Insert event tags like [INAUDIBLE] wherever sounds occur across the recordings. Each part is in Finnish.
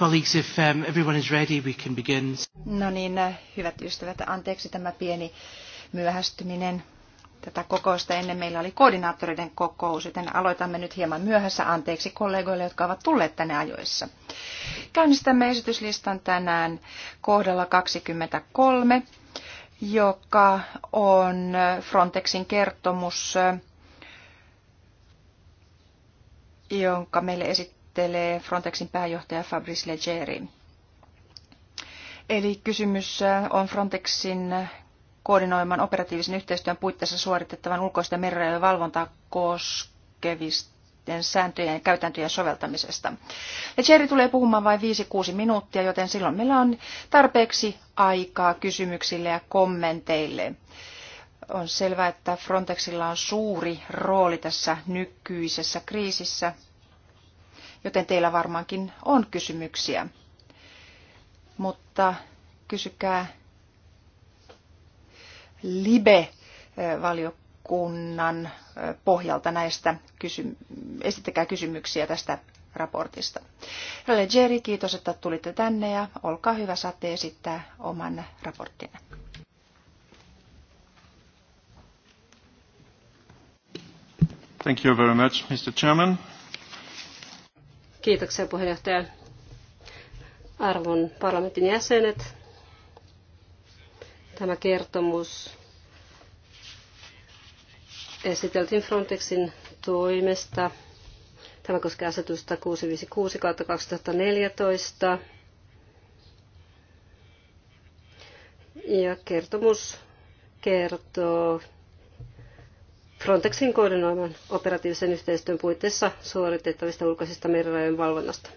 Colleagues, if um, everyone is ready, we can begin. No niin, äh, hyvät ystävät, anteeksi tämä pieni myöhästyminen. Tätä kokousta ennen meillä oli koordinaattoreiden kokous, joten aloitamme nyt hieman myöhässä. Anteeksi kollegoille, jotka ovat tulleet tänne ajoissa. Käynnistämme esityslistan tänään kohdalla 23, joka on Frontexin kertomus äh, jonka meille esittää esittelee Frontexin pääjohtaja Fabrice Leggeri. Eli kysymys äh, on Frontexin koordinoiman operatiivisen yhteistyön puitteissa suoritettavan ulkoista merirajojen valvontaa koskevisten sääntöjen ja käytäntöjen soveltamisesta. Leggeri tulee puhumaan vain 5-6 minuuttia, joten silloin meillä on tarpeeksi aikaa kysymyksille ja kommenteille. On selvää, että Frontexilla on suuri rooli tässä nykyisessä kriisissä, joten teillä varmaankin on kysymyksiä. Mutta kysykää Libe-valiokunnan pohjalta näistä, kysy- esittäkää kysymyksiä tästä raportista. Jerry, kiitos, että tulitte tänne ja olkaa hyvä, saatte esittää oman raporttinne. Thank you very much, Mr. Chairman. Kiitoksia puheenjohtaja. Arvon parlamentin jäsenet, tämä kertomus esiteltiin Frontexin toimesta. Tämä koskee asetusta 656 2014. Ja kertomus kertoo Frontexin koordinoiman operatiivisen yhteistyön puitteissa suoritettavista ulkoisista merirajojen valvonnasta.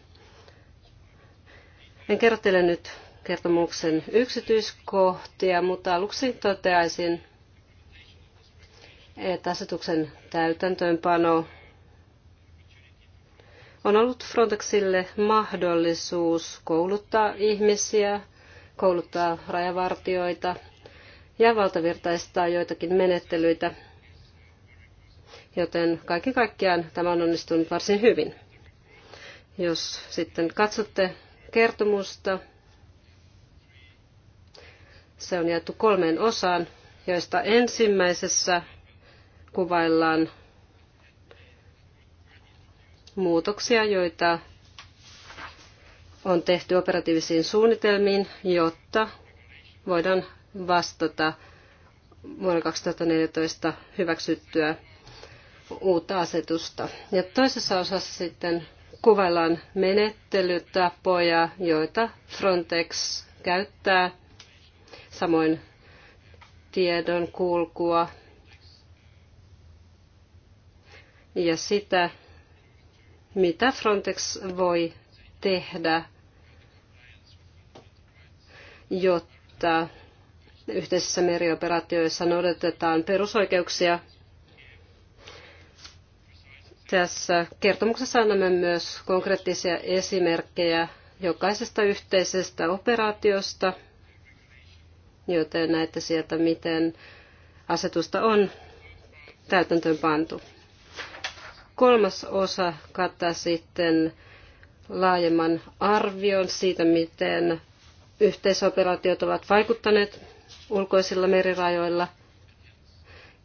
En kerro teille nyt kertomuksen yksityiskohtia, mutta aluksi toteaisin, että asetuksen täytäntöönpano on ollut Frontexille mahdollisuus kouluttaa ihmisiä, kouluttaa rajavartioita ja valtavirtaistaa joitakin menettelyitä joten kaiken kaikkiaan tämä on onnistunut varsin hyvin. Jos sitten katsotte kertomusta, se on jaettu kolmeen osaan, joista ensimmäisessä kuvaillaan muutoksia, joita on tehty operatiivisiin suunnitelmiin, jotta voidaan vastata vuonna 2014 hyväksyttyä uutta asetusta. Ja toisessa osassa sitten kuvaillaan menettelytapoja, joita Frontex käyttää, samoin tiedon kulkua ja sitä, mitä Frontex voi tehdä, jotta yhteisissä merioperaatioissa noudatetaan perusoikeuksia tässä kertomuksessa annamme myös konkreettisia esimerkkejä jokaisesta yhteisestä operaatiosta, joten näette sieltä, miten asetusta on täytäntöön pantu. Kolmas osa kattaa sitten laajemman arvion siitä, miten yhteisoperaatiot ovat vaikuttaneet ulkoisilla merirajoilla.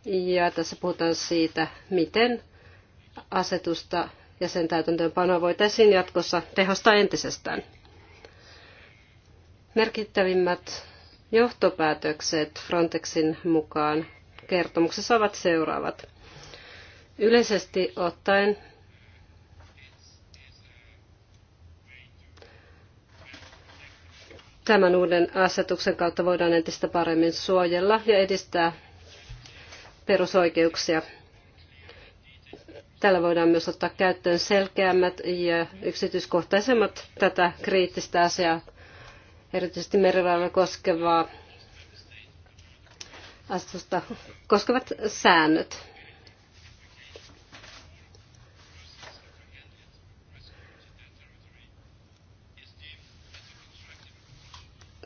Ja tässä puhutaan siitä, miten asetusta ja sen täytäntöönpanoa voitaisiin jatkossa tehostaa entisestään. Merkittävimmät johtopäätökset Frontexin mukaan kertomuksessa ovat seuraavat. Yleisesti ottaen tämän uuden asetuksen kautta voidaan entistä paremmin suojella ja edistää perusoikeuksia Tällä voidaan myös ottaa käyttöön selkeämmät ja yksityiskohtaisemmat tätä kriittistä asiaa, erityisesti merilailla koskevaa asetusta koskevat säännöt.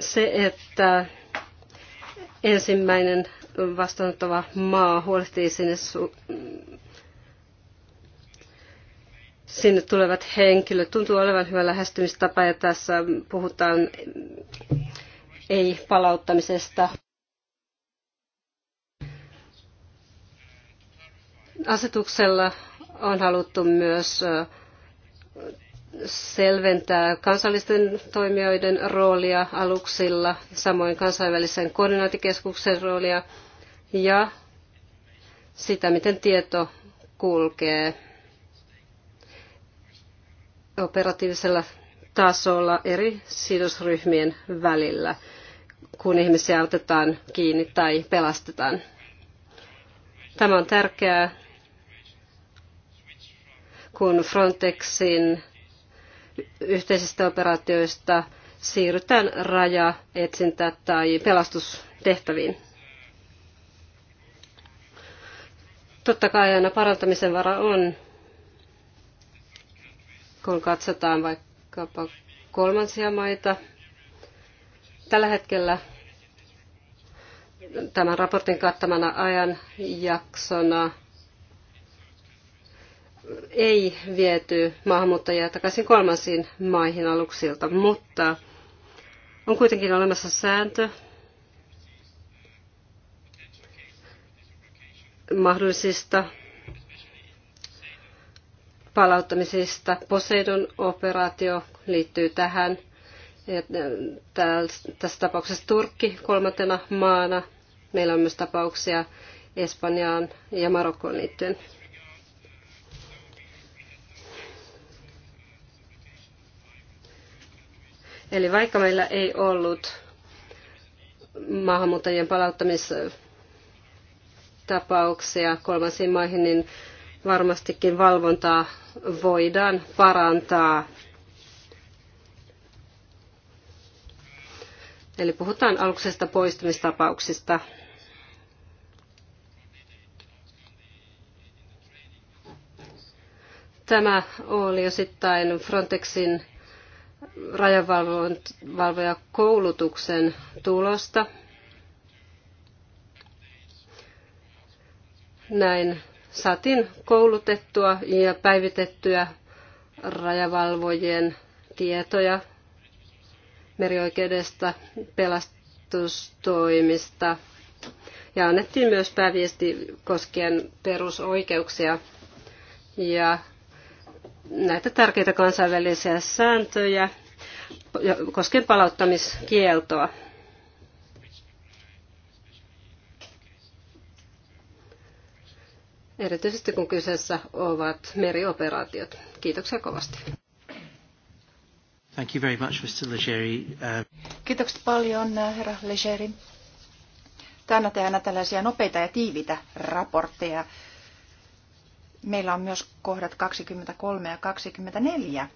Se, että ensimmäinen vastaanottava maa huolehtii sinne su- sinne tulevat henkilöt. Tuntuu olevan hyvä lähestymistapa ja tässä puhutaan ei-palauttamisesta. Asetuksella on haluttu myös selventää kansallisten toimijoiden roolia aluksilla, samoin kansainvälisen koordinaatikeskuksen roolia ja sitä, miten tieto kulkee operatiivisella tasolla eri sidosryhmien välillä, kun ihmisiä autetaan kiinni tai pelastetaan. Tämä on tärkeää, kun Frontexin yhteisistä operaatioista siirrytään raja, etsintä tai pelastustehtäviin. Totta kai aina parantamisen vara on, kun katsotaan vaikkapa kolmansia maita. Tällä hetkellä tämän raportin kattamana ajanjaksona ei viety maahanmuuttajia takaisin kolmansiin maihin aluksilta, mutta on kuitenkin olemassa sääntö mahdollisista palauttamisesta. Poseidon operaatio liittyy tähän. Tässä tapauksessa Turkki kolmantena maana. Meillä on myös tapauksia Espanjaan ja Marokkoon liittyen. Eli vaikka meillä ei ollut maahanmuuttajien palauttamistapauksia kolmansiin maihin, niin varmastikin valvontaa voidaan parantaa. Eli puhutaan aluksesta poistumistapauksista. Tämä oli osittain Frontexin rajavalvojakoulutuksen tulosta. Näin saatiin koulutettua ja päivitettyä rajavalvojien tietoja merioikeudesta, pelastustoimista ja annettiin myös pääviesti koskien perusoikeuksia ja näitä tärkeitä kansainvälisiä sääntöjä koskien palauttamiskieltoa. erityisesti kun kyseessä ovat merioperaatiot. Kiitoksia kovasti. Thank you very much, Mr. Legeri. Uh... Kiitokset paljon, herra Legeri. Tänne aina tällaisia nopeita ja tiivitä raportteja. Meillä on myös kohdat 23 ja 24,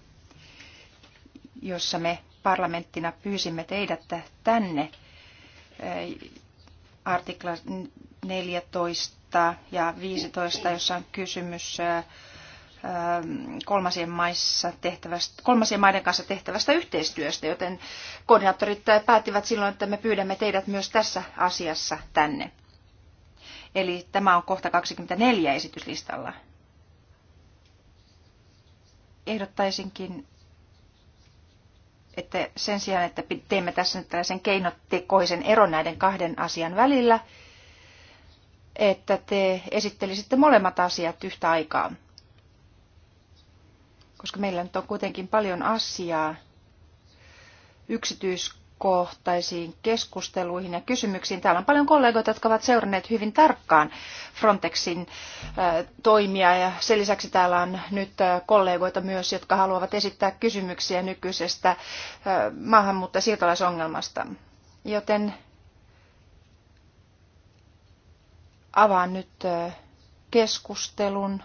jossa me parlamenttina pyysimme teidät tänne artikla 14 115, jossa on kysymys kolmasien, maissa tehtävästä, kolmasien maiden kanssa tehtävästä yhteistyöstä, joten koordinaattorit päättivät silloin, että me pyydämme teidät myös tässä asiassa tänne. Eli tämä on kohta 24 esityslistalla. Ehdottaisinkin, että sen sijaan, että teemme tässä nyt tällaisen keinotekoisen eron näiden kahden asian välillä – että te esittelisitte molemmat asiat yhtä aikaa. Koska meillä nyt on kuitenkin paljon asiaa yksityiskohtaisiin keskusteluihin ja kysymyksiin. Täällä on paljon kollegoita, jotka ovat seuranneet hyvin tarkkaan Frontexin äh, toimia ja sen lisäksi täällä on nyt äh, kollegoita myös, jotka haluavat esittää kysymyksiä nykyisestä äh, maahanmuutta- ja siirtolaisongelmasta. Joten Avaan nyt keskustelun.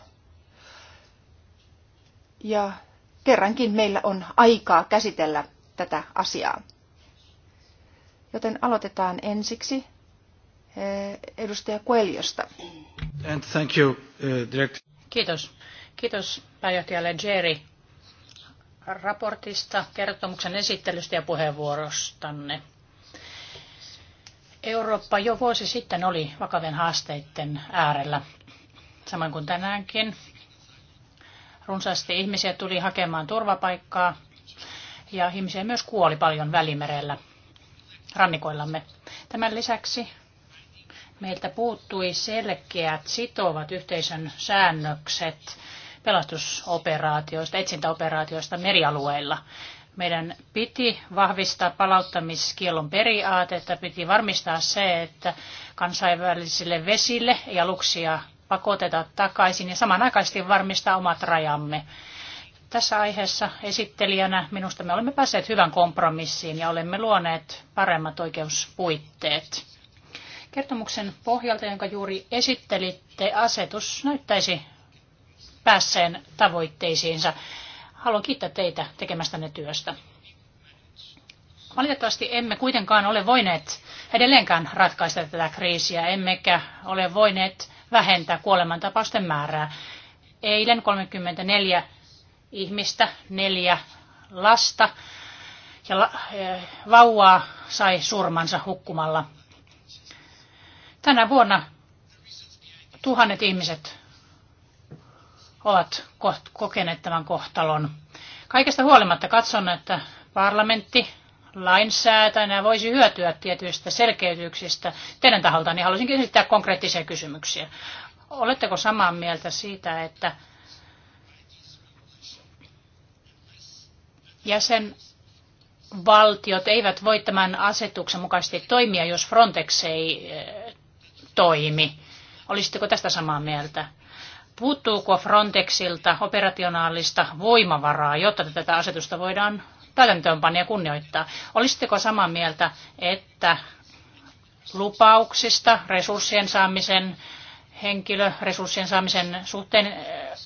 Ja kerrankin meillä on aikaa käsitellä tätä asiaa. Joten aloitetaan ensiksi edustaja Kueliosta. And thank you, uh, Kiitos. Kiitos pääjohtajalle Jerry raportista, kertomuksen esittelystä ja puheenvuorostanne. Eurooppa jo vuosi sitten oli vakavien haasteiden äärellä, samoin kuin tänäänkin. Runsaasti ihmisiä tuli hakemaan turvapaikkaa ja ihmisiä myös kuoli paljon välimerellä rannikoillamme. Tämän lisäksi meiltä puuttui selkeät sitovat yhteisön säännökset pelastusoperaatioista, etsintäoperaatioista merialueilla. Meidän piti vahvistaa palauttamiskielon että piti varmistaa se, että kansainvälisille vesille ja aluksia pakoteta takaisin ja samanaikaisesti varmistaa omat rajamme. Tässä aiheessa esittelijänä minusta me olemme päässeet hyvän kompromissiin ja olemme luoneet paremmat oikeuspuitteet. Kertomuksen pohjalta, jonka juuri esittelitte, asetus näyttäisi päässeen tavoitteisiinsa. Haluan kiittää teitä tekemästänne työstä. Valitettavasti emme kuitenkaan ole voineet edelleenkään ratkaista tätä kriisiä, emmekä ole voineet vähentää kuolemantapausten määrää. Eilen 34 ihmistä, neljä lasta ja la, vauvaa sai surmansa hukkumalla. Tänä vuonna tuhannet ihmiset ovat kokeneet tämän kohtalon. Kaikesta huolimatta katson, että parlamentti lainsäätäjänä voisi hyötyä tietyistä selkeytyksistä teidän taholta, niin haluaisin esittää konkreettisia kysymyksiä. Oletteko samaa mieltä siitä, että jäsenvaltiot eivät voi tämän asetuksen mukaisesti toimia, jos Frontex ei eh, toimi? Olisitteko tästä samaa mieltä? Puuttuuko Frontexilta operationaalista voimavaraa, jotta tätä asetusta voidaan täytäntöönpanna ja kunnioittaa? Olisitteko samaa mieltä, että lupauksista resurssien saamisen henkilöresurssien saamisen suhteen eh,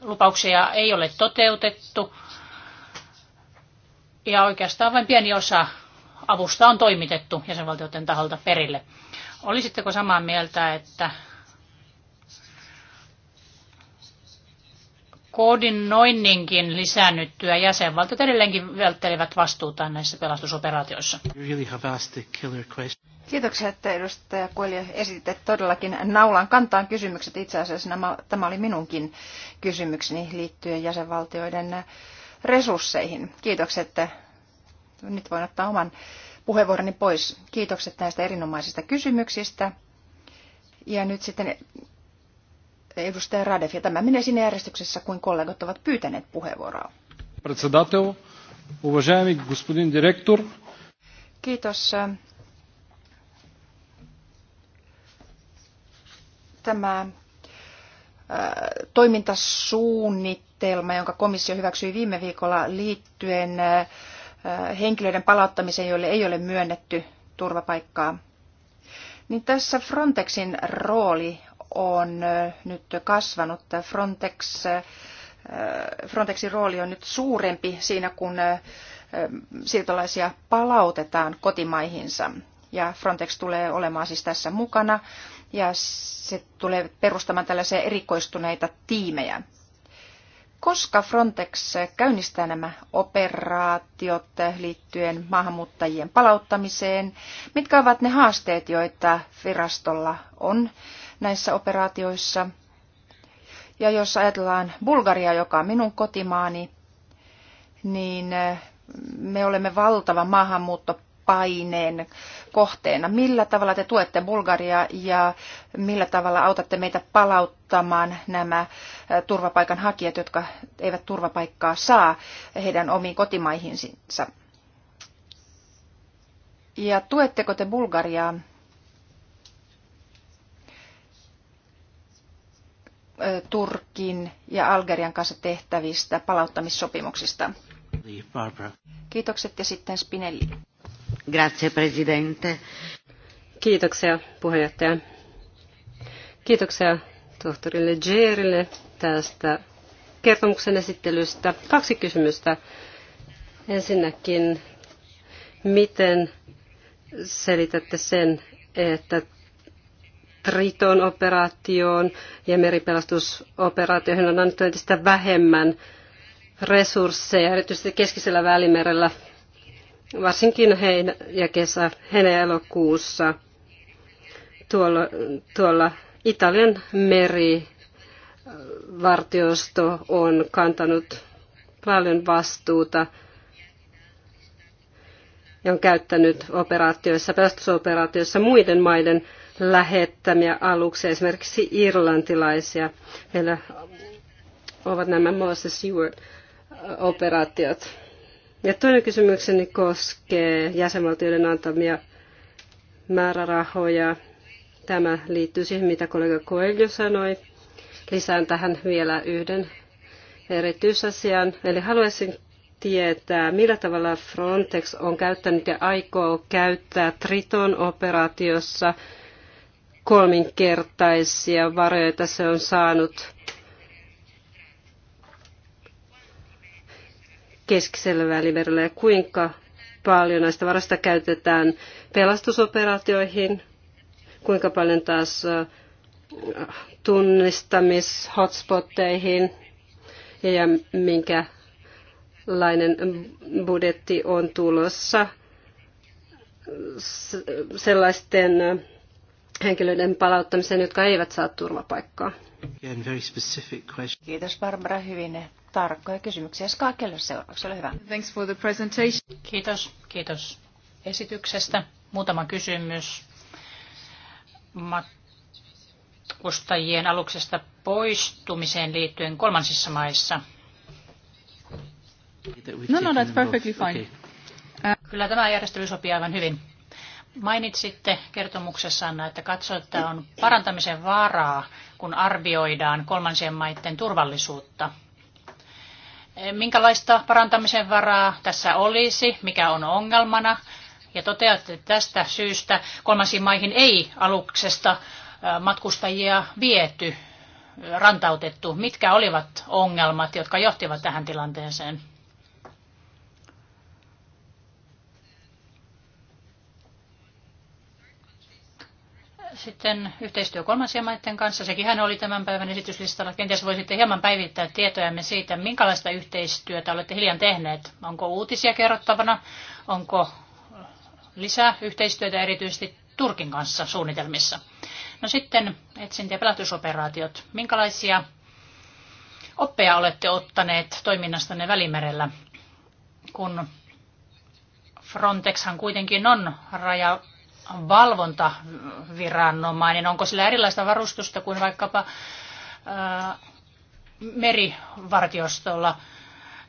lupauksia ei ole toteutettu. Ja oikeastaan vain pieni osa avusta on toimitettu jäsenvaltioiden taholta perille. Olisitteko samaa mieltä, että koordinoinninkin lisäännyttyä jäsenvaltiot edelleenkin välttelevät vastuuta näissä pelastusoperaatioissa. Kiitoksia, että edustaja Kuelio esititte todellakin naulan kantaan kysymykset. Itse asiassa nämä, tämä oli minunkin kysymykseni liittyen jäsenvaltioiden resursseihin. Kiitokset, että nyt voin ottaa oman puheenvuoroni pois. Kiitokset näistä erinomaisista kysymyksistä. Ja nyt sitten edustaja Radev, ja tämä menee siinä järjestyksessä, kuin kollegat ovat pyytäneet puheenvuoroa. Председател, уважаеми господин директор. Kiitos. Tämä toimintasuunnitelma, jonka komissio hyväksyi viime viikolla liittyen henkilöiden palauttamiseen, joille ei ole myönnetty turvapaikkaa, niin tässä Frontexin rooli on äh, nyt kasvanut. Frontex, äh, Frontexin rooli on nyt suurempi siinä, kun äh, siirtolaisia palautetaan kotimaihinsa. Ja Frontex tulee olemaan siis tässä mukana ja se tulee perustamaan tällaisia erikoistuneita tiimejä. Koska Frontex käynnistää nämä operaatiot liittyen maahanmuuttajien palauttamiseen, mitkä ovat ne haasteet, joita virastolla on näissä operaatioissa. Ja jos ajatellaan Bulgaria, joka on minun kotimaani, niin eh, me olemme valtava maahanmuuttopaineen kohteena. Millä tavalla te tuette Bulgariaa ja millä tavalla autatte meitä palauttamaan nämä eh, turvapaikanhakijat, jotka eivät turvapaikkaa saa heidän omiin kotimaihinsa? Ja tuetteko te Bulgariaa Turkin ja Algerian kanssa tehtävistä palauttamissopimuksista. Kiitokset ja sitten Spinelli. Grazie, presidente. Kiitoksia puheenjohtaja. Kiitoksia tohtori Legerille tästä kertomuksen esittelystä. Kaksi kysymystä. Ensinnäkin, miten selitätte sen, että Triton operaatioon ja meripelastusoperaatioihin on annettu entistä vähemmän resursseja, erityisesti keskisellä välimerellä, varsinkin heinä ja kesä, heinä ja elokuussa. Tuolla, tuolla Italian merivartiosto on kantanut paljon vastuuta ja on käyttänyt operaatioissa, pelastusoperaatioissa muiden maiden lähettämiä aluksia, esimerkiksi irlantilaisia. Meillä ovat nämä Moses Seward-operaatiot. Ja toinen kysymykseni koskee jäsenvaltioiden antamia määrärahoja. Tämä liittyy siihen, mitä kollega Coelho sanoi. Lisään tähän vielä yhden erityisasian. Eli haluaisin tietää, millä tavalla Frontex on käyttänyt ja aikoo käyttää Triton operaatiossa – kolminkertaisia varoja, joita se on saanut keskisellä välimerellä ja kuinka paljon näistä varoista käytetään pelastusoperaatioihin, kuinka paljon taas tunnistamis-hotspotteihin ja minkälainen budjetti on tulossa sellaisten henkilöiden palauttamiseen, jotka eivät saa turvapaikkaa. Kiitos Barbara, hyvin tarkkoja kysymyksiä. Ska Keller seuraavaksi, ole hyvä. Thanks for the presentation. Kiitos, kiitos esityksestä. Muutama kysymys matkustajien aluksesta poistumiseen liittyen kolmansissa maissa. No, no, that's perfectly fine. Okay. Kyllä tämä järjestely sopii aivan hyvin. Mainitsitte kertomuksessanne, että katsoitte on parantamisen vaaraa, kun arvioidaan kolmansien maiden turvallisuutta. Minkälaista parantamisen varaa tässä olisi, mikä on ongelmana? Ja toteatte, että tästä syystä kolmansiin maihin ei aluksesta matkustajia viety, rantautettu. Mitkä olivat ongelmat, jotka johtivat tähän tilanteeseen? Sitten yhteistyö kolmansien maiden kanssa, sekin hän oli tämän päivän esityslistalla. Kenties voisitte hieman päivittää tietojamme siitä, minkälaista yhteistyötä olette hiljan tehneet. Onko uutisia kerrottavana? Onko lisää yhteistyötä erityisesti Turkin kanssa suunnitelmissa? No sitten etsintä- ja pelastusoperaatiot. Minkälaisia oppeja olette ottaneet toiminnastanne Välimerellä, kun Frontexhan kuitenkin on raja valvontaviranomainen? Onko sillä erilaista varustusta kuin vaikkapa ää, merivartiostolla?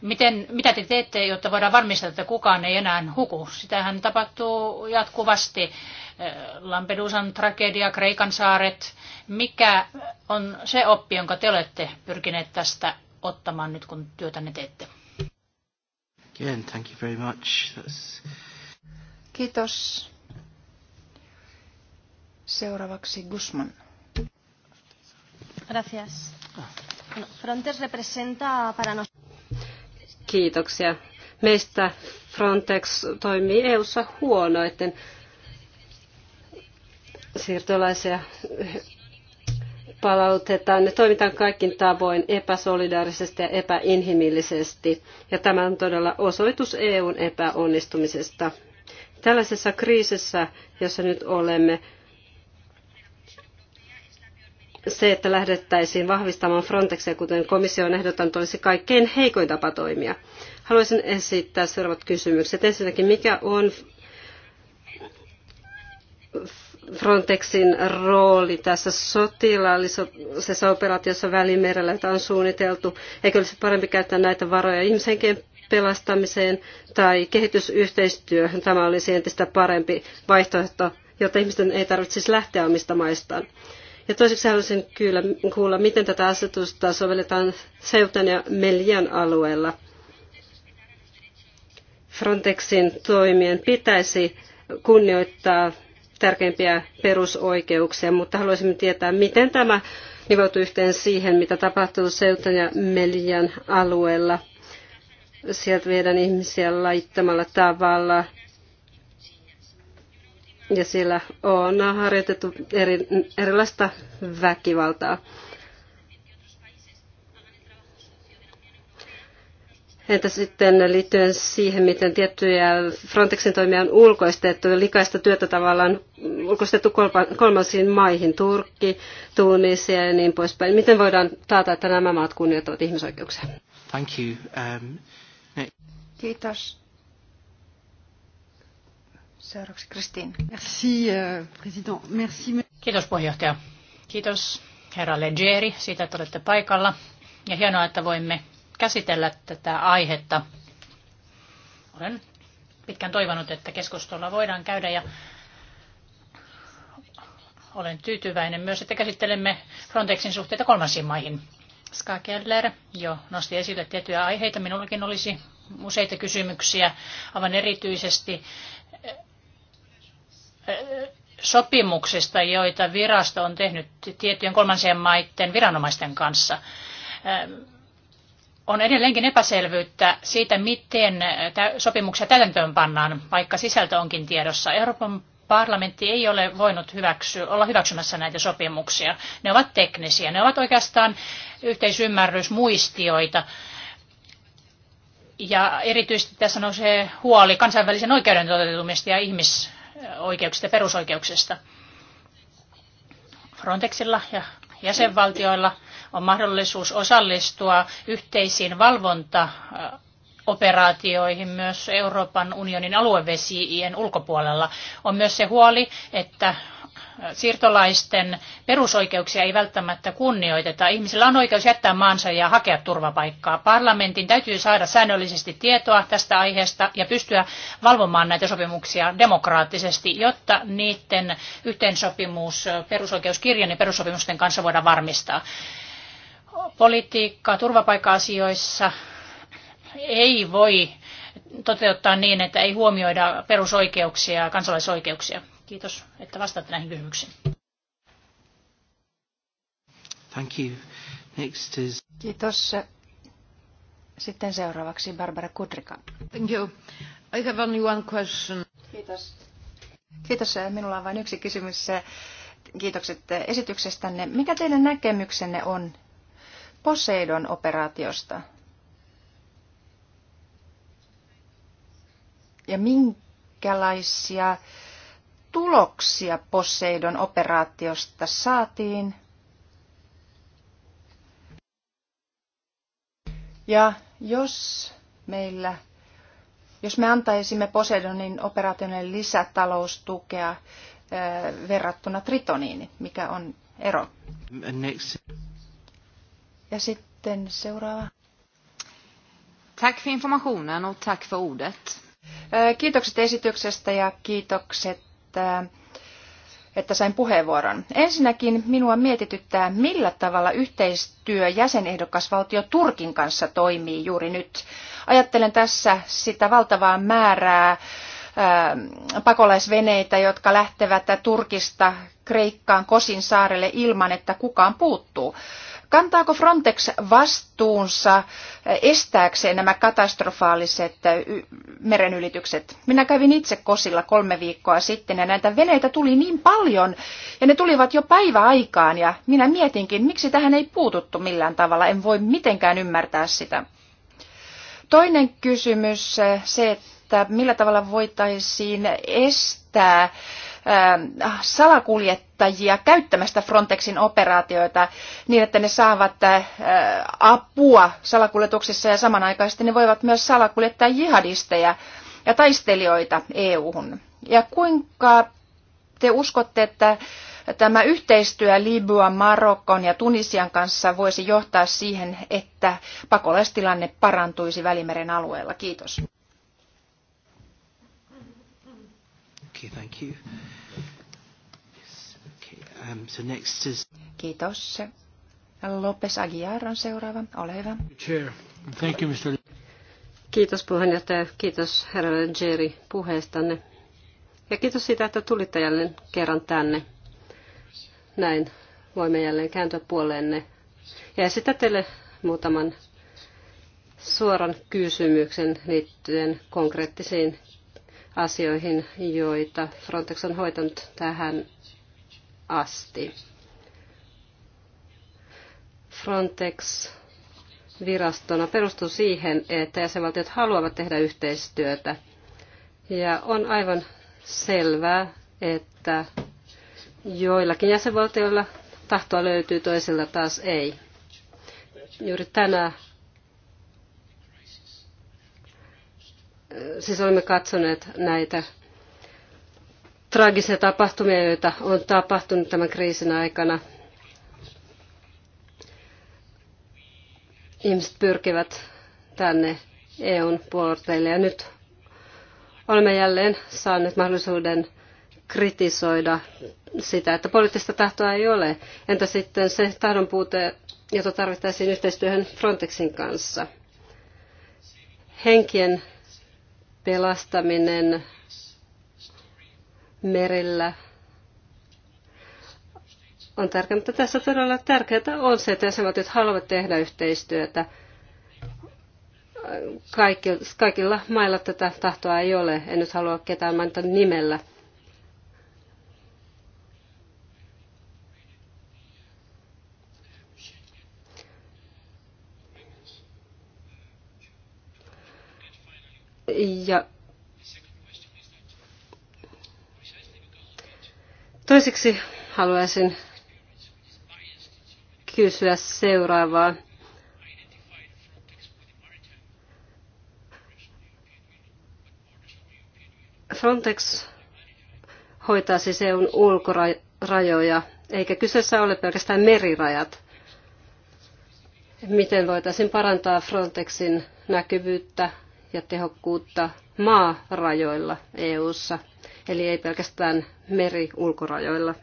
Miten, mitä te teette, jotta voidaan varmistaa, että kukaan ei enää huku? Sitähän tapahtuu jatkuvasti. Lampedusan tragedia, Kreikan saaret. Mikä on se oppi, jonka te olette pyrkineet tästä ottamaan nyt, kun ne teette? Again, thank you very much. That's... Kiitos. Seuraavaksi Guzman. Gracias. Frontex representa para Kiitoksia. Meistä Frontex toimii EU-ssa huonoiten siirtolaisia palautetaan. Ne toimitaan kaikkin tavoin epäsolidaarisesti ja epäinhimillisesti. Ja tämä on todella osoitus EUn epäonnistumisesta. Tällaisessa kriisissä, jossa nyt olemme, se, että lähdettäisiin vahvistamaan Frontexia, kuten komissio on ehdottanut, olisi kaikkein heikoin tapa toimia. Haluaisin esittää seuraavat kysymykset. Ensinnäkin, mikä on Frontexin rooli tässä sotilaallisessa operaatiossa Välimerellä, jota on suunniteltu? Eikö olisi parempi käyttää näitä varoja ihmisenkin pelastamiseen tai kehitysyhteistyöhön? Tämä olisi entistä parempi vaihtoehto, jotta ihmisten ei tarvitsisi lähteä omista maistaan. Ja toiseksi haluaisin kyllä kuulla, miten tätä asetusta sovelletaan Seutan ja Melian alueella. Frontexin toimien pitäisi kunnioittaa tärkeimpiä perusoikeuksia, mutta haluaisimme tietää, miten tämä nivoutuu yhteen siihen, mitä tapahtuu Seutan ja Melian alueella. Sieltä viedään ihmisiä laittamalla tavalla ja siellä on harjoitettu eri, erilaista väkivaltaa. Entä sitten liittyen siihen, miten tiettyjä Frontexin toimia on ulkoistettu ja likaista työtä tavallaan ulkoistettu kolmansiin maihin, Turkki, Tunisia ja niin poispäin. Miten voidaan taata, että nämä maat kunnioittavat ihmisoikeuksia? Thank you. Um, ne... Kiitos. Seuraavaksi Kristiin. Merci, euh, president. Merci. Kiitos puheenjohtaja. Kiitos herra Leggeri siitä, että olette paikalla. Ja hienoa, että voimme käsitellä tätä aihetta. Olen pitkään toivonut, että keskustelua voidaan käydä ja olen tyytyväinen myös, että käsittelemme Frontexin suhteita kolmansiin maihin. Ska Keller jo nosti esille tiettyjä aiheita. Minullakin olisi useita kysymyksiä, aivan erityisesti sopimuksista, joita virasto on tehnyt tiettyjen kolmansien maiden viranomaisten kanssa. On edelleenkin epäselvyyttä siitä, miten sopimuksia täytäntöön pannaan, vaikka sisältö onkin tiedossa. Euroopan parlamentti ei ole voinut hyväksy, olla hyväksymässä näitä sopimuksia. Ne ovat teknisiä, ne ovat oikeastaan yhteisymmärrysmuistioita. Ja erityisesti tässä nousee huoli kansainvälisen oikeuden toteutumista ja ihmisoikeuksista oikeuksista ja perusoikeuksista. Frontexilla ja jäsenvaltioilla on mahdollisuus osallistua yhteisiin valvontaoperaatioihin myös Euroopan unionin aluevesien ulkopuolella. On myös se huoli, että siirtolaisten perusoikeuksia ei välttämättä kunnioiteta. Ihmisillä on oikeus jättää maansa ja hakea turvapaikkaa. Parlamentin täytyy saada säännöllisesti tietoa tästä aiheesta ja pystyä valvomaan näitä sopimuksia demokraattisesti, jotta niiden yhteensopimus perusoikeuskirjan ja perussopimusten kanssa voidaan varmistaa. Politiikka turvapaikka-asioissa ei voi toteuttaa niin, että ei huomioida perusoikeuksia ja kansalaisoikeuksia. Kiitos, että vastaatte näihin kysymyksiin. Thank you. Next is... Kiitos. Sitten seuraavaksi Barbara Kudrika. Thank you. I have only one question. Kiitos. Kiitos. Minulla on vain yksi kysymys. Kiitokset esityksestänne. Mikä teidän näkemyksenne on Poseidon operaatiosta? Ja minkälaisia tuloksia Poseidon operaatiosta saatiin? Ja jos meillä, jos me antaisimme Poseidonin operaatiolle lisätaloustukea eh, verrattuna Tritoniin, mikä on ero? Next. Ja sitten seuraava. Tack för informationen och tack för ordet. Eh, kiitokset esityksestä ja kiitokset että sain puheenvuoron. Ensinnäkin minua mietityttää, millä tavalla yhteistyö jäsenehdokasvaltio Turkin kanssa toimii juuri nyt. Ajattelen tässä sitä valtavaa määrää ähm, pakolaisveneitä, jotka lähtevät Turkista Kreikkaan Kosin saarelle ilman, että kukaan puuttuu. Kantaako Frontex vastuunsa eh, estääkseen nämä katastrofaaliset eh, merenylitykset? Minä kävin itse Kosilla kolme viikkoa sitten ja näitä veneitä tuli niin paljon ja ne tulivat jo päiväaikaan ja minä mietinkin, miksi tähän ei puututtu millään tavalla. En voi mitenkään ymmärtää sitä. Toinen kysymys eh, se, että millä tavalla voitaisiin estää salakuljettajia käyttämästä Frontexin operaatioita niin, että ne saavat apua salakuljetuksissa ja samanaikaisesti ne voivat myös salakuljettaa jihadisteja ja taistelijoita EU-hun. Ja kuinka te uskotte, että tämä yhteistyö Libyan, Marokkon ja Tunisian kanssa voisi johtaa siihen, että pakolaistilanne parantuisi Välimeren alueella? Kiitos. Okay, thank you. okay. Um, so next is... Kiitos. Lopes Aguiar on seuraava. Ole hyvä. Chair. Thank you, Mr. Kiitos puheenjohtaja. Kiitos herra Jerry puheestanne. Ja kiitos siitä, että tulitte jälleen kerran tänne. Näin voimme jälleen kääntyä puoleenne. Ja esitän teille muutaman suoran kysymyksen liittyen konkreettisiin asioihin, joita Frontex on hoitanut tähän asti. Frontex virastona perustuu siihen, että jäsenvaltiot haluavat tehdä yhteistyötä. Ja on aivan selvää, että joillakin jäsenvaltioilla tahtoa löytyy, toisilla taas ei. Juuri tänä siis olemme katsoneet näitä traagisia tapahtumia, joita on tapahtunut tämän kriisin aikana. Ihmiset pyrkivät tänne EUn puolteille ja nyt olemme jälleen saaneet mahdollisuuden kritisoida sitä, että poliittista tahtoa ei ole. Entä sitten se tahdon puute, jota tarvittaisiin yhteistyöhön Frontexin kanssa? Henkien pelastaminen merillä on tärkeää, mutta tässä todella tärkeää on se, että jäsenvaltiot haluavat tehdä yhteistyötä. Kaikilla, kaikilla mailla tätä tahtoa ei ole. En nyt halua ketään mainita nimellä. Ja toiseksi haluaisin kysyä seuraavaa. Frontex hoitaa siis EUn ulkorajoja, eikä kyseessä ole pelkästään merirajat. Miten voitaisiin parantaa Frontexin näkyvyyttä ja tehokkuutta maarajoilla EU:ssa, eli ei pelkästään meriulkorajoilla.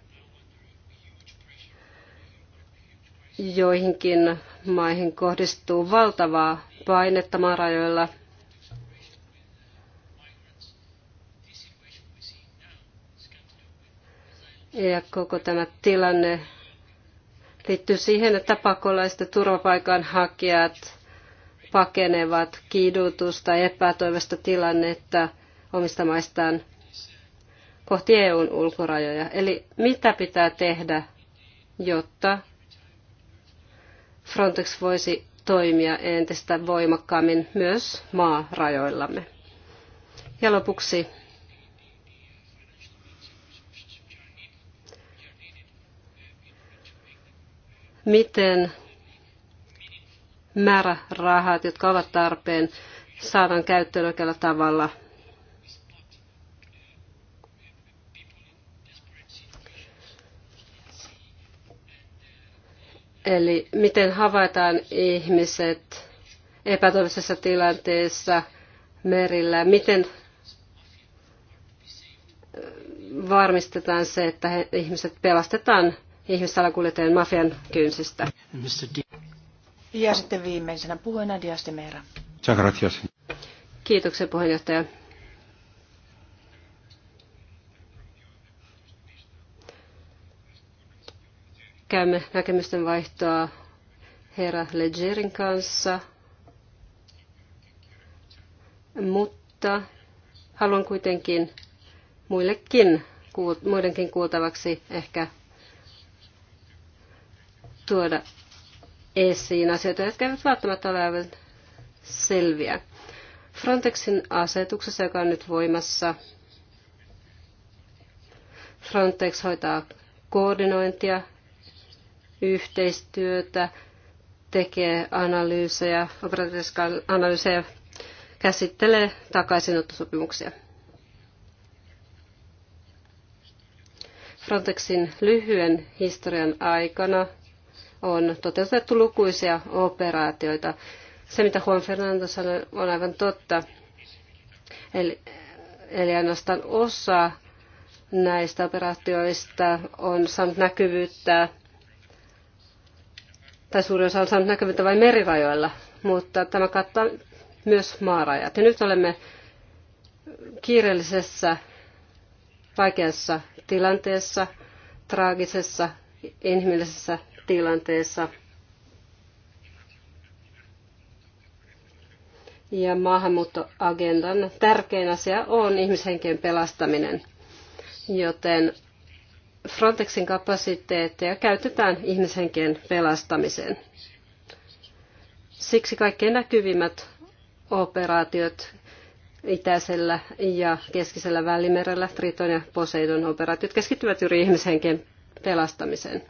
Joihinkin maihin kohdistuu valtavaa painetta maarajoilla Ja koko tämä tilanne liittyy siihen, että pakolaiset ja turvapaikanhakijat pakenevat kidutusta, epätoivosta tilannetta omista maistaan kohti EUn ulkorajoja. Eli mitä pitää tehdä, jotta Frontex voisi toimia entistä voimakkaammin myös maarajoillamme. Ja lopuksi miten määrärahat, jotka ovat tarpeen, saadaan käyttöön oikealla tavalla. Eli miten havaitaan ihmiset epätoivoisessa tilanteessa merillä, miten varmistetaan se, että he, ihmiset pelastetaan ihmissalakuljettajien mafian kynsistä. Ja sitten viimeisenä puhujana Dias de Meera. Kiitoksia puheenjohtaja. Käymme näkemysten vaihtoa herra Legerin kanssa, mutta haluan kuitenkin muillekin, muidenkin kuultavaksi ehkä tuoda esiin asioita, jotka eivät välttämättä ole aivan selviä. Frontexin asetuksessa, joka on nyt voimassa, Frontex hoitaa koordinointia, yhteistyötä, tekee analyysejä, operatiivisia analyysejä, käsittelee takaisinottosopimuksia. Frontexin lyhyen historian aikana on toteutettu lukuisia operaatioita. Se, mitä Juan Fernando sanoi, on aivan totta. Eli, eli ainoastaan osa näistä operaatioista on saanut näkyvyyttä, tai suurin osa on saanut näkyvyyttä vain merirajoilla, mutta tämä kattaa myös maarajat. Ja nyt olemme kiireellisessä, vaikeassa tilanteessa, traagisessa, inhimillisessä tilanteessa. Ja maahanmuuttoagendan tärkein asia on ihmishenkien pelastaminen, joten Frontexin kapasiteetteja käytetään ihmishenkien pelastamiseen. Siksi kaikkein näkyvimmät operaatiot itäisellä ja keskisellä välimerellä, Triton ja Poseidon operaatiot keskittyvät juuri ihmishenkien pelastamiseen.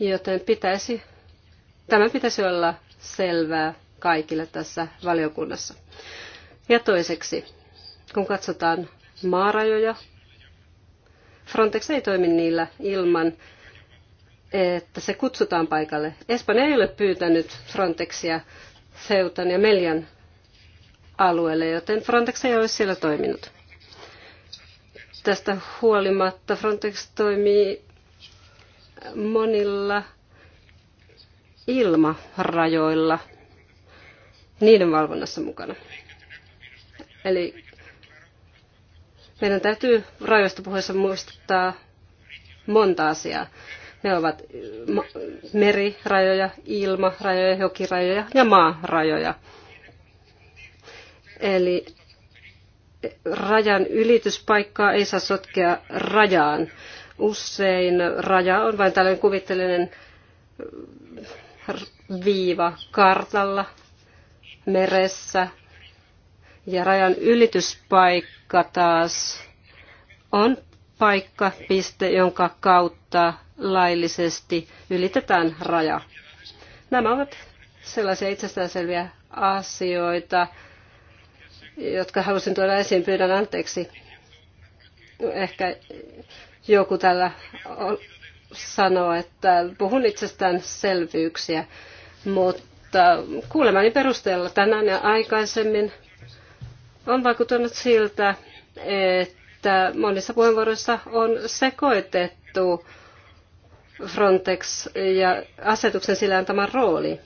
joten pitäisi, tämä pitäisi olla selvää kaikille tässä valiokunnassa. Ja toiseksi, kun katsotaan maarajoja, Frontex ei toimi niillä ilman, että se kutsutaan paikalle. Espanja ei ole pyytänyt Frontexia Seutan ja Melian alueelle, joten Frontex ei ole siellä toiminut. Tästä huolimatta Frontex toimii monilla ilmarajoilla niiden valvonnassa mukana. Eli meidän täytyy rajoista puheessa muistuttaa monta asiaa. Ne ovat merirajoja, ilmarajoja, jokirajoja ja maarajoja. Eli rajan ylityspaikkaa ei saa sotkea rajaan, usein raja on vain tällainen kuvitteellinen äh, viiva kartalla, meressä. Ja rajan ylityspaikka taas on paikka, piste, jonka kautta laillisesti ylitetään raja. Nämä ovat sellaisia itsestäänselviä asioita, jotka halusin tuoda esiin. Pyydän anteeksi. Ehkä joku tällä sanoo, että puhun itsestään selvyyksiä, mutta kuulemani perusteella tänään ja aikaisemmin on vaikuttanut siltä, että monissa puheenvuoroissa on sekoitettu Frontex ja asetuksen sillä antama rooli.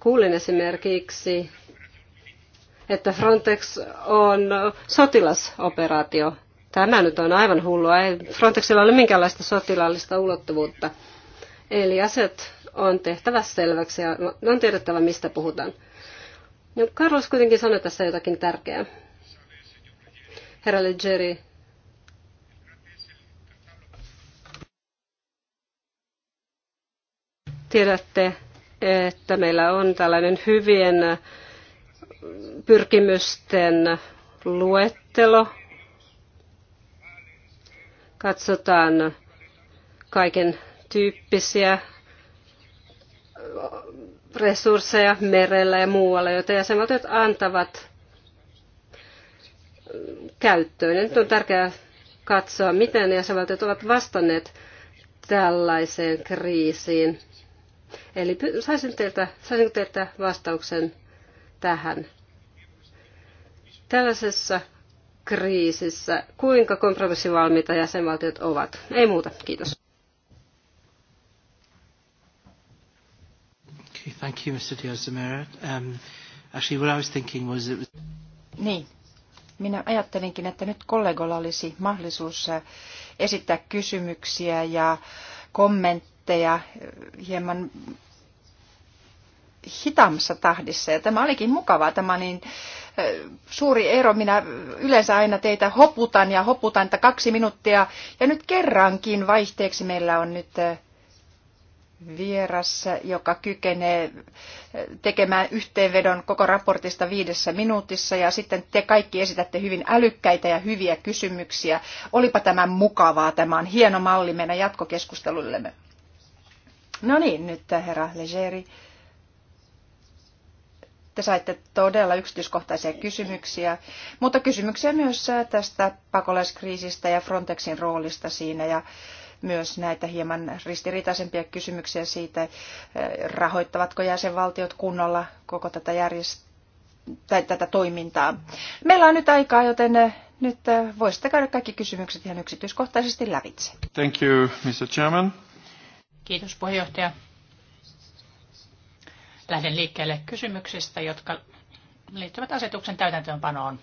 Kuulin esimerkiksi, että Frontex on sotilasoperaatio. Tämä nyt on aivan hullua. Ei Frontexilla ole minkäänlaista sotilaallista ulottuvuutta. Eli asiat on tehtävä selväksi ja on tiedettävä, mistä puhutaan. No, Carlos kuitenkin sanoi tässä jotakin tärkeää. Herra Leggeri. Tiedätte, että meillä on tällainen hyvien pyrkimysten luettelo. Katsotaan kaiken tyyppisiä resursseja merellä ja muualla, joita jäsenvaltiot antavat käyttöön. Ja nyt on tärkeää katsoa, miten jäsenvaltiot ovat vastanneet tällaiseen kriisiin. Eli saisin teiltä, saisin teiltä vastauksen tähän tällaisessa kriisissä, kuinka kompromissivalmiita jäsenvaltiot ovat. Ei muuta, kiitos. Okay, thank you, Mr. diaz um, actually, what I was thinking was it was... Niin. Minä ajattelinkin, että nyt kollegolla olisi mahdollisuus äh, esittää kysymyksiä ja kommentteja äh, hieman hitaammassa tahdissa. Ja tämä olikin mukavaa, tämä niin suuri ero. Minä yleensä aina teitä hoputan ja hoputan, että kaksi minuuttia. Ja nyt kerrankin vaihteeksi meillä on nyt vieras, joka kykenee tekemään yhteenvedon koko raportista viidessä minuutissa ja sitten te kaikki esitätte hyvin älykkäitä ja hyviä kysymyksiä. Olipa tämä mukavaa, tämä on hieno malli meidän jatkokeskustelullemme. No niin, nyt herra Legeri. Te saitte todella yksityiskohtaisia kysymyksiä, mutta kysymyksiä myös äh, tästä pakolaiskriisistä ja Frontexin roolista siinä ja myös näitä hieman ristiriitaisempia kysymyksiä siitä, äh, rahoittavatko jäsenvaltiot kunnolla koko tätä järjest- tai tätä toimintaa. Meillä on nyt aikaa, joten äh, nyt voisitte käydä kaikki kysymykset ihan yksityiskohtaisesti lävitse. Thank you, Mr. Chairman. Kiitos puheenjohtaja lähden liikkeelle kysymyksistä, jotka liittyvät asetuksen täytäntöönpanoon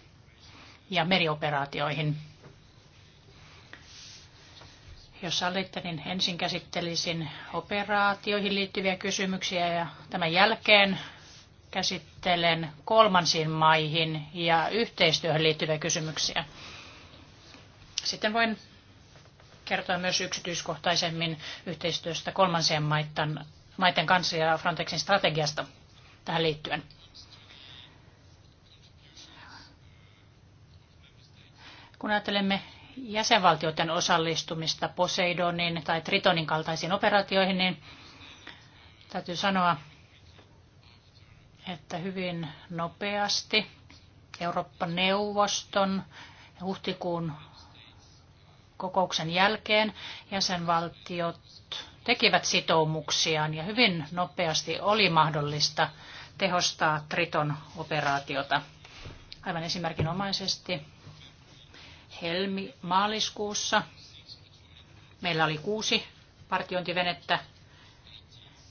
ja merioperaatioihin. Jos sallitte, niin ensin käsittelisin operaatioihin liittyviä kysymyksiä ja tämän jälkeen käsittelen kolmansiin maihin ja yhteistyöhön liittyviä kysymyksiä. Sitten voin kertoa myös yksityiskohtaisemmin yhteistyöstä kolmansien maiden maiden kanssa ja Frontexin strategiasta tähän liittyen. Kun ajattelemme jäsenvaltioiden osallistumista Poseidonin tai Tritonin kaltaisiin operaatioihin, niin täytyy sanoa, että hyvin nopeasti Euroopan neuvoston huhtikuun kokouksen jälkeen jäsenvaltiot tekivät sitoumuksiaan ja hyvin nopeasti oli mahdollista tehostaa Triton operaatiota. Aivan esimerkinomaisesti helmi-maaliskuussa meillä oli kuusi partiointivenettä.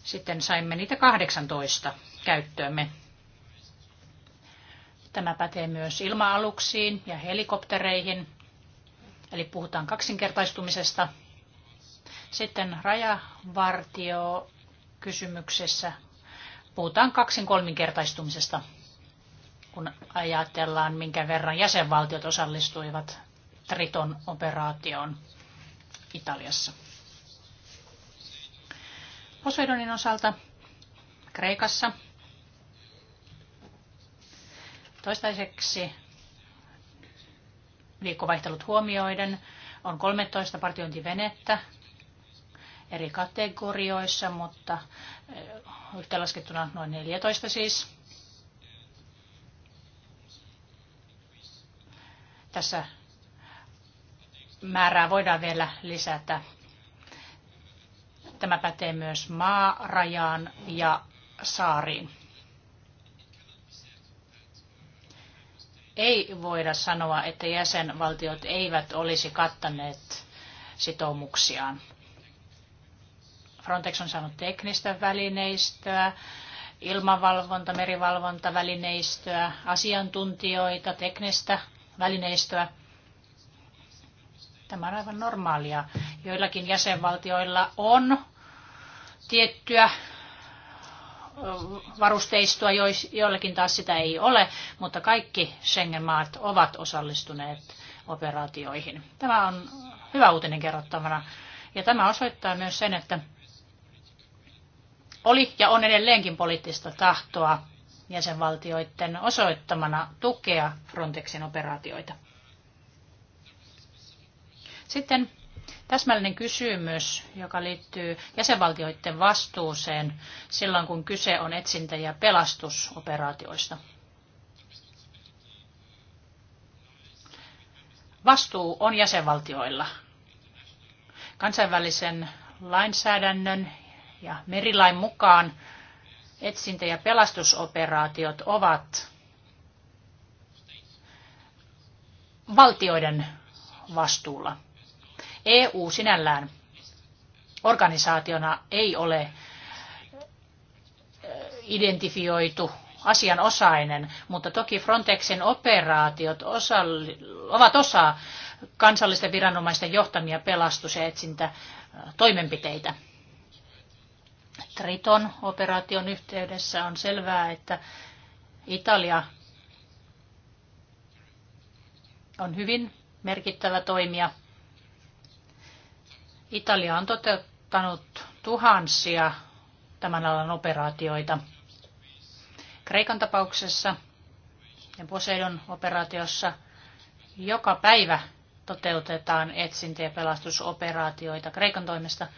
Sitten saimme niitä 18 käyttöömme. Tämä pätee myös ilma-aluksiin ja helikoptereihin, eli puhutaan kaksinkertaistumisesta – sitten rajavartio kysymyksessä puhutaan kaksin kolminkertaistumisesta, kun ajatellaan, minkä verran jäsenvaltiot osallistuivat Triton operaatioon Italiassa. Poseidonin osalta Kreikassa toistaiseksi viikkovaihtelut huomioiden on 13 partiointivenettä eri kategorioissa, mutta eh, yhteenlaskettuna noin 14 siis. Tässä määrää voidaan vielä lisätä. Tämä pätee myös maarajaan ja saariin. Ei voida sanoa, että jäsenvaltiot eivät olisi kattaneet sitoumuksiaan. Frontex on saanut teknistä välineistöä, ilmavalvonta, merivalvonta, välineistöä, asiantuntijoita, teknistä välineistöä. Tämä on aivan normaalia. Joillakin jäsenvaltioilla on tiettyä varusteistua, joillakin taas sitä ei ole, mutta kaikki Schengen-maat ovat osallistuneet operaatioihin. Tämä on hyvä uutinen kerrottavana. Ja tämä osoittaa myös sen, että oli ja on edelleenkin poliittista tahtoa jäsenvaltioiden osoittamana tukea Frontexin operaatioita. Sitten täsmällinen kysymys, joka liittyy jäsenvaltioiden vastuuseen silloin, kun kyse on etsintä- ja pelastusoperaatioista. Vastuu on jäsenvaltioilla. Kansainvälisen lainsäädännön ja merilain mukaan etsintä- ja pelastusoperaatiot ovat valtioiden vastuulla. EU sinällään organisaationa ei ole identifioitu asianosainen, mutta toki Frontexin operaatiot osa, ovat osa kansallisten viranomaisten johtamia pelastus- ja etsintätoimenpiteitä. Triton operaation yhteydessä on selvää, että Italia on hyvin merkittävä toimija. Italia on toteuttanut tuhansia tämän alan operaatioita. Kreikan tapauksessa ja Poseidon operaatiossa joka päivä toteutetaan etsintä- ja pelastusoperaatioita Kreikan toimesta –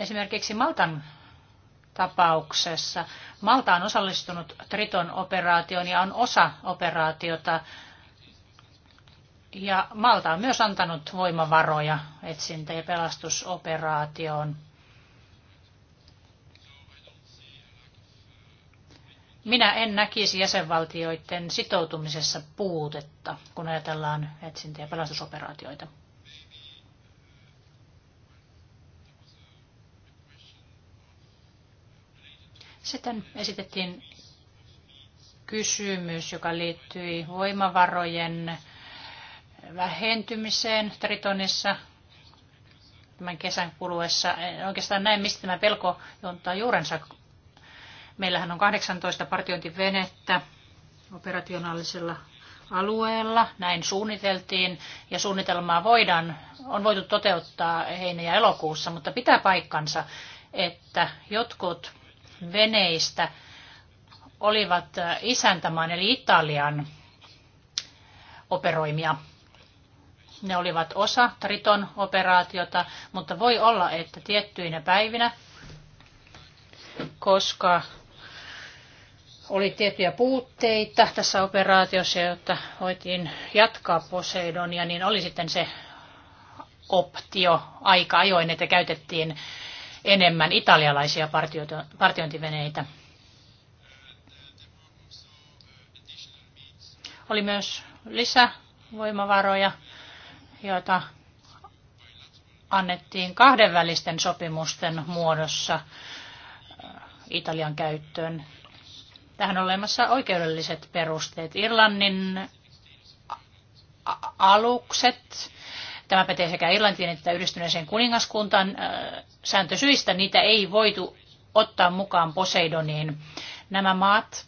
Esimerkiksi Maltan tapauksessa. Malta on osallistunut Triton operaatioon ja on osa operaatiota. Ja Malta on myös antanut voimavaroja etsintä- ja pelastusoperaatioon. Minä en näkisi jäsenvaltioiden sitoutumisessa puutetta, kun ajatellaan etsintä- ja pelastusoperaatioita. Sitten esitettiin kysymys, joka liittyi voimavarojen vähentymiseen Tritonissa tämän kesän kuluessa. En oikeastaan näin mistä tämä pelko jontaa juurensa. Meillähän on 18 partiointivenettä operationaalisella alueella. Näin suunniteltiin ja suunnitelmaa voidaan, on voitu toteuttaa heinä- ja elokuussa, mutta pitää paikkansa, että jotkut veneistä olivat äh, isäntämaan eli Italian operoimia. Ne olivat osa Triton operaatiota, mutta voi olla, että tiettyinä päivinä, koska oli tiettyjä puutteita tässä operaatiossa, jotta voitiin jatkaa Poseidonia, niin oli sitten se optio aika ajoin, että käytettiin enemmän italialaisia partiointiveneitä. Oli myös lisävoimavaroja, joita annettiin kahdenvälisten sopimusten muodossa äh, Italian käyttöön. Tähän on olemassa oikeudelliset perusteet. Irlannin alukset Tämä pätee sekä Irlantiin että yhdistyneeseen kuningaskuntaan. Sääntösyistä niitä ei voitu ottaa mukaan Poseidoniin. Nämä maat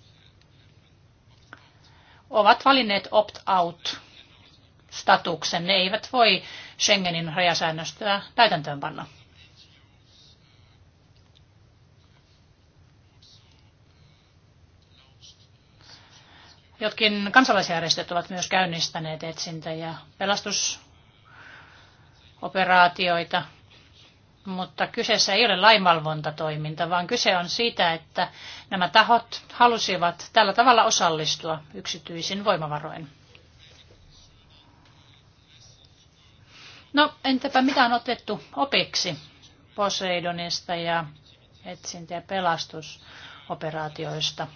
ovat valinneet opt-out statuksen. Ne eivät voi Schengenin rajasäännöstöä täytäntöönpanna. Jotkin kansalaisjärjestöt ovat myös käynnistäneet etsintä- ja pelastus- operaatioita, mutta kyseessä ei ole lainvalvontatoiminta, vaan kyse on siitä, että nämä tahot halusivat tällä tavalla osallistua yksityisin voimavaroin. No, entäpä mitä on otettu opiksi Poseidonista ja etsintä- ja pelastusoperaatioista?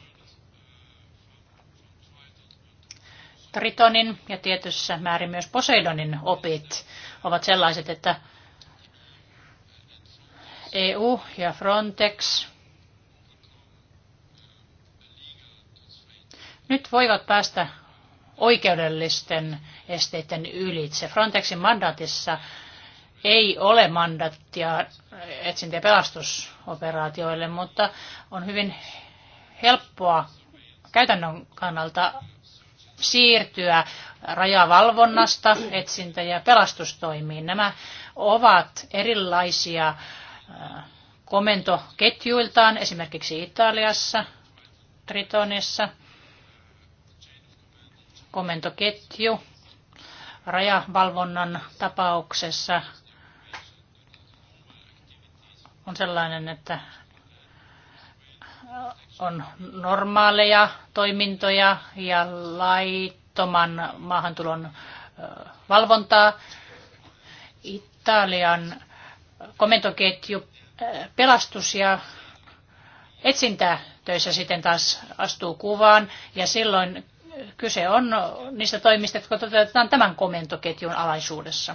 Tritonin ja tietyssä määrin myös Poseidonin opit ovat sellaiset, että EU ja Frontex nyt voivat päästä oikeudellisten esteiden ylitse. Frontexin mandaatissa ei ole mandaattia etsintä- ja pelastusoperaatioille, mutta on hyvin helppoa käytännön kannalta siirtyä rajavalvonnasta etsintä- ja pelastustoimiin. Nämä ovat erilaisia äh, komentoketjuiltaan, esimerkiksi Italiassa, Tritonissa, komentoketju rajavalvonnan tapauksessa on sellainen, että on normaaleja toimintoja ja laittoman maahantulon valvontaa. Italian komentoketju pelastus- ja etsintätöissä sitten taas astuu kuvaan ja silloin kyse on niistä toimista, jotka toteutetaan tämän komentoketjun alaisuudessa.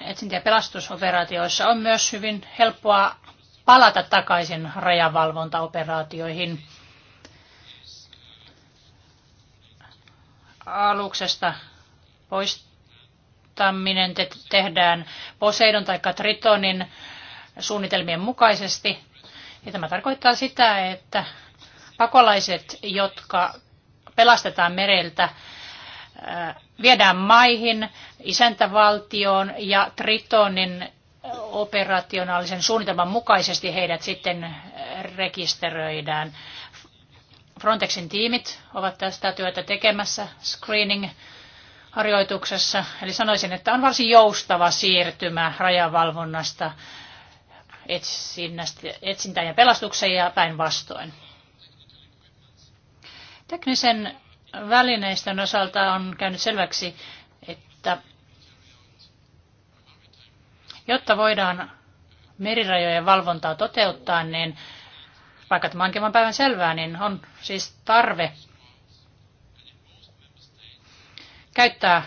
Etsintä- ja pelastusoperaatioissa on myös hyvin helppoa palata takaisin rajavalvontaoperaatioihin. Aluksesta poistaminen te- tehdään Poseidon tai Tritonin suunnitelmien mukaisesti. Ja tämä tarkoittaa sitä, että pakolaiset, jotka pelastetaan mereltä, viedään maihin, isäntävaltioon ja Tritonin operationaalisen suunnitelman mukaisesti heidät sitten äh, rekisteröidään. Frontexin tiimit ovat tästä työtä tekemässä screening-harjoituksessa. Eli sanoisin, että on varsin joustava siirtymä rajavalvonnasta etsintään ja pelastukseen ja päinvastoin. Teknisen välineistön osalta on käynyt selväksi, että Jotta voidaan merirajojen valvontaa toteuttaa, niin vaikka tämä onkin päivän selvää, niin on siis tarve käyttää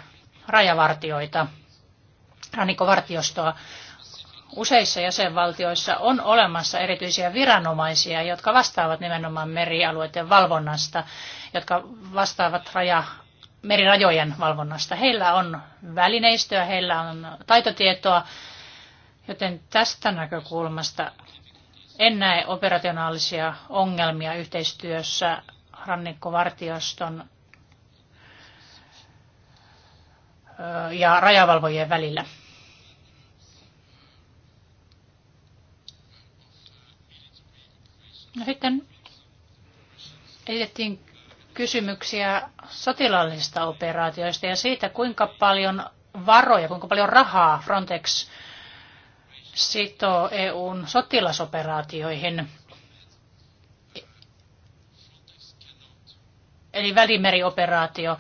rajavartioita, rannikkovartiostoa. Useissa jäsenvaltioissa on olemassa erityisiä viranomaisia, jotka vastaavat nimenomaan merialueiden valvonnasta, jotka vastaavat raja, merirajojen valvonnasta. Heillä on välineistöä, heillä on taitotietoa Joten tästä näkökulmasta en näe operationaalisia ongelmia yhteistyössä rannikkovartioston ja rajavalvojien välillä. No sitten esitettiin kysymyksiä sotilaallisista operaatioista ja siitä, kuinka paljon varoja, kuinka paljon rahaa Frontex sitoo EUn sotilasoperaatioihin. Eli välimerioperaatio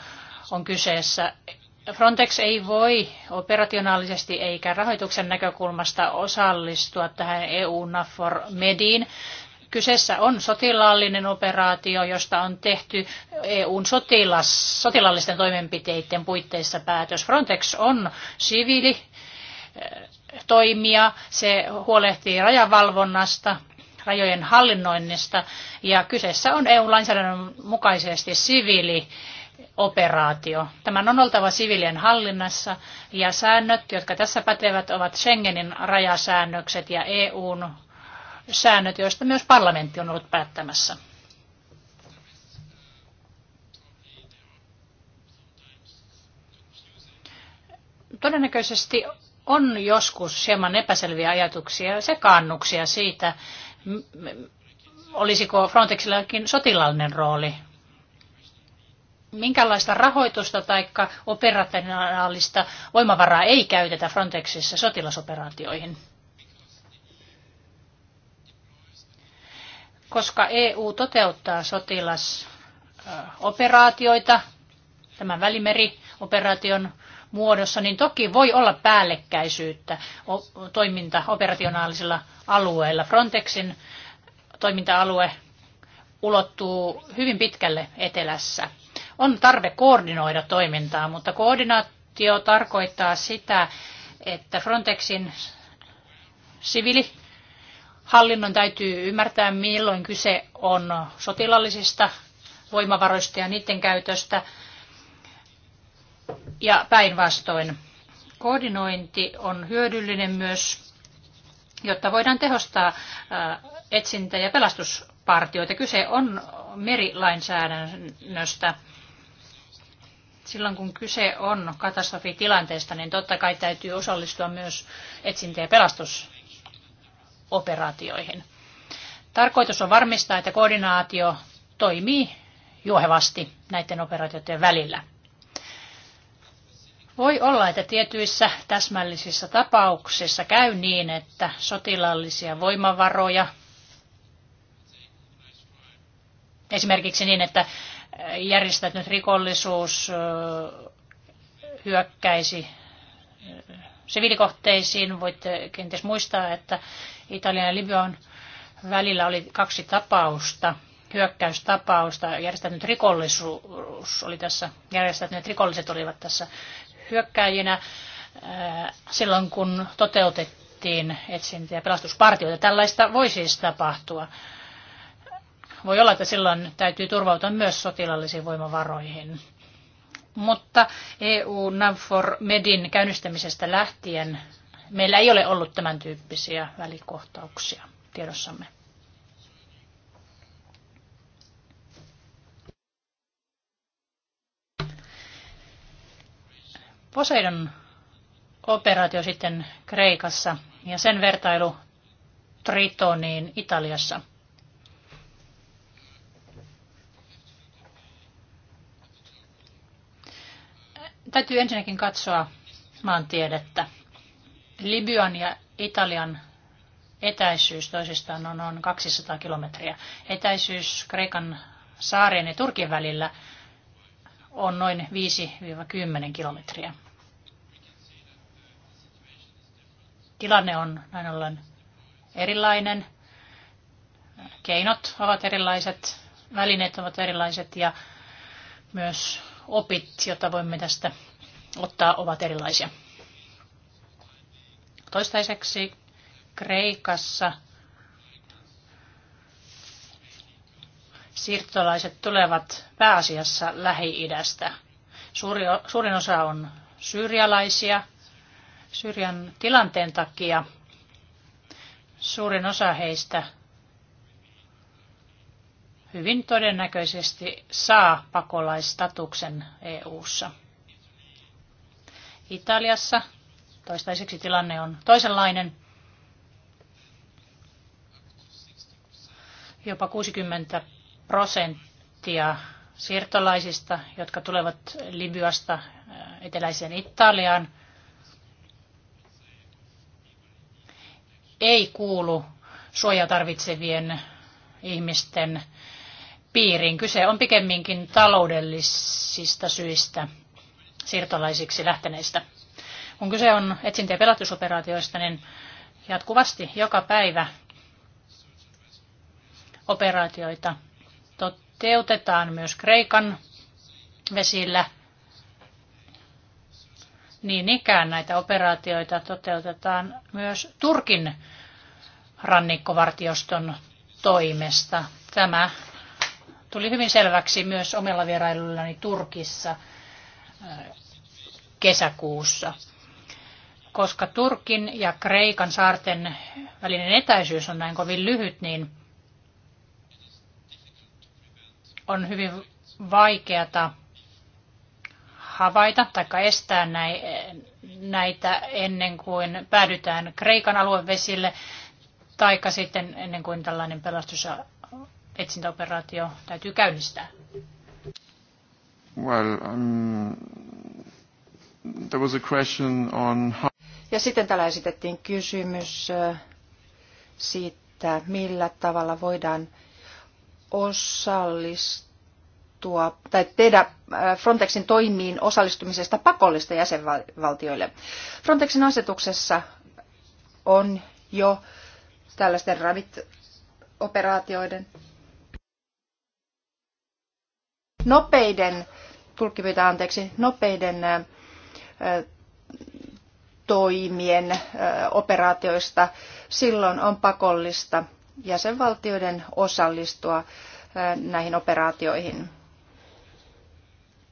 on kyseessä. Frontex ei voi operationaalisesti eikä rahoituksen näkökulmasta osallistua tähän EU-NAFOR Mediin. Kyseessä on sotilaallinen operaatio, josta on tehty EUn sotilas, sotilaallisten toimenpiteiden puitteissa päätös. Frontex on siviili toimia, se huolehtii rajavalvonnasta, rajojen hallinnoinnista ja kyseessä on EU-lainsäädännön mukaisesti siviili operaatio. Tämän on oltava sivilien hallinnassa ja säännöt, jotka tässä pätevät, ovat Schengenin rajasäännökset ja EUn säännöt, joista myös parlamentti on ollut päättämässä. Todennäköisesti on joskus hieman epäselviä ajatuksia ja sekaannuksia siitä, olisiko Frontexillakin sotilaallinen rooli. Minkälaista rahoitusta tai operationaalista voimavaraa ei käytetä Frontexissa sotilasoperaatioihin? Koska EU toteuttaa sotilasoperaatioita, tämän välimerioperaation muodossa, niin toki voi olla päällekkäisyyttä toiminta operationaalisilla alueilla. Frontexin toiminta-alue ulottuu hyvin pitkälle etelässä. On tarve koordinoida toimintaa, mutta koordinaatio tarkoittaa sitä, että Frontexin siviili hallinnon täytyy ymmärtää, milloin kyse on sotilallisista voimavaroista ja niiden käytöstä ja päinvastoin. Koordinointi on hyödyllinen myös, jotta voidaan tehostaa etsintä- ja pelastuspartioita. Kyse on merilainsäädännöstä. Silloin kun kyse on katastrofitilanteesta, niin totta kai täytyy osallistua myös etsintä- ja pelastusoperaatioihin. Tarkoitus on varmistaa, että koordinaatio toimii juohevasti näiden operaatioiden välillä. Voi olla, että tietyissä täsmällisissä tapauksissa käy niin, että sotilaallisia voimavaroja, esimerkiksi niin, että järjestäytynyt rikollisuus hyökkäisi siviilikohteisiin. Voitte kenties muistaa, että Italian ja Libyan välillä oli kaksi tapausta, hyökkäystapausta. Järjestäytynyt rikollisuus oli tässä, järjestäytyneet rikolliset olivat tässä hyökkäjinä äh, silloin, kun toteutettiin etsintä- ja pelastuspartioita. Tällaista voi siis tapahtua. Voi olla, että silloin täytyy turvautua myös sotilallisiin voimavaroihin. Mutta EU Navfor Medin käynnistämisestä lähtien meillä ei ole ollut tämän tyyppisiä välikohtauksia tiedossamme. Poseidon operaatio sitten Kreikassa ja sen vertailu Tritoniin Italiassa. Täytyy ensinnäkin katsoa maantiedettä. Libyan ja Italian etäisyys toisistaan on noin 200 kilometriä. Etäisyys Kreikan saarien ja Turkin välillä on noin 5-10 kilometriä. Tilanne on näin ollen erilainen, keinot ovat erilaiset, välineet ovat erilaiset ja myös opit, joita voimme tästä ottaa, ovat erilaisia. Toistaiseksi Kreikassa siirtolaiset tulevat pääasiassa Lähi-idästä. Suuri, suurin osa on syyrialaisia, Syyrian tilanteen takia suurin osa heistä hyvin todennäköisesti saa pakolaistatuksen EU-ssa. Italiassa toistaiseksi tilanne on toisenlainen. Jopa 60 prosenttia siirtolaisista, jotka tulevat Libyasta äh, eteläiseen Italiaan, ei kuulu suojaa tarvitsevien ihmisten piiriin. Kyse on pikemminkin taloudellisista syistä siirtolaisiksi lähteneistä. Kun kyse on etsintä- ja pelastusoperaatioista, niin jatkuvasti joka päivä operaatioita toteutetaan myös Kreikan vesillä – niin ikään näitä operaatioita toteutetaan myös Turkin rannikkovartioston toimesta. Tämä tuli hyvin selväksi myös omilla vierailullani Turkissa kesäkuussa. Koska Turkin ja Kreikan saarten välinen etäisyys on näin kovin lyhyt, niin on hyvin vaikeata havaita tai estää näitä ennen kuin päädytään Kreikan aluevesille tai sitten ennen kuin tällainen pelastus- ja etsintäoperaatio täytyy käynnistää? Well, um, there was a question on how... Ja sitten täällä esitettiin kysymys siitä, millä tavalla voidaan osallistua luotua tai tehdä äh, Frontexin toimiin osallistumisesta pakollista jäsenvaltioille. Frontexin asetuksessa on jo tällaisten ravit operaatioiden nopeiden, tulkki anteeksi, nopeiden äh, toimien ä, äh, operaatioista, silloin on pakollista jäsenvaltioiden osallistua näihin operaatioihin.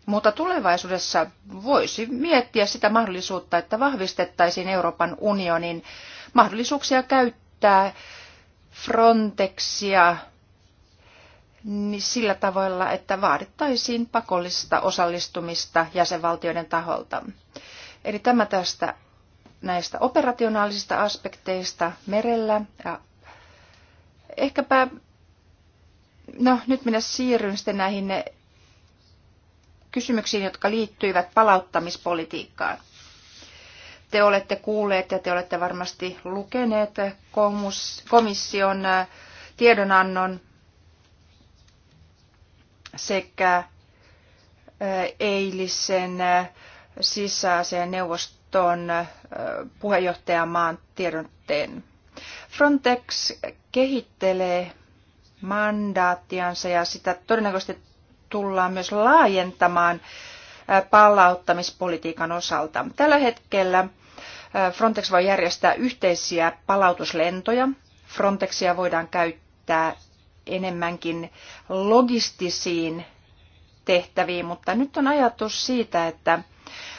Mutta tulevaisuudessa voisi miettiä sitä mahdollisuutta, että vahvistettaisiin Euroopan unionin mahdollisuuksia käyttää Frontexia niin sillä tavalla, että vaadittaisiin pakollista osallistumista jäsenvaltioiden taholta. Eli tämä tästä näistä operationaalisista aspekteista merellä. Ja ehkäpä, no nyt minä siirryn sitten näihin kysymyksiin, jotka liittyivät palauttamispolitiikkaan. Te olette kuulleet ja te olette varmasti lukeneet komission tiedonannon sekä eilisen sisäasian neuvoston puheenjohtajamaan tiedotteen. Frontex kehittelee mandaattiansa ja sitä todennäköisesti tullaan myös laajentamaan palauttamispolitiikan osalta. Tällä hetkellä Frontex voi järjestää yhteisiä palautuslentoja. Frontexia voidaan käyttää enemmänkin logistisiin tehtäviin, mutta nyt on ajatus siitä, että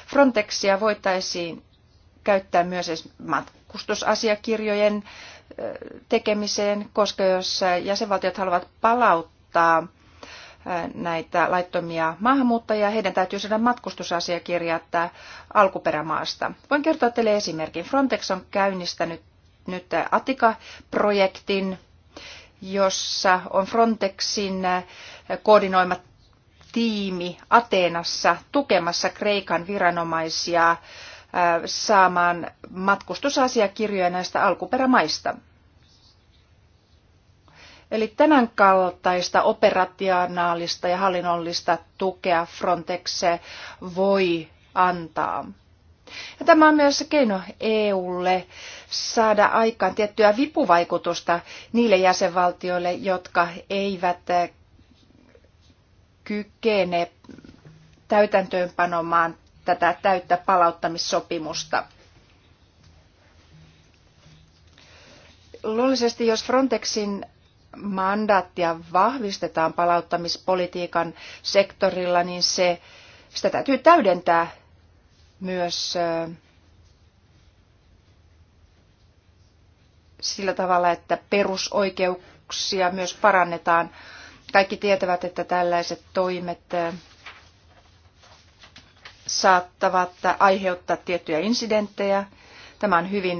Frontexia voitaisiin käyttää myös matkustusasiakirjojen tekemiseen, koska jos jäsenvaltiot haluavat palauttaa näitä laittomia maahanmuuttajia. Heidän täytyy saada tämä alkuperämaasta. Voin kertoa teille esimerkin. Frontex on käynnistänyt nyt Atika-projektin, jossa on Frontexin koordinoima tiimi Ateenassa tukemassa Kreikan viranomaisia saamaan matkustusasiakirjoja näistä alkuperämaista. Eli tämän kaltaista operationaalista ja hallinnollista tukea Frontex voi antaa. Ja tämä on myös keino EUlle saada aikaan tiettyä vipuvaikutusta niille jäsenvaltioille, jotka eivät kykene täytäntöönpanomaan tätä täyttä palauttamissopimusta. Luonnollisesti, jos Frontexin mandaattia vahvistetaan palauttamispolitiikan sektorilla, niin se, sitä täytyy täydentää myös sillä tavalla, että perusoikeuksia myös parannetaan. Kaikki tietävät, että tällaiset toimet saattavat aiheuttaa tiettyjä insidenttejä. Tämä on hyvin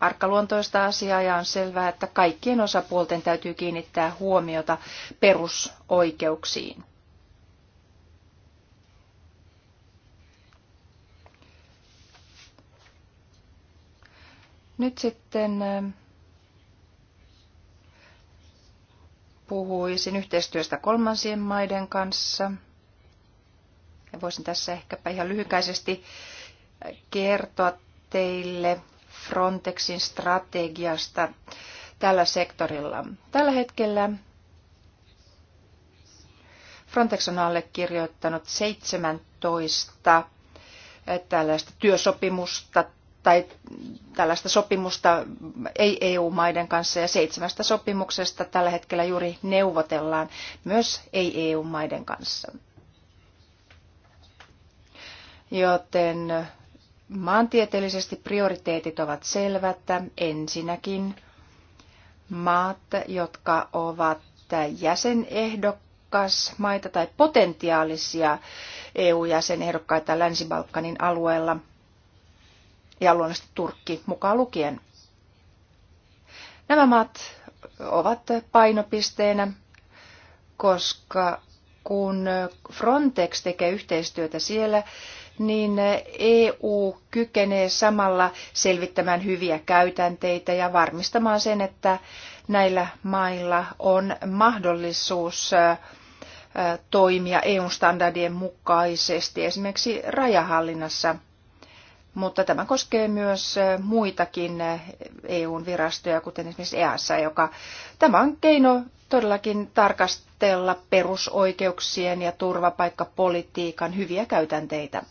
arkaluontoista asiaa ja on selvää, että kaikkien osapuolten täytyy kiinnittää huomiota perusoikeuksiin. Nyt sitten puhuisin yhteistyöstä kolmansien maiden kanssa. Ja voisin tässä ehkäpä ihan lyhykäisesti kertoa teille Frontexin strategiasta tällä sektorilla. Tällä hetkellä Frontex on allekirjoittanut 17 eh, tällaista työsopimusta tai tällaista sopimusta ei-EU-maiden kanssa ja seitsemästä sopimuksesta tällä hetkellä juuri neuvotellaan myös ei-EU-maiden kanssa. Joten Maantieteellisesti prioriteetit ovat selvät. Ensinnäkin maat, jotka ovat maita tai potentiaalisia EU-jäsenehdokkaita Länsi-Balkanin alueella ja luonnollisesti Turkki mukaan lukien. Nämä maat ovat painopisteenä, koska kun Frontex tekee yhteistyötä siellä, niin EU kykenee samalla selvittämään hyviä käytänteitä ja varmistamaan sen, että näillä mailla on mahdollisuus toimia EU-standardien mukaisesti, esimerkiksi rajahallinnassa. Mutta tämä koskee myös muitakin eu virastoja, kuten esimerkiksi EASA, joka tämä on keino todellakin tarkastella perusoikeuksien ja turvapaikkapolitiikan hyviä käytänteitä.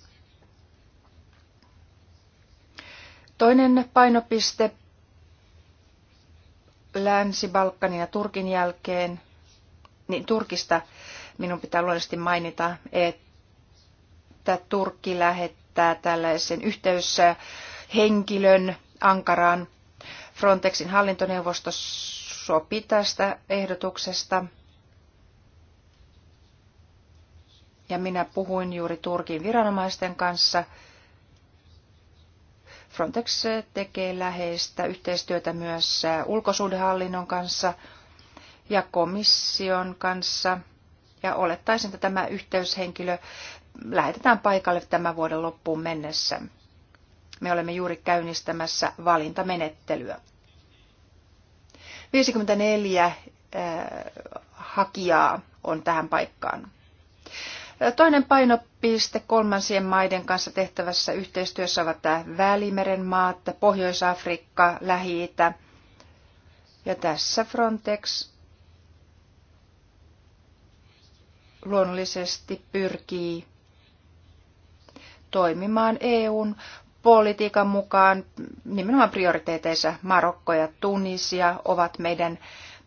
Toinen painopiste Länsi-Balkanin ja Turkin jälkeen, niin Turkista minun pitää luonnollisesti mainita, että Turkki lähettää tällaisen yhteyshenkilön Ankaraan. Frontexin hallintoneuvosto sopi tästä ehdotuksesta. Ja minä puhuin juuri Turkin viranomaisten kanssa – Frontex tekee läheistä yhteistyötä myös ulkosuhdehallinnon kanssa ja komission kanssa. Ja olettaisin, että tämä yhteyshenkilö lähetetään paikalle tämän vuoden loppuun mennessä. Me olemme juuri käynnistämässä valintamenettelyä. 54 hakijaa on tähän paikkaan. Toinen painopiste kolmansien maiden kanssa tehtävässä yhteistyössä ovat tämä Välimeren maat, Pohjois-Afrikka, Lähi-Itä. Ja tässä Frontex luonnollisesti pyrkii toimimaan EUn politiikan mukaan nimenomaan prioriteeteissa Marokko ja Tunisia ovat meidän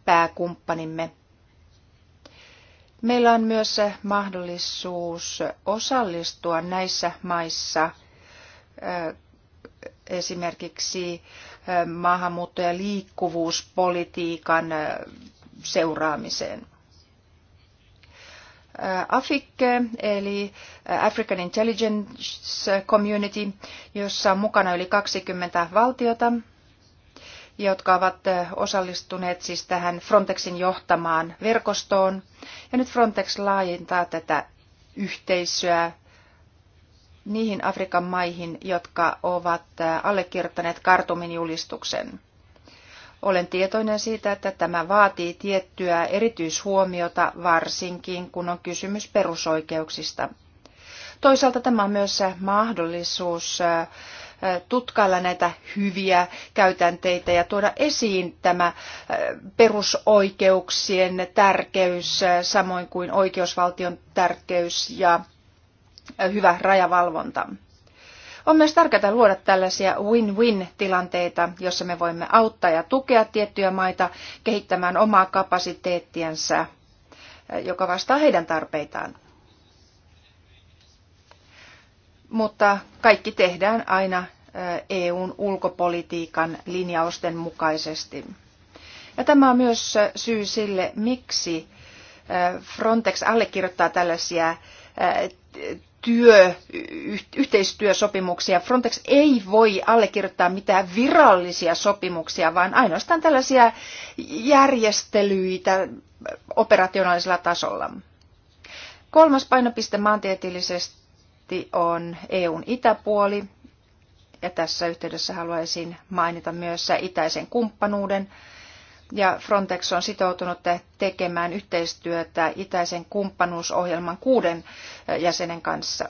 pääkumppanimme Meillä on myös mahdollisuus osallistua näissä maissa esimerkiksi maahanmuutto- ja liikkuvuuspolitiikan seuraamiseen. AFIC, eli African Intelligence Community, jossa on mukana yli 20 valtiota, jotka ovat osallistuneet siis tähän Frontexin johtamaan verkostoon. Ja nyt Frontex laajentaa tätä yhteisöä niihin Afrikan maihin, jotka ovat allekirjoittaneet kartumin julistuksen. Olen tietoinen siitä, että tämä vaatii tiettyä erityishuomiota, varsinkin kun on kysymys perusoikeuksista. Toisaalta tämä on myös mahdollisuus tutkailla näitä hyviä käytänteitä ja tuoda esiin tämä perusoikeuksien tärkeys, samoin kuin oikeusvaltion tärkeys ja hyvä rajavalvonta. On myös tärkeää luoda tällaisia win-win-tilanteita, jossa me voimme auttaa ja tukea tiettyjä maita kehittämään omaa kapasiteettiansa, joka vastaa heidän tarpeitaan. mutta kaikki tehdään aina EUn ulkopolitiikan linjausten mukaisesti. Ja tämä on myös syy sille, miksi Frontex allekirjoittaa tällaisia työ, yhteistyösopimuksia. Frontex ei voi allekirjoittaa mitään virallisia sopimuksia, vaan ainoastaan tällaisia järjestelyitä operationaalisella tasolla. Kolmas painopiste maantieteellisesti prioriteetti on EUn itäpuoli, ja tässä yhteydessä haluaisin mainita myös itäisen kumppanuuden. Ja Frontex on sitoutunut tekemään yhteistyötä itäisen kumppanuusohjelman kuuden jäsenen kanssa.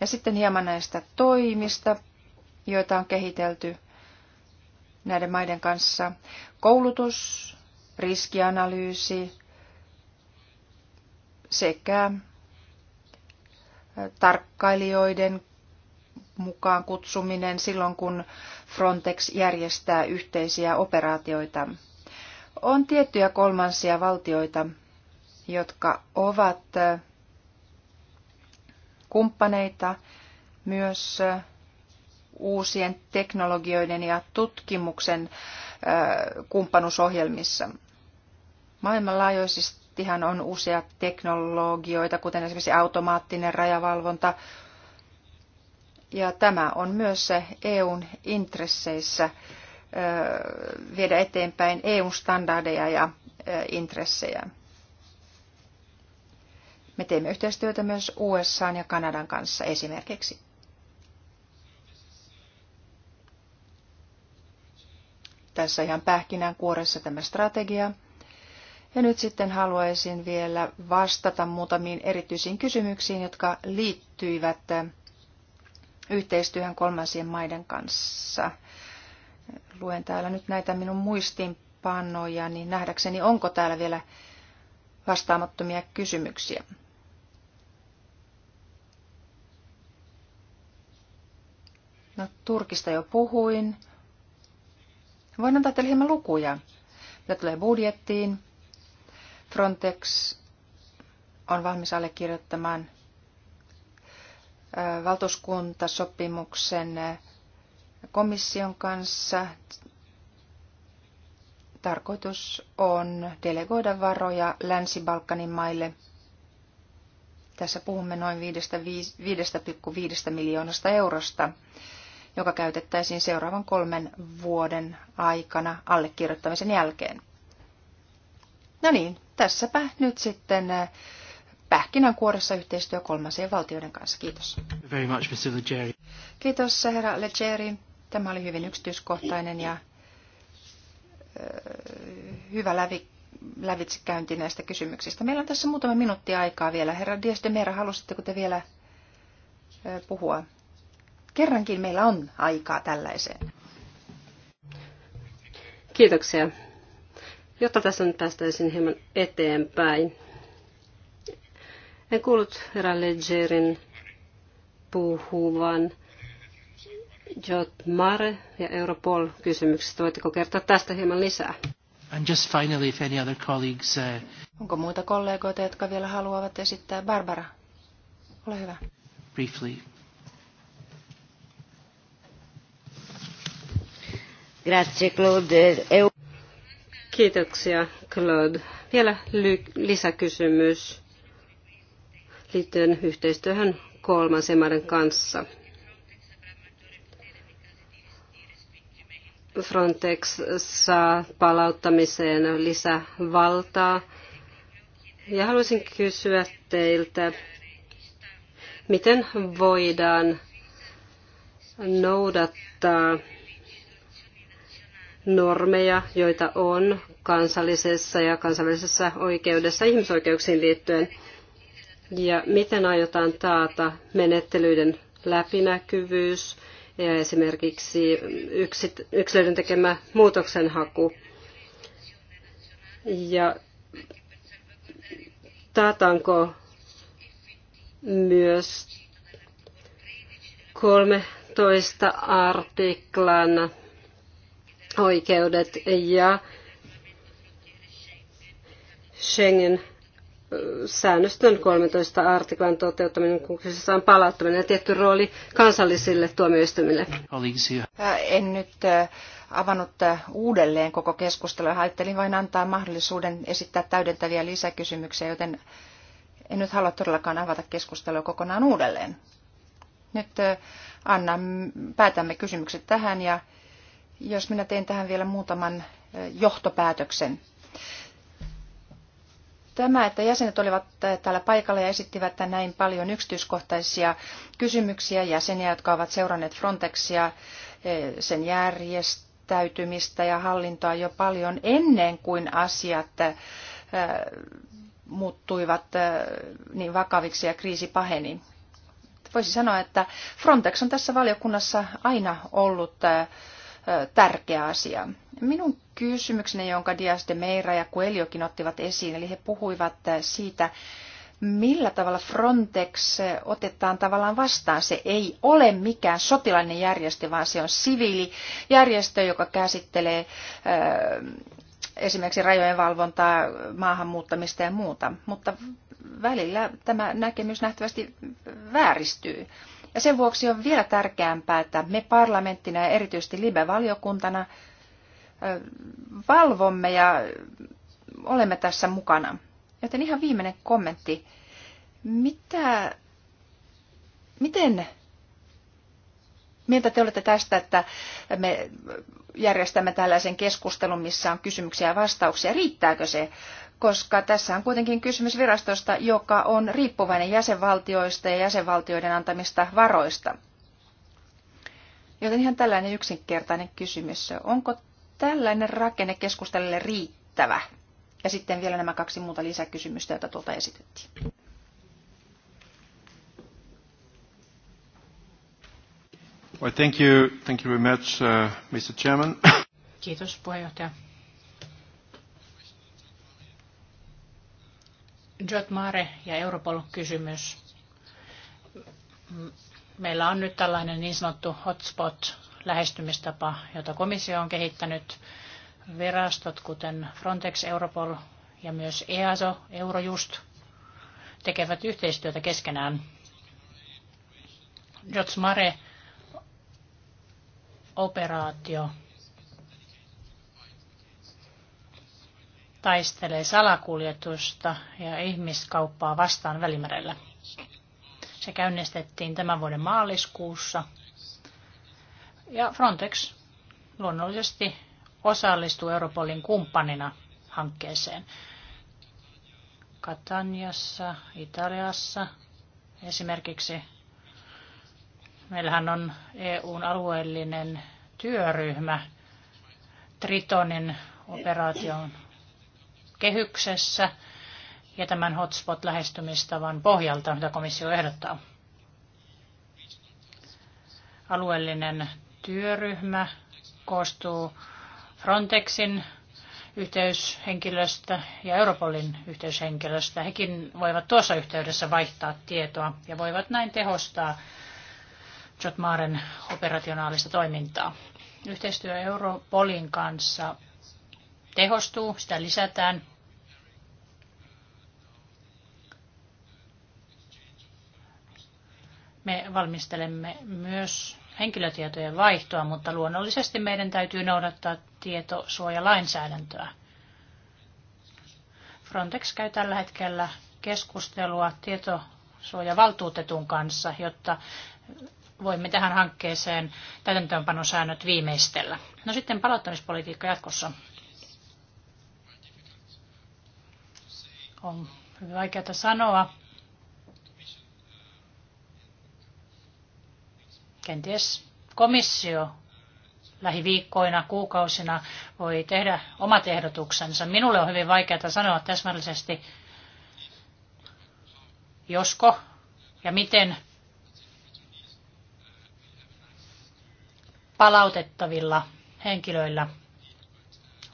Ja sitten hieman näistä toimista, joita on kehitelty näiden maiden kanssa. Koulutus, riskianalyysi, sekä tarkkailijoiden mukaan kutsuminen silloin, kun Frontex järjestää yhteisiä operaatioita. On tiettyjä kolmansia valtioita, jotka ovat kumppaneita myös uusien teknologioiden ja tutkimuksen kumppanuusohjelmissa. Maailmanlaajuisista Pakettihan on usea teknologioita, kuten esimerkiksi automaattinen rajavalvonta. Ja tämä on myös EUn intresseissä viedä eteenpäin EUn standardeja ja intressejä. Me teemme yhteistyötä myös USA ja Kanadan kanssa esimerkiksi. Tässä ihan kuoressa tämä strategia. Ja nyt sitten haluaisin vielä vastata muutamiin erityisiin kysymyksiin, jotka liittyivät eh, yhteistyöhön kolmansien maiden kanssa. Luen täällä nyt näitä minun muistiinpannoja, niin nähdäkseni onko täällä vielä vastaamattomia kysymyksiä. No, Turkista jo puhuin. Voin antaa teille hieman lukuja. Mitä tulee budjettiin, Frontex on valmis allekirjoittamaan valtuuskuntasopimuksen komission kanssa. Tarkoitus on delegoida varoja Länsi-Balkanin maille. Tässä puhumme noin 5,5 miljoonasta eurosta, joka käytettäisiin seuraavan kolmen vuoden aikana allekirjoittamisen jälkeen. No niin, tässäpä nyt sitten äh, pähkinänkuoressa yhteistyö kolmansien valtioiden kanssa. Kiitos. Very much, Mr. Kiitos, äh, herra Legeri. Tämä oli hyvin yksityiskohtainen ja äh, hyvä lävi, lävitsikäynti näistä kysymyksistä. Meillä on tässä muutama minuutti aikaa vielä. Herra Dias de Mera, halusitteko te vielä puhua? Kerrankin meillä on aikaa tällaiseen. Kiitoksia jotta tässä nyt päästäisiin hieman eteenpäin. En kuullut herra Ledgerin puhuvan Jot Mare ja Europol kysymyksestä. Voitteko kertoa tästä hieman lisää? And just finally, if any other colleagues, uh... Onko muita kollegoita, jotka vielä haluavat esittää? Barbara, ole hyvä. Briefly. Grazie Claude. Eu... Kiitoksia, Claude. Vielä lisäkysymys liittyen yhteistyöhön kolmansien maiden kanssa. Frontex saa palauttamiseen lisävaltaa. Ja haluaisin kysyä teiltä, miten voidaan noudattaa normeja, joita on kansallisessa ja kansainvälisessä oikeudessa ihmisoikeuksiin liittyen. Ja miten aiotaan taata menettelyiden läpinäkyvyys ja esimerkiksi yksilöiden tekemä muutoksenhaku. Ja taataanko myös 13 artiklan oikeudet ja Schengen säännöstön 13 artiklan toteuttaminen, kun kyseessä on palauttaminen ja tietty rooli kansallisille tuomioistuimille. En nyt avannut uudelleen koko keskustelua. Ajattelin vain antaa mahdollisuuden esittää täydentäviä lisäkysymyksiä, joten en nyt halua todellakaan avata keskustelua kokonaan uudelleen. Nyt annan, päätämme kysymykset tähän ja jos minä teen tähän vielä muutaman johtopäätöksen. Tämä, että jäsenet olivat täällä paikalla ja esittivät näin paljon yksityiskohtaisia kysymyksiä jäseniä, jotka ovat seuranneet Frontexia, sen järjestäytymistä ja hallintoa jo paljon ennen kuin asiat muuttuivat niin vakaviksi ja kriisi paheni. Voisi sanoa, että Frontex on tässä valiokunnassa aina ollut tärkeä asia. Minun kysymykseni, jonka Dias de Meira ja Coeliokin ottivat esiin, eli he puhuivat siitä, millä tavalla Frontex otetaan tavallaan vastaan. Se ei ole mikään sotilainen järjestö, vaan se on siviilijärjestö, joka käsittelee esimerkiksi rajojen valvontaa, maahanmuuttamista ja muuta. Mutta välillä tämä näkemys nähtävästi vääristyy. Ja sen vuoksi on vielä tärkeämpää, että me parlamenttina ja erityisesti Libe-valiokuntana valvomme ja olemme tässä mukana. Joten ihan viimeinen kommentti. Mitä, miten Miltä te olette tästä, että me järjestämme tällaisen keskustelun, missä on kysymyksiä ja vastauksia? Riittääkö se koska tässä on kuitenkin kysymys virastosta, joka on riippuvainen jäsenvaltioista ja jäsenvaltioiden antamista varoista. Joten ihan tällainen yksinkertainen kysymys. Onko tällainen rakenne keskustelulle riittävä? Ja sitten vielä nämä kaksi muuta lisäkysymystä, joita tuolta esitettiin. Well, thank you, thank you very much, uh, Mr. Chairman. Kiitos puheenjohtaja. Jot Mare ja Europol-kysymys. Meillä on nyt tällainen niin sanottu hotspot-lähestymistapa, jota komissio on kehittänyt. Virastot, kuten Frontex, Europol ja myös EASO, Eurojust, tekevät yhteistyötä keskenään. Jotmare Mare operaatio taistelee salakuljetusta ja ihmiskauppaa vastaan Välimerellä. Se käynnistettiin tämän vuoden maaliskuussa. Ja Frontex luonnollisesti osallistuu Europolin kumppanina hankkeeseen. Kataniassa, Italiassa esimerkiksi. Meillähän on EUn alueellinen työryhmä Tritonin operaation kehyksessä ja tämän hotspot-lähestymistavan pohjalta, mitä komissio ehdottaa. Alueellinen työryhmä koostuu Frontexin yhteyshenkilöstä ja Europolin yhteyshenkilöstä. Hekin voivat tuossa yhteydessä vaihtaa tietoa ja voivat näin tehostaa Jotmaaren operationaalista toimintaa. Yhteistyö Europolin kanssa tehostuu, sitä lisätään. Me valmistelemme myös henkilötietojen vaihtoa, mutta luonnollisesti meidän täytyy noudattaa tietosuojalainsäädäntöä. Frontex käy tällä hetkellä keskustelua tietosuojavaltuutetun kanssa, jotta voimme tähän hankkeeseen täytäntöönpanosäännöt viimeistellä. No sitten palauttamispolitiikka jatkossa. on vaikeata vaikeaa sanoa. Kenties komissio lähiviikkoina, kuukausina voi tehdä omat ehdotuksensa. Minulle on hyvin vaikeaa sanoa täsmällisesti, josko ja miten palautettavilla henkilöillä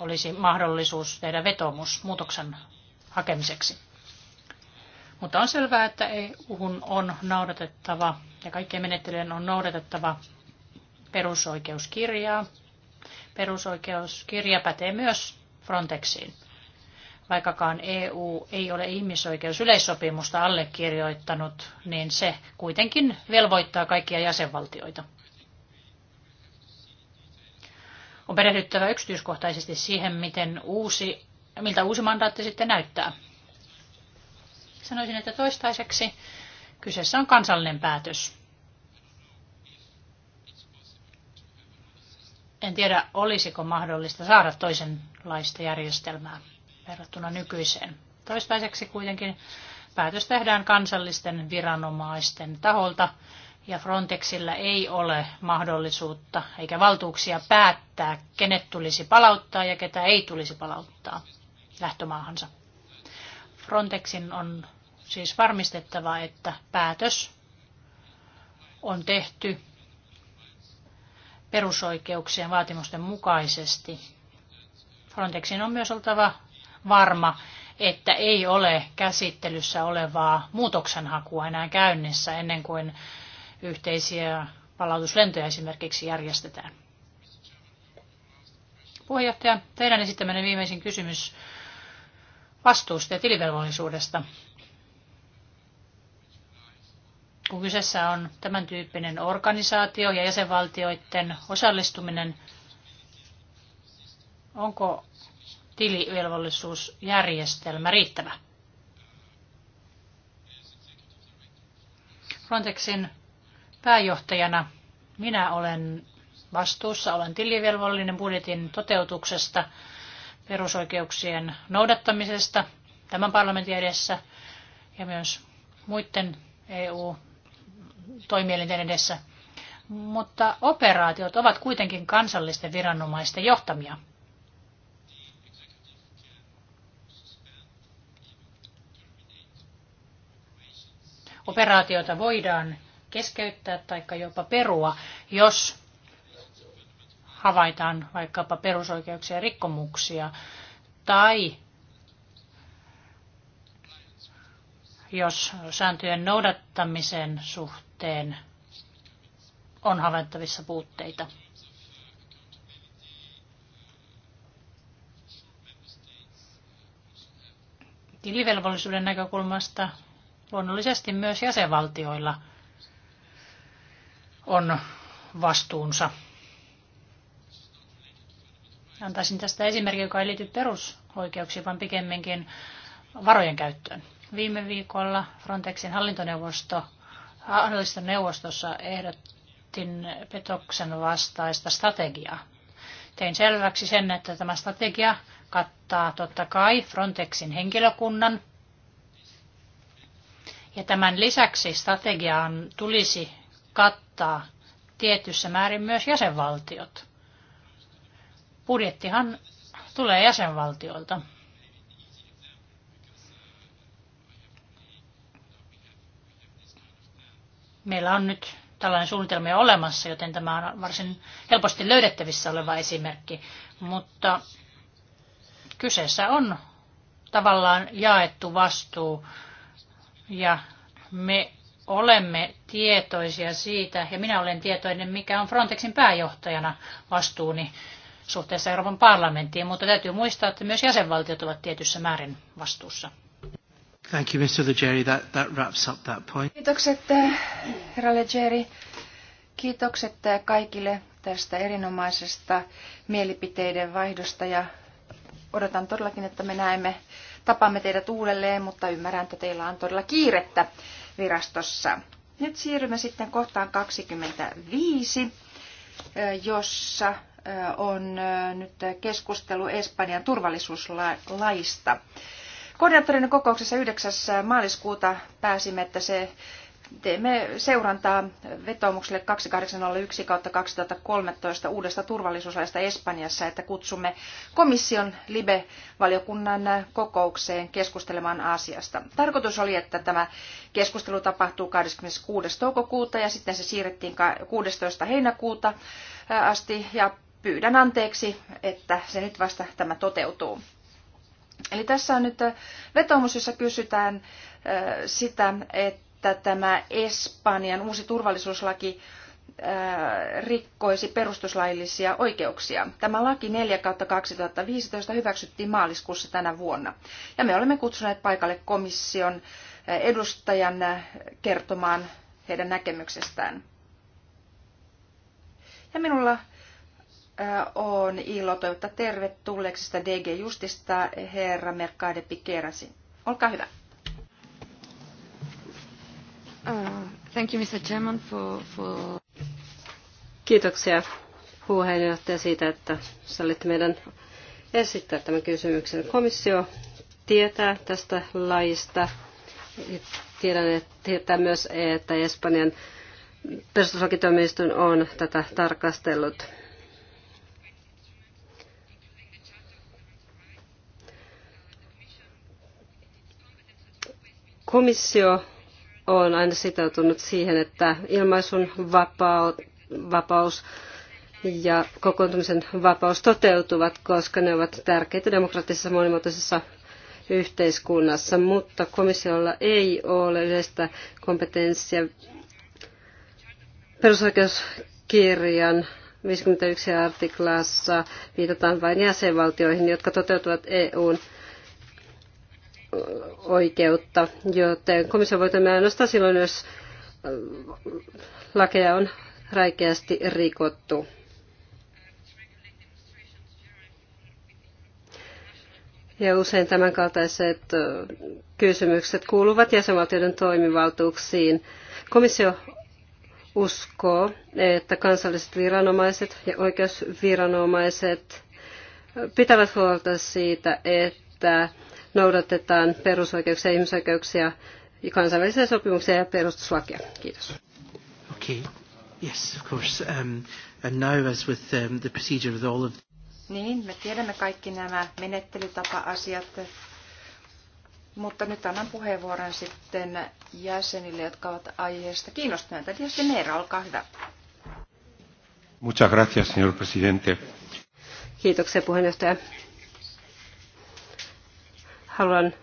olisi mahdollisuus tehdä vetomus muutoksen hakemiseksi. Mutta on selvää, että EU on noudatettava ja kaikkien menettelyjen on noudatettava perusoikeuskirjaa. Perusoikeuskirja pätee myös Frontexiin. Vaikkakaan EU ei ole ihmisoikeusyleissopimusta allekirjoittanut, niin se kuitenkin velvoittaa kaikkia jäsenvaltioita. On perehdyttävä yksityiskohtaisesti siihen, miten uusi miltä uusi mandaatti sitten näyttää. Sanoisin, että toistaiseksi kyseessä on kansallinen päätös. En tiedä, olisiko mahdollista saada toisenlaista järjestelmää verrattuna nykyiseen. Toistaiseksi kuitenkin päätös tehdään kansallisten viranomaisten taholta ja Frontexillä ei ole mahdollisuutta eikä valtuuksia päättää, kenet tulisi palauttaa ja ketä ei tulisi palauttaa lähtömaahansa. Frontexin on siis varmistettava, että päätös on tehty perusoikeuksien vaatimusten mukaisesti. Frontexin on myös oltava varma, että ei ole käsittelyssä olevaa muutoksenhakua enää käynnissä ennen kuin yhteisiä palautuslentoja esimerkiksi järjestetään. Puheenjohtaja, teidän esittämänne viimeisin kysymys vastuusta ja tilivelvollisuudesta. Kun kyseessä on tämän tyyppinen organisaatio ja jäsenvaltioiden osallistuminen, onko tilivelvollisuusjärjestelmä riittävä? Frontexin pääjohtajana minä olen vastuussa, olen tilivelvollinen budjetin toteutuksesta perusoikeuksien noudattamisesta tämän parlamentin edessä ja myös muiden EU-toimielinten edessä. Mutta operaatiot ovat kuitenkin kansallisten viranomaisten johtamia. Operaatiota voidaan keskeyttää tai jopa perua, jos havaitaan vaikkapa perusoikeuksia rikkomuksia tai jos sääntöjen noudattamisen suhteen on havaittavissa puutteita. Tilivelvollisuuden näkökulmasta luonnollisesti myös jäsenvaltioilla on vastuunsa Antaisin tästä esimerkin, joka ei liity perusoikeuksiin, vaan pikemminkin varojen käyttöön. Viime viikolla Frontexin hallintoneuvosto, hallintoneuvostossa ehdotin petoksen vastaista strategiaa. Tein selväksi sen, että tämä strategia kattaa totta kai Frontexin henkilökunnan. Ja tämän lisäksi strategiaan tulisi kattaa tietyssä määrin myös jäsenvaltiot budjettihan tulee jäsenvaltioilta. Meillä on nyt tällainen suunnitelma jo olemassa, joten tämä on varsin helposti löydettävissä oleva esimerkki. Mutta kyseessä on tavallaan jaettu vastuu ja me olemme tietoisia siitä, ja minä olen tietoinen, mikä on Frontexin pääjohtajana vastuuni suhteessa Euroopan parlamenttiin, mutta täytyy muistaa, että myös jäsenvaltiot ovat tietyssä määrin vastuussa. Thank you, Mr. Legeri. That, that wraps up that point. Kiitokset, eh, herra Legeri. Kiitokset eh, kaikille tästä erinomaisesta mielipiteiden vaihdosta ja odotan todellakin, että me näemme, tapaamme teidät uudelleen, mutta ymmärrän, että teillä on todella kiirettä virastossa. Nyt siirrymme sitten kohtaan 25, eh, jossa on nyt keskustelu Espanjan turvallisuuslaista. Koordinaattorin kokouksessa 9. maaliskuuta pääsimme, että se teemme seurantaa vetoomukselle 2801 2013 uudesta turvallisuuslaista Espanjassa, että kutsumme komission LIBE-valiokunnan kokoukseen keskustelemaan asiasta. Tarkoitus oli, että tämä keskustelu tapahtuu 26. toukokuuta ja sitten se siirrettiin 16. heinäkuuta asti ja pyydän anteeksi, että se nyt vasta tämä toteutuu. Eli tässä on nyt vetomus, jossa kysytään sitä, että tämä Espanjan uusi turvallisuuslaki rikkoisi perustuslaillisia oikeuksia. Tämä laki 4 2015 hyväksyttiin maaliskuussa tänä vuonna. Ja me olemme kutsuneet paikalle komission edustajan kertomaan heidän näkemyksestään. Ja minulla on ilo toivottaa tervetulleeksi sitä DG Justista herra Mercade Pikerasi. Olkaa hyvä. Uh, thank you, Mr. Chairman, for, for... Kiitoksia puheenjohtaja siitä, että sallitte meidän esittää tämän kysymyksen. Komissio tietää tästä lajista. Tiedän, että tietää myös, että Espanjan perustuslakitoimiston on tätä tarkastellut. Komissio on aina sitoutunut siihen, että ilmaisun vapaus ja kokoontumisen vapaus toteutuvat, koska ne ovat tärkeitä demokraattisessa monimuotoisessa yhteiskunnassa, mutta komissiolla ei ole yleistä kompetenssia perusoikeuskirjan 51 artiklassa viitataan vain jäsenvaltioihin, jotka toteutuvat EUn oikeutta, joten komissio voi toimia ainoastaan silloin, jos äh, lakeja on räikeästi rikottu. Ja usein tämänkaltaiset äh, kysymykset kuuluvat jäsenvaltioiden toimivaltuuksiin. Komissio uskoo, että kansalliset viranomaiset ja oikeusviranomaiset äh, pitävät huolta siitä, että noudatetaan perusoikeuksia, ihmisoikeuksia, kansainvälisiä sopimuksia ja perustuslakia. Kiitos. Okay. Yes, of course. Um, and now as with um, the procedure with all of... Niin, me tiedämme kaikki nämä menettelytapa-asiat, mutta nyt annan puheenvuoron sitten jäsenille, jotka ovat aiheesta kiinnostuneita. Tietysti Neera, olkaa hyvä. Muchas gracias, señor presidente. Kiitoksia puheenjohtaja. Haluan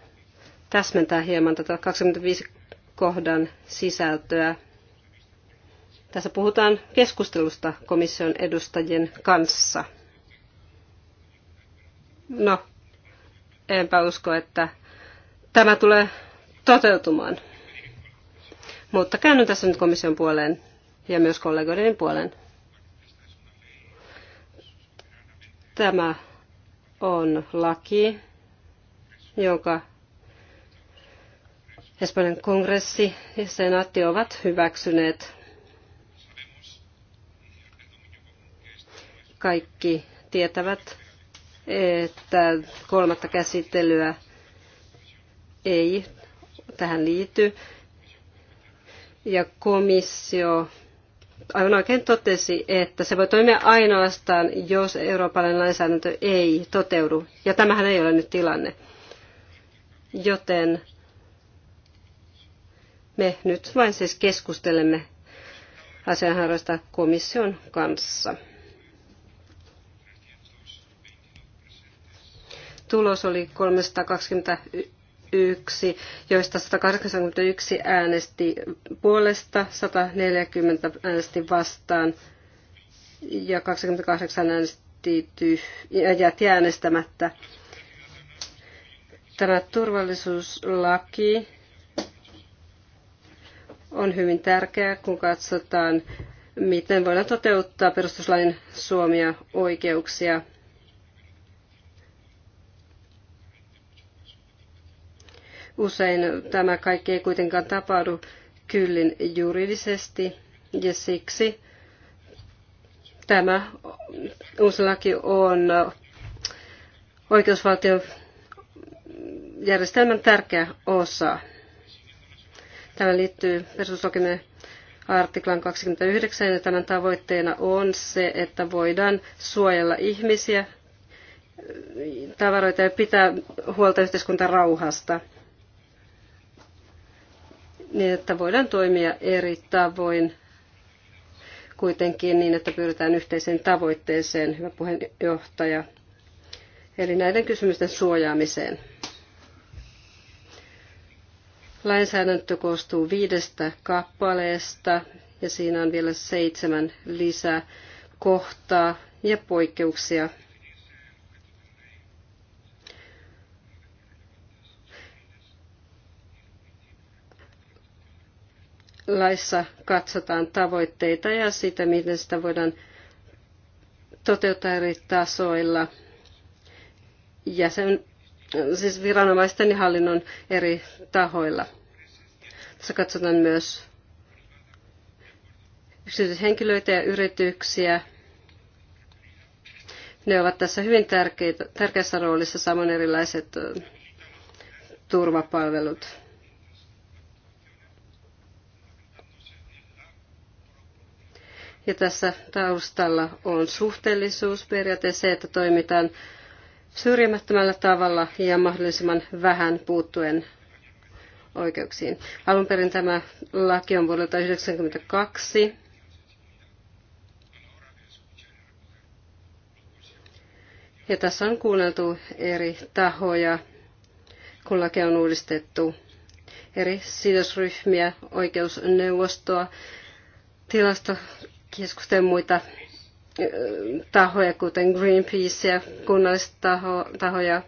täsmentää hieman tätä 25 kohdan sisältöä. Tässä puhutaan keskustelusta komission edustajien kanssa. No, enpä usko, että tämä tulee toteutumaan. Mutta käännyn tässä nyt komission puoleen ja myös kollegoiden puoleen. Tämä on laki, jonka Espanjan kongressi ja senaatti ovat hyväksyneet. Kaikki tietävät, että kolmatta käsittelyä ei tähän liity. Ja komissio aivan oikein totesi, että se voi toimia ainoastaan, jos eurooppalainen lainsäädäntö ei toteudu. Ja tämähän ei ole nyt tilanne joten me nyt vain siis keskustelemme asianhaarasta komission kanssa. Tulos oli 321, joista 181 äänesti puolesta, 140 äänesti vastaan ja 28 äänesti tyh- jätti äänestämättä. Tämä turvallisuuslaki on hyvin tärkeä, kun katsotaan, miten voidaan toteuttaa perustuslain suomia oikeuksia. Usein tämä kaikki ei kuitenkaan tapahdu kyllin juridisesti ja siksi tämä uusi laki on oikeusvaltion järjestelmän tärkeä osa. Tämä liittyy perustuslakimme artiklan 29 ja tämän tavoitteena on se, että voidaan suojella ihmisiä, tavaroita ja pitää huolta yhteiskuntarauhasta. Niin, että voidaan toimia eri tavoin kuitenkin niin, että pyritään yhteiseen tavoitteeseen, hyvä puheenjohtaja, eli näiden kysymysten suojaamiseen. Lainsäädäntö koostuu viidestä kappaleesta ja siinä on vielä seitsemän lisää kohtaa ja poikkeuksia. Laissa katsotaan tavoitteita ja sitä, miten sitä voidaan toteuttaa eri tasoilla. Jäsen, siis viranomaisten ja hallinnon eri tahoilla. Tässä katsotaan myös yksityishenkilöitä ja yrityksiä. Ne ovat tässä hyvin tärkeitä, tärkeässä roolissa, samoin erilaiset turvapalvelut. Ja tässä taustalla on suhteellisuusperiaate, se, että toimitaan syrjimättömällä tavalla ja mahdollisimman vähän puuttuen oikeuksiin. Alun perin tämä laki on vuodelta 1992. Ja tässä on kuunneltu eri tahoja, kun laki on uudistettu eri sidosryhmiä, oikeusneuvostoa, tilastokeskusten muita tahoja, kuten Greenpeace ja kunnallistahoja.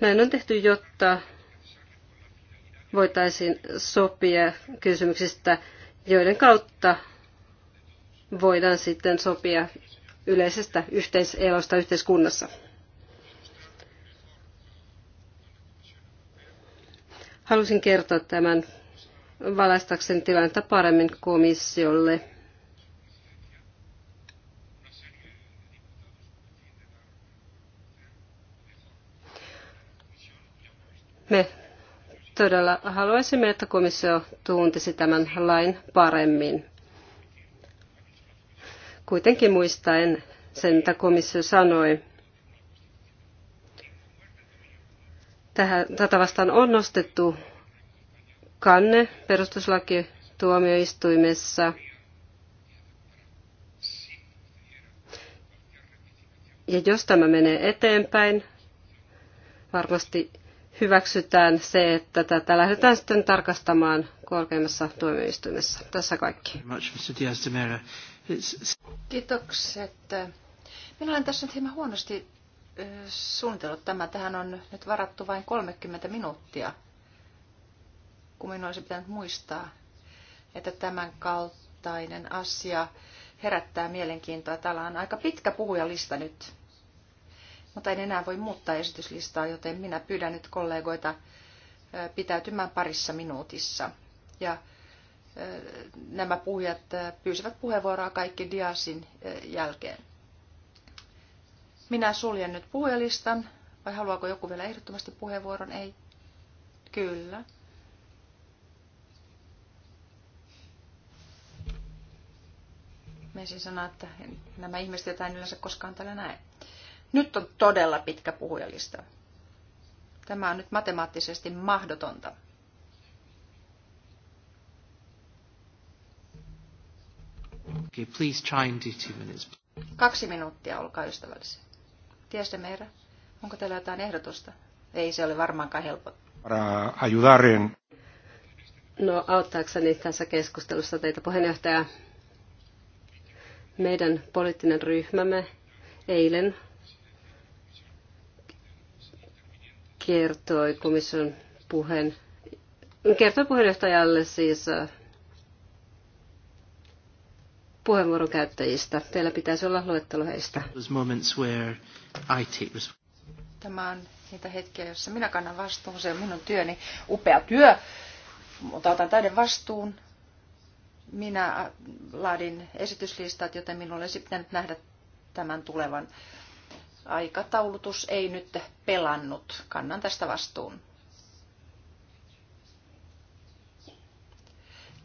Näin on tehty, jotta voitaisiin sopia kysymyksistä, joiden kautta voidaan sitten sopia yleisestä yhteiselosta yhteiskunnassa. Halusin kertoa tämän valaistakseni tilannetta paremmin komissiolle. Me todella haluaisimme, että komissio tuntisi tämän lain paremmin. Kuitenkin muistaen sen, mitä komissio sanoi. Tähän, tätä vastaan on nostettu kanne perustuslakituomioistuimessa. Ja jos tämä menee eteenpäin, varmasti hyväksytään se, että tätä lähdetään sitten tarkastamaan korkeimmassa tuomioistuimessa. Tässä kaikki. Kiitokset. Minä olen tässä nyt hieman huonosti suunnitellut tämä. Tähän on nyt varattu vain 30 minuuttia, kun minun olisi pitänyt muistaa, että tämän kaltainen asia herättää mielenkiintoa. Täällä on aika pitkä puhujalista nyt mutta en enää voi muuttaa esityslistaa, joten minä pyydän nyt kollegoita pitäytymään parissa minuutissa. Ja nämä puhujat pyysivät puheenvuoroa kaikki Diasin jälkeen. Minä suljen nyt puhujalistan, vai haluaako joku vielä ehdottomasti puheenvuoron? Ei. Kyllä. Mä siis sanoa, että nämä ihmiset jotain yleensä koskaan täällä näe. Nyt on todella pitkä puhujalista. Tämä on nyt matemaattisesti mahdotonta. Okay, please try and do two minutes. Kaksi minuuttia, olkaa ystävällisiä. Tieste Meira, onko teillä jotain ehdotusta? Ei se ole varmaankaan helppo. No auttaakseni tässä keskustelussa teitä puheenjohtaja. Meidän poliittinen ryhmämme eilen kertoi komission puheen, kertoi puheenjohtajalle siis äh, puheenvuoron käyttäjistä. Teillä pitäisi olla luettelo heistä. Tämä on niitä hetkiä, joissa minä kannan vastuun. Se on minun työni, upea työ, mutta otan täyden vastuun. Minä äh, laadin esityslistat, joten minulla olisi pitänyt nähdä tämän tulevan aikataulutus ei nyt pelannut. Kannan tästä vastuun.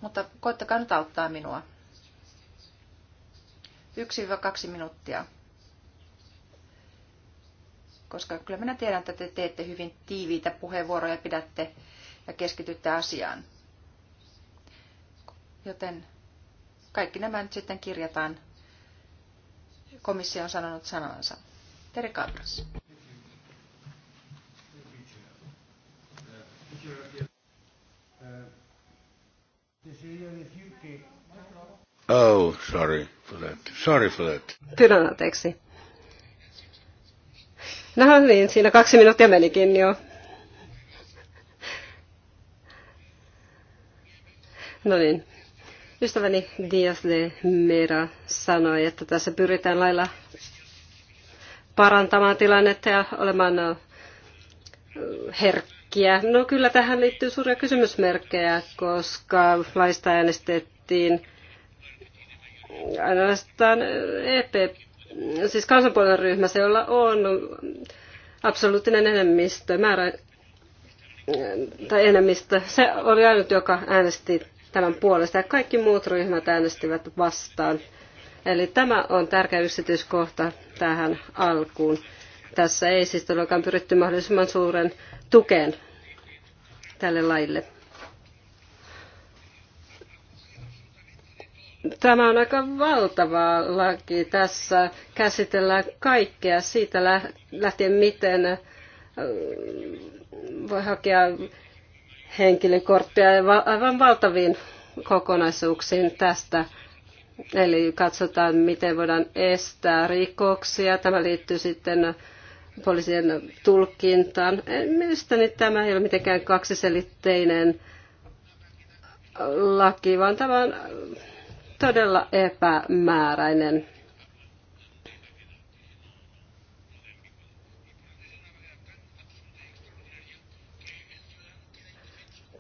Mutta koittakaa nyt auttaa minua. 1-2 minuuttia. Koska kyllä minä tiedän, että te teette hyvin tiiviitä puheenvuoroja, pidätte ja keskitytte asiaan. Joten kaikki nämä nyt sitten kirjataan. Komissio on sanonut sanansa. Tere Kabras. Oh, sorry for that. Sorry for that. Pyydän anteeksi. No niin, siinä kaksi minuuttia menikin jo. No niin. Ystäväni Dias de Mera sanoi, että tässä pyritään lailla parantamaan tilannetta ja olemaan herkkiä. No kyllä tähän liittyy suuria kysymysmerkkejä, koska laista äänestettiin ainoastaan EP, siis kansanpuolen se jolla on absoluuttinen enemmistö, määrä, tai enemmistö. Se oli ainut, joka äänesti tämän puolesta ja kaikki muut ryhmät äänestivät vastaan. Eli tämä on tärkeä yksityiskohta tähän alkuun. Tässä ei siis todellakaan pyritty mahdollisimman suuren tukeen tälle laille. Tämä on aika valtava laki. Tässä käsitellään kaikkea siitä lähtien, miten äh, voi hakea henkilökorttia aivan valtaviin kokonaisuuksiin tästä Eli katsotaan, miten voidaan estää rikoksia. Tämä liittyy sitten poliisien tulkintaan. Mielestäni tämä ei ole mitenkään kaksiselitteinen laki, vaan tämä on todella epämääräinen.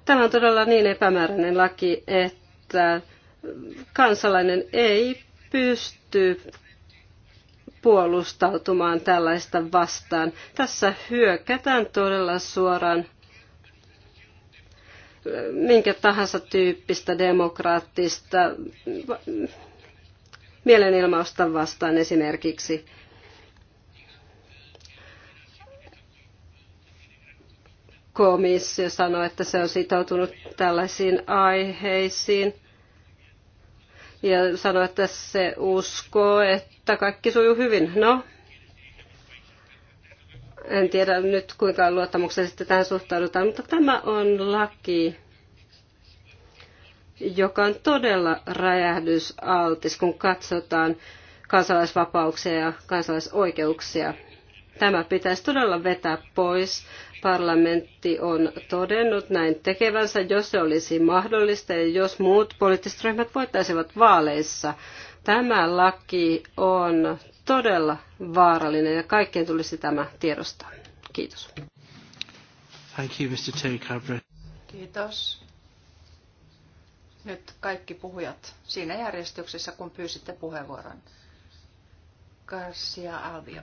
Tämä on todella niin epämääräinen laki, että kansalainen ei pysty puolustautumaan tällaista vastaan. Tässä hyökätään todella suoraan minkä tahansa tyyppistä demokraattista mielenilmausta vastaan esimerkiksi. Komissio sanoi, että se on sitoutunut tällaisiin aiheisiin – ja sanoi, että se uskoo, että kaikki sujuu hyvin. No, en tiedä nyt kuinka luottamuksellisesti tähän suhtaudutaan, mutta tämä on laki, joka on todella räjähdysaltis, kun katsotaan kansalaisvapauksia ja kansalaisoikeuksia. Tämä pitäisi todella vetää pois, Parlamentti on todennut näin tekevänsä, jos se olisi mahdollista ja jos muut poliittiset ryhmät voittaisivat vaaleissa. Tämä laki on todella vaarallinen ja kaikkien tulisi tämä tiedostaa. Kiitos. Thank you, Mr. Terry Kiitos. Nyt kaikki puhujat siinä järjestyksessä, kun pyysitte puheenvuoron. Garcia Alvio.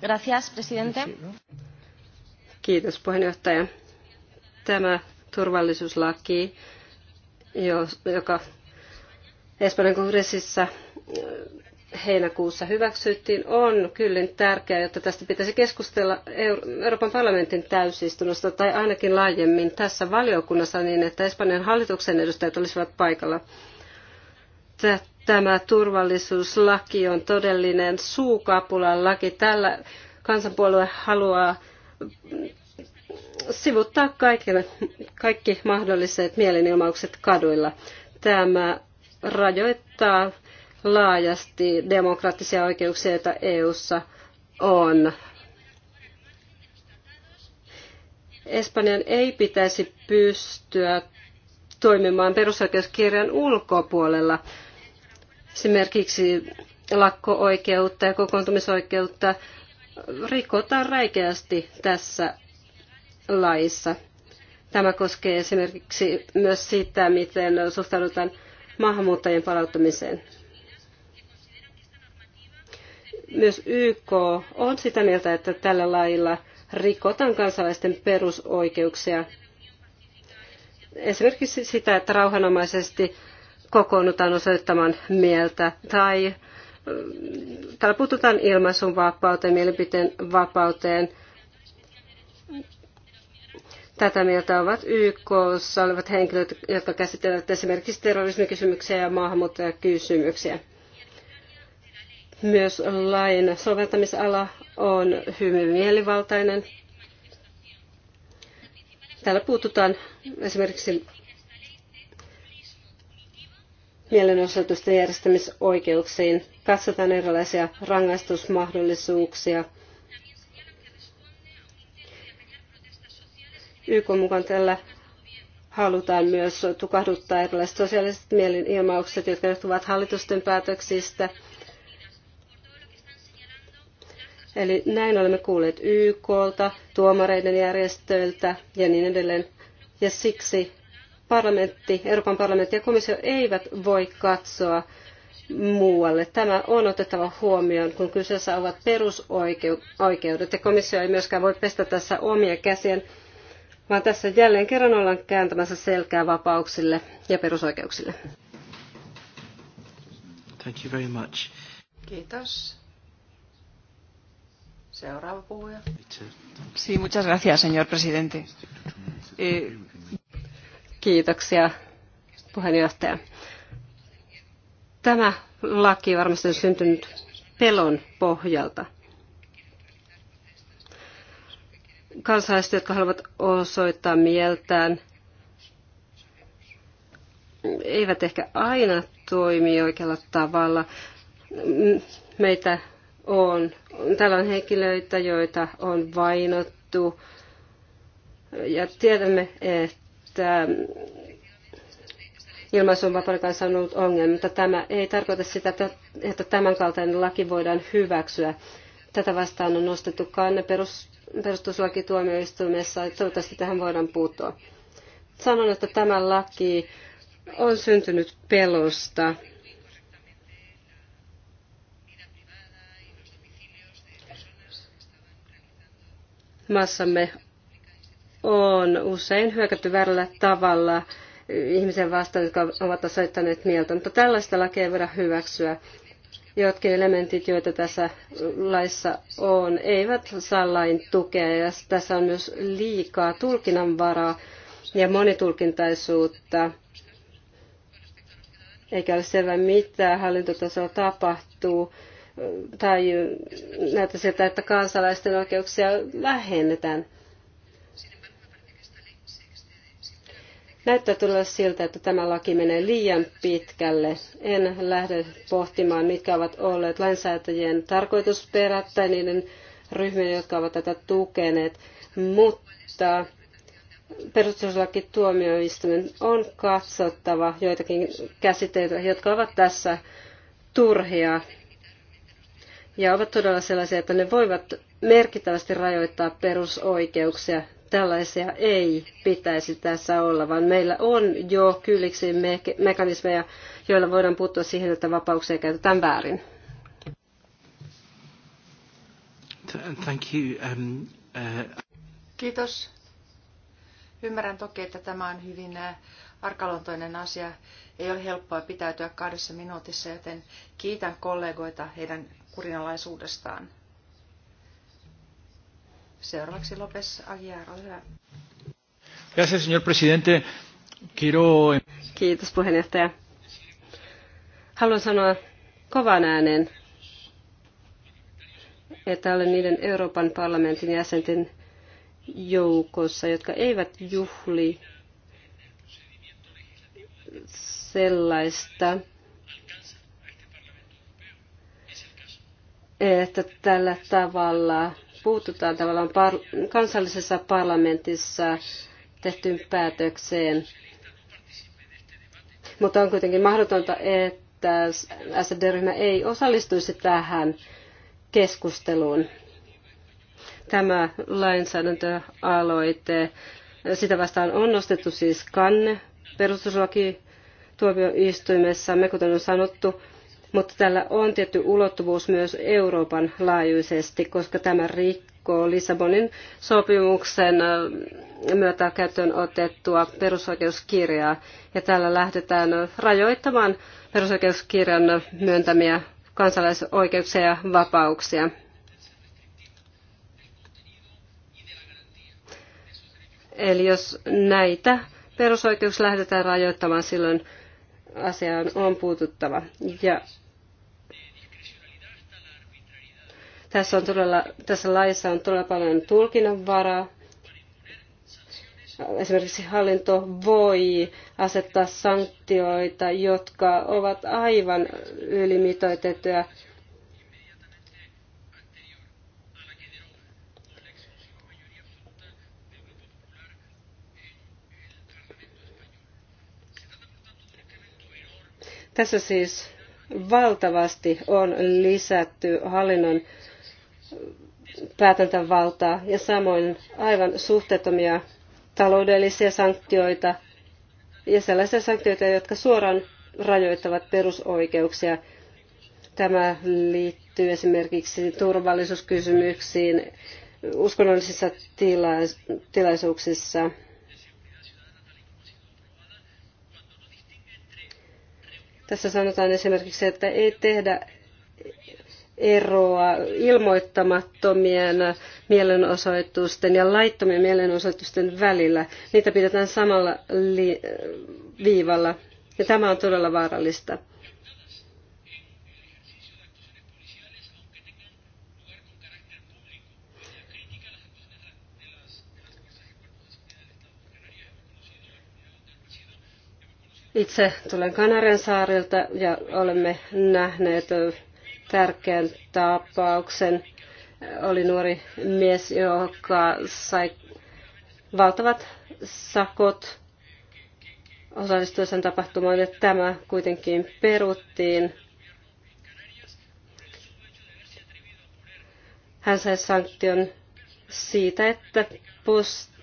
Gracias, presidente. Kiitos puheenjohtaja. Tämä turvallisuuslaki, joka Espanjan kongressissa äh, heinäkuussa hyväksyttiin, on kyllin tärkeä, jotta tästä pitäisi keskustella Euroopan parlamentin täysistunnosta tai ainakin laajemmin tässä valiokunnassa niin, että Espanjan hallituksen edustajat olisivat paikalla että tämä turvallisuuslaki on todellinen suukapulan laki. Tällä kansanpuolue haluaa sivuttaa kaikille, kaikki mahdolliset mielenilmaukset kaduilla. Tämä rajoittaa laajasti demokraattisia oikeuksia, joita EU:ssa on. Espanjan ei pitäisi pystyä toimimaan perusoikeuskirjan ulkopuolella. Esimerkiksi lakko-oikeutta ja kokoontumisoikeutta rikotaan räikeästi tässä laissa. Tämä koskee esimerkiksi myös sitä, miten suhtaudutaan maahanmuuttajien palauttamiseen. Myös YK on sitä mieltä, että tällä lailla rikotaan kansalaisten perusoikeuksia. Esimerkiksi sitä, että rauhanomaisesti kokoonnutaan osoittamaan mieltä tai mm, täällä puututaan ilmaisun vapauteen, mielipiteen vapauteen. Tätä mieltä ovat YK, olevat henkilöt, jotka käsittelevät esimerkiksi terrorismikysymyksiä ja maahanmuuttajakysymyksiä. Myös lain soveltamisala on hyvin mielivaltainen. Täällä puututaan esimerkiksi mielenosoitusten järjestämisoikeuksiin. Katsotaan erilaisia rangaistusmahdollisuuksia. YK mukaan tällä halutaan myös tukahduttaa erilaiset sosiaaliset mielenilmaukset, jotka johtuvat hallitusten päätöksistä. Eli näin olemme kuulleet YKlta, tuomareiden järjestöiltä ja niin edelleen. Ja siksi parlamentti, Euroopan parlamentti ja komissio eivät voi katsoa muualle. Tämä on otettava huomioon, kun kyseessä ovat perusoikeudet ja komissio ei myöskään voi pestä tässä omia käsiään, vaan tässä jälleen kerran ollaan kääntämässä selkää vapauksille ja perusoikeuksille. Thank you very much. Kiitos. Seuraava puhuja. Sí, muchas gracias, señor presidente. Eh, Kiitoksia puheenjohtaja. Tämä laki varmasti on syntynyt pelon pohjalta. Kansalaiset, jotka haluavat osoittaa mieltään, eivät ehkä aina toimi oikealla tavalla. Meitä on, täällä on henkilöitä, joita on vainottu, ja tiedämme, että että ähm, ilmaisunvapauden kanssa on ollut ongelmia, mutta tämä ei tarkoita sitä, että tämänkaltainen laki voidaan hyväksyä. Tätä vastaan on nostettu kanne perus, perustuslakituomioistuimessa, että toivottavasti tähän voidaan puuttua. Sanon, että tämä laki on syntynyt pelosta. Massamme on usein hyökätty väärällä tavalla ihmisen vastaan, jotka ovat osoittaneet mieltä. Mutta tällaista lakia ei voida hyväksyä. Jotkin elementit, joita tässä laissa on, eivät saa lain tukea ja tässä on myös liikaa tulkinnanvaraa ja monitulkintaisuutta. Eikä ole selvä, mitä hallintotasolla tapahtuu tai näyttää siltä, että kansalaisten oikeuksia vähennetään. Näyttää todella siltä, että tämä laki menee liian pitkälle. En lähde pohtimaan, mitkä ovat olleet lainsäätäjien tarkoitusperät tai niiden ryhmien, jotka ovat tätä tukeneet, mutta perustuslakituomioistuimen on katsottava joitakin käsitteitä, jotka ovat tässä turhia ja ovat todella sellaisia, että ne voivat merkittävästi rajoittaa perusoikeuksia. Tällaisia ei pitäisi tässä olla, vaan meillä on jo kylliksi mekanismeja, joilla voidaan puuttua siihen, että vapauksia käytetään väärin. Thank you. Um, uh... Kiitos. Ymmärrän toki, että tämä on hyvin äh, arkaluontoinen asia. Ei ole helppoa pitäytyä kahdessa minuutissa, joten kiitän kollegoita heidän kurinalaisuudestaan. Seuraavaksi Aguiar, ole hyvä. Gracias, señor presidente. Quiero... Kiitos puheenjohtaja. Haluan sanoa kovan äänen, että olen niiden Euroopan parlamentin jäsenten joukossa, jotka eivät juhli sellaista, että tällä tavalla puututaan tavallaan par- kansallisessa parlamentissa tehtyyn päätökseen. Mutta on kuitenkin mahdotonta, että SD-ryhmä ei osallistuisi tähän keskusteluun. Tämä lainsäädäntöaloite, sitä vastaan on nostettu siis kanne perustuslaki tuomioistuimessamme, kuten on sanottu, mutta tällä on tietty ulottuvuus myös Euroopan laajuisesti, koska tämä rikkoo Lissabonin sopimuksen myötä käyttöön otettua perusoikeuskirjaa. Ja tällä lähdetään rajoittamaan perusoikeuskirjan myöntämiä kansalaisoikeuksia ja vapauksia. Eli jos näitä perusoikeuksia lähdetään rajoittamaan, silloin asiaan on puututtava. Ja tässä, on todella, tässä laissa on todella paljon tulkinnanvaraa. Esimerkiksi hallinto voi asettaa sanktioita, jotka ovat aivan ylimitoitettuja Tässä siis valtavasti on lisätty hallinnon päätäntävaltaa ja samoin aivan suhteettomia taloudellisia sanktioita ja sellaisia sanktioita, jotka suoraan rajoittavat perusoikeuksia. Tämä liittyy esimerkiksi turvallisuuskysymyksiin uskonnollisissa tila- tilaisuuksissa Tässä sanotaan esimerkiksi, että ei tehdä eroa ilmoittamattomien mielenosoitusten ja laittomien mielenosoitusten välillä. Niitä pidetään samalla viivalla. Ja tämä on todella vaarallista. Itse tulen Kanarian saarilta ja olemme nähneet tärkeän tapauksen. Oli nuori mies, joka sai valtavat sakot osallistuessaan tapahtumaan, ja tämä kuitenkin peruttiin. Hän sai sanktion siitä, että post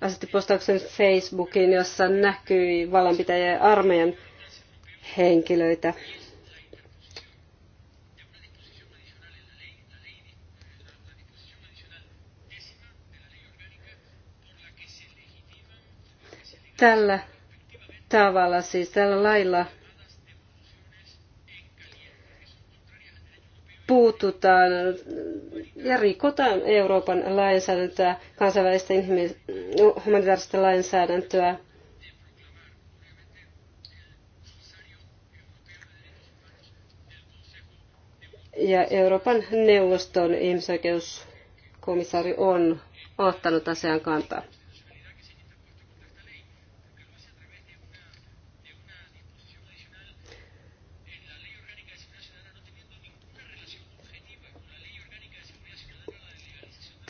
asetti postauksen Facebookiin, jossa näkyi vallanpitäjien armeijan henkilöitä. Tällä tavalla, siis tällä lailla puututaan ja rikotaan Euroopan lainsäädäntöä, kansainvälistä humanitaarista lainsäädäntöä. Ja Euroopan neuvoston ihmisoikeuskomissaari on ottanut asian kantaa.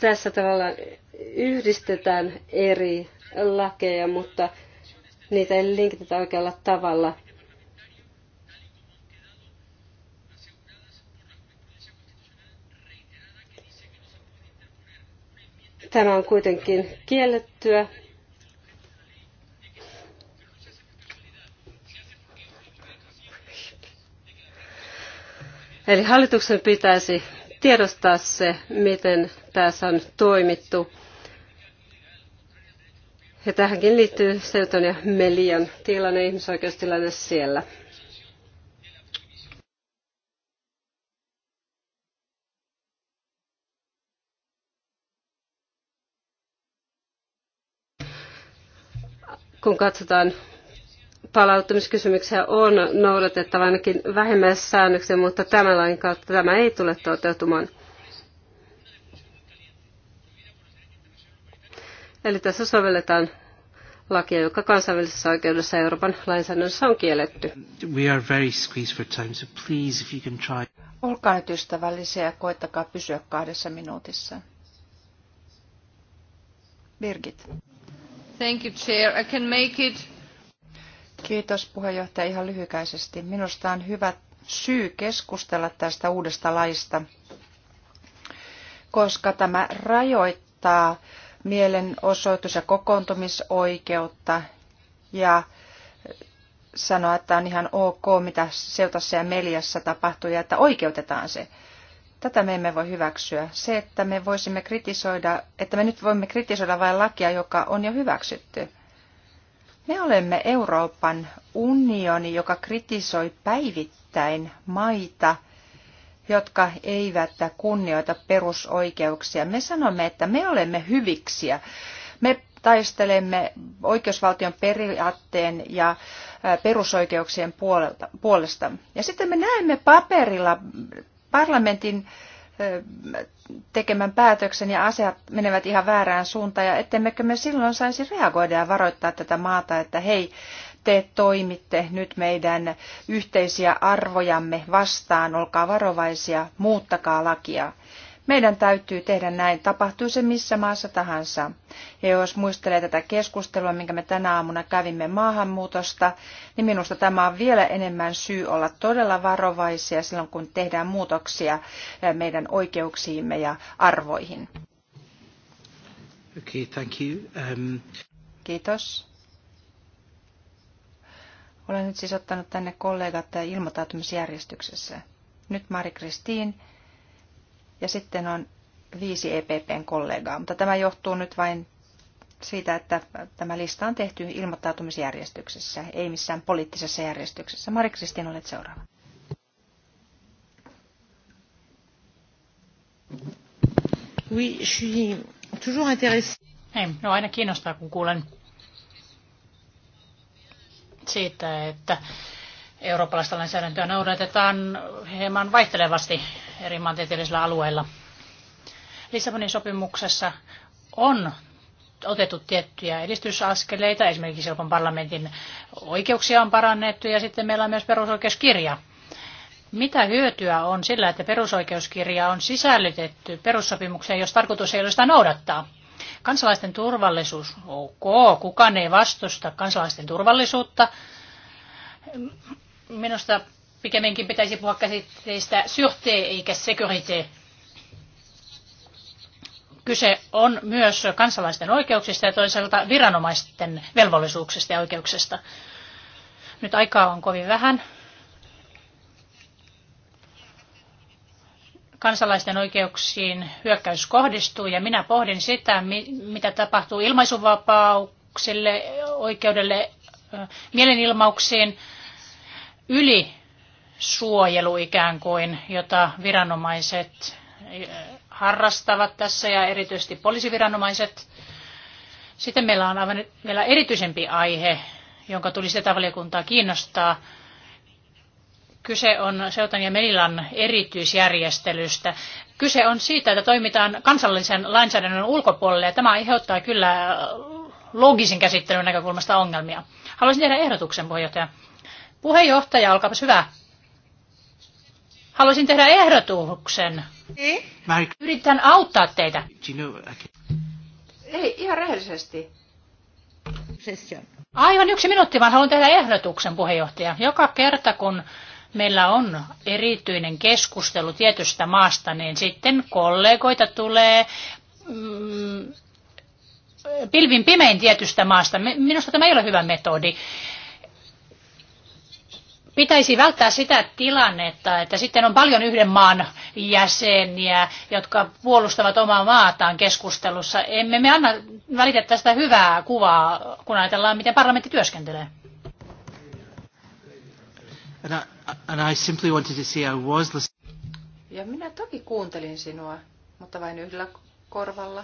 Tässä tavallaan yhdistetään eri lakeja, mutta niitä ei linkitetä oikealla tavalla. Tämä on kuitenkin kiellettyä. Eli hallituksen pitäisi tiedostaa se, miten tässä on toimittu. Ja tähänkin liittyy Seuton ja Melian tilanne, ihmisoikeustilanne siellä. kun katsotaan palauttamiskysymyksiä on noudatettava ainakin vähimmäissäännöksiä, mutta tämän lain kautta tämä ei tule toteutumaan. Eli tässä sovelletaan lakia, joka kansainvälisessä oikeudessa Euroopan lainsäädännössä on kielletty. We are very squeezed for time, so please if you can try. Olkaa nyt ystävällisiä ja koettakaa pysyä kahdessa minuutissa. Birgit. Thank you, Chair. I can make it Kiitos puheenjohtaja ihan lyhykäisesti. Minusta on hyvä syy keskustella tästä uudesta laista, koska tämä rajoittaa mielenosoitus- ja kokoontumisoikeutta ja sanoa, että on ihan ok, mitä Seutassa ja Meliassa tapahtuu ja että oikeutetaan se. Tätä me emme voi hyväksyä. Se, että me voisimme kritisoida, että me nyt voimme kritisoida vain lakia, joka on jo hyväksytty – me olemme Euroopan unioni, joka kritisoi päivittäin maita, jotka eivät kunnioita perusoikeuksia. Me sanomme, että me olemme hyviksiä. Me taistelemme oikeusvaltion periaatteen ja perusoikeuksien puolesta. Ja sitten me näemme paperilla parlamentin Tekemän päätöksen ja asiat menevät ihan väärään suuntaan ja ettemmekö me silloin saisi reagoida ja varoittaa tätä maata, että hei, te toimitte nyt meidän yhteisiä arvojamme vastaan, olkaa varovaisia, muuttakaa lakia. Meidän täytyy tehdä näin, tapahtuu se missä maassa tahansa. Ja jos muistelee tätä keskustelua, minkä me tänä aamuna kävimme maahanmuutosta, niin minusta tämä on vielä enemmän syy olla todella varovaisia silloin, kun tehdään muutoksia eh, meidän oikeuksiimme ja arvoihin. Okay, thank you. Um... Kiitos. Olen nyt siis ottanut tänne kollegat ilmoittautumisjärjestyksessä. Nyt Mari Kristiin ja sitten on viisi EPPn kollegaa, mutta tämä johtuu nyt vain siitä, että tämä lista on tehty ilmoittautumisjärjestyksessä, ei missään poliittisessa järjestyksessä. Mari Kristin, olet seuraava. Oui, je suis toujours intéressée. Niin, no aina kiinnostaa, kun kuulen siitä, että eurooppalaista lainsäädäntöä noudatetaan hieman vaihtelevasti eri maantieteellisillä alueilla. Lissabonin sopimuksessa on otettu tiettyjä edistysaskeleita, esimerkiksi Euroopan parlamentin oikeuksia on parannettu ja sitten meillä on myös perusoikeuskirja. Mitä hyötyä on sillä, että perusoikeuskirja on sisällytetty perussopimukseen, jos tarkoitus ei ole sitä noudattaa? Kansalaisten turvallisuus, ok, kukaan ei vastusta kansalaisten turvallisuutta. Minusta Pikemminkin pitäisi puhua käsitteistä sûreté eikä sécurité. Kyse on myös kansalaisten oikeuksista ja toisaalta viranomaisten velvollisuuksista ja oikeuksista. Nyt aikaa on kovin vähän. kansalaisten oikeuksiin hyökkäys kohdistuu ja minä pohdin sitä, mitä tapahtuu ilmaisuvapauksille, oikeudelle mielenilmauksiin yli suojelu ikään kuin, jota viranomaiset eh, harrastavat tässä ja erityisesti poliisiviranomaiset. Sitten meillä on aivan vielä erityisempi aihe, jonka tulisi tätä valiokuntaa kiinnostaa. Kyse on Seutan ja Melilan erityisjärjestelystä. Kyse on siitä, että toimitaan kansallisen lainsäädännön ulkopuolelle ja tämä aiheuttaa kyllä logisin käsittelyn näkökulmasta ongelmia. Haluaisin tehdä ehdotuksen, puheenjohtaja. Puheenjohtaja, olkaapas hyvä. Haluaisin tehdä ehdotuksen. Niin? Yritän auttaa teitä. Ei, ihan rehellisesti. Aivan yksi minuutti, vaan haluan tehdä ehdotuksen, puheenjohtaja. Joka kerta, kun meillä on erityinen keskustelu tietystä maasta, niin sitten kollegoita tulee mm, pilvin pimein tietystä maasta. Minusta tämä ei ole hyvä metodi pitäisi välttää sitä tilannetta, että sitten on paljon yhden maan jäseniä, jotka puolustavat omaa maataan keskustelussa. Emme me anna välitä tästä hyvää kuvaa, kun ajatellaan, miten parlamentti työskentelee. And I, and I simply wanted to I was listening. Ja minä toki kuuntelin sinua, mutta vain yhdellä korvalla.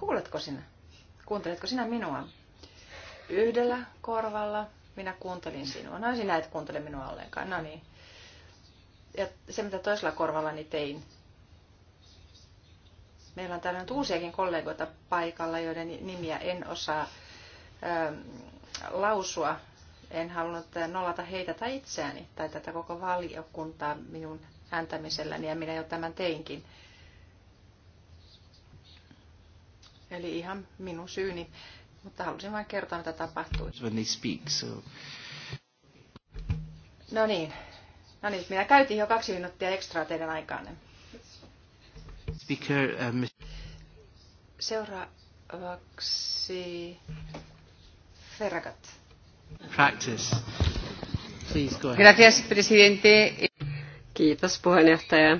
Kuuletko sinä? Kuunteletko sinä minua? Yhdellä korvalla minä kuuntelin sinua. No sinä et kuuntele minua ollenkaan. No niin. Ja se, mitä toisella korvallani niin tein, meillä on täällä nyt uusiakin kollegoita paikalla, joiden nimiä en osaa ö, ähm, lausua. En halunnut äh, nollata heitä tai itseäni tai tätä koko valiokuntaa minun ääntämiselläni ja minä jo tämän teinkin. Eli ihan minun syyni mutta halusin vain kertoa, mitä tapahtui. When they speak, so... No niin. No niin, minä käytin jo kaksi minuuttia ekstraa teidän aikaanne. Speaker, um... Seuraavaksi Ferragat. Practice. Please go ahead. Gracias, presidente. Kiitos puheenjohtaja.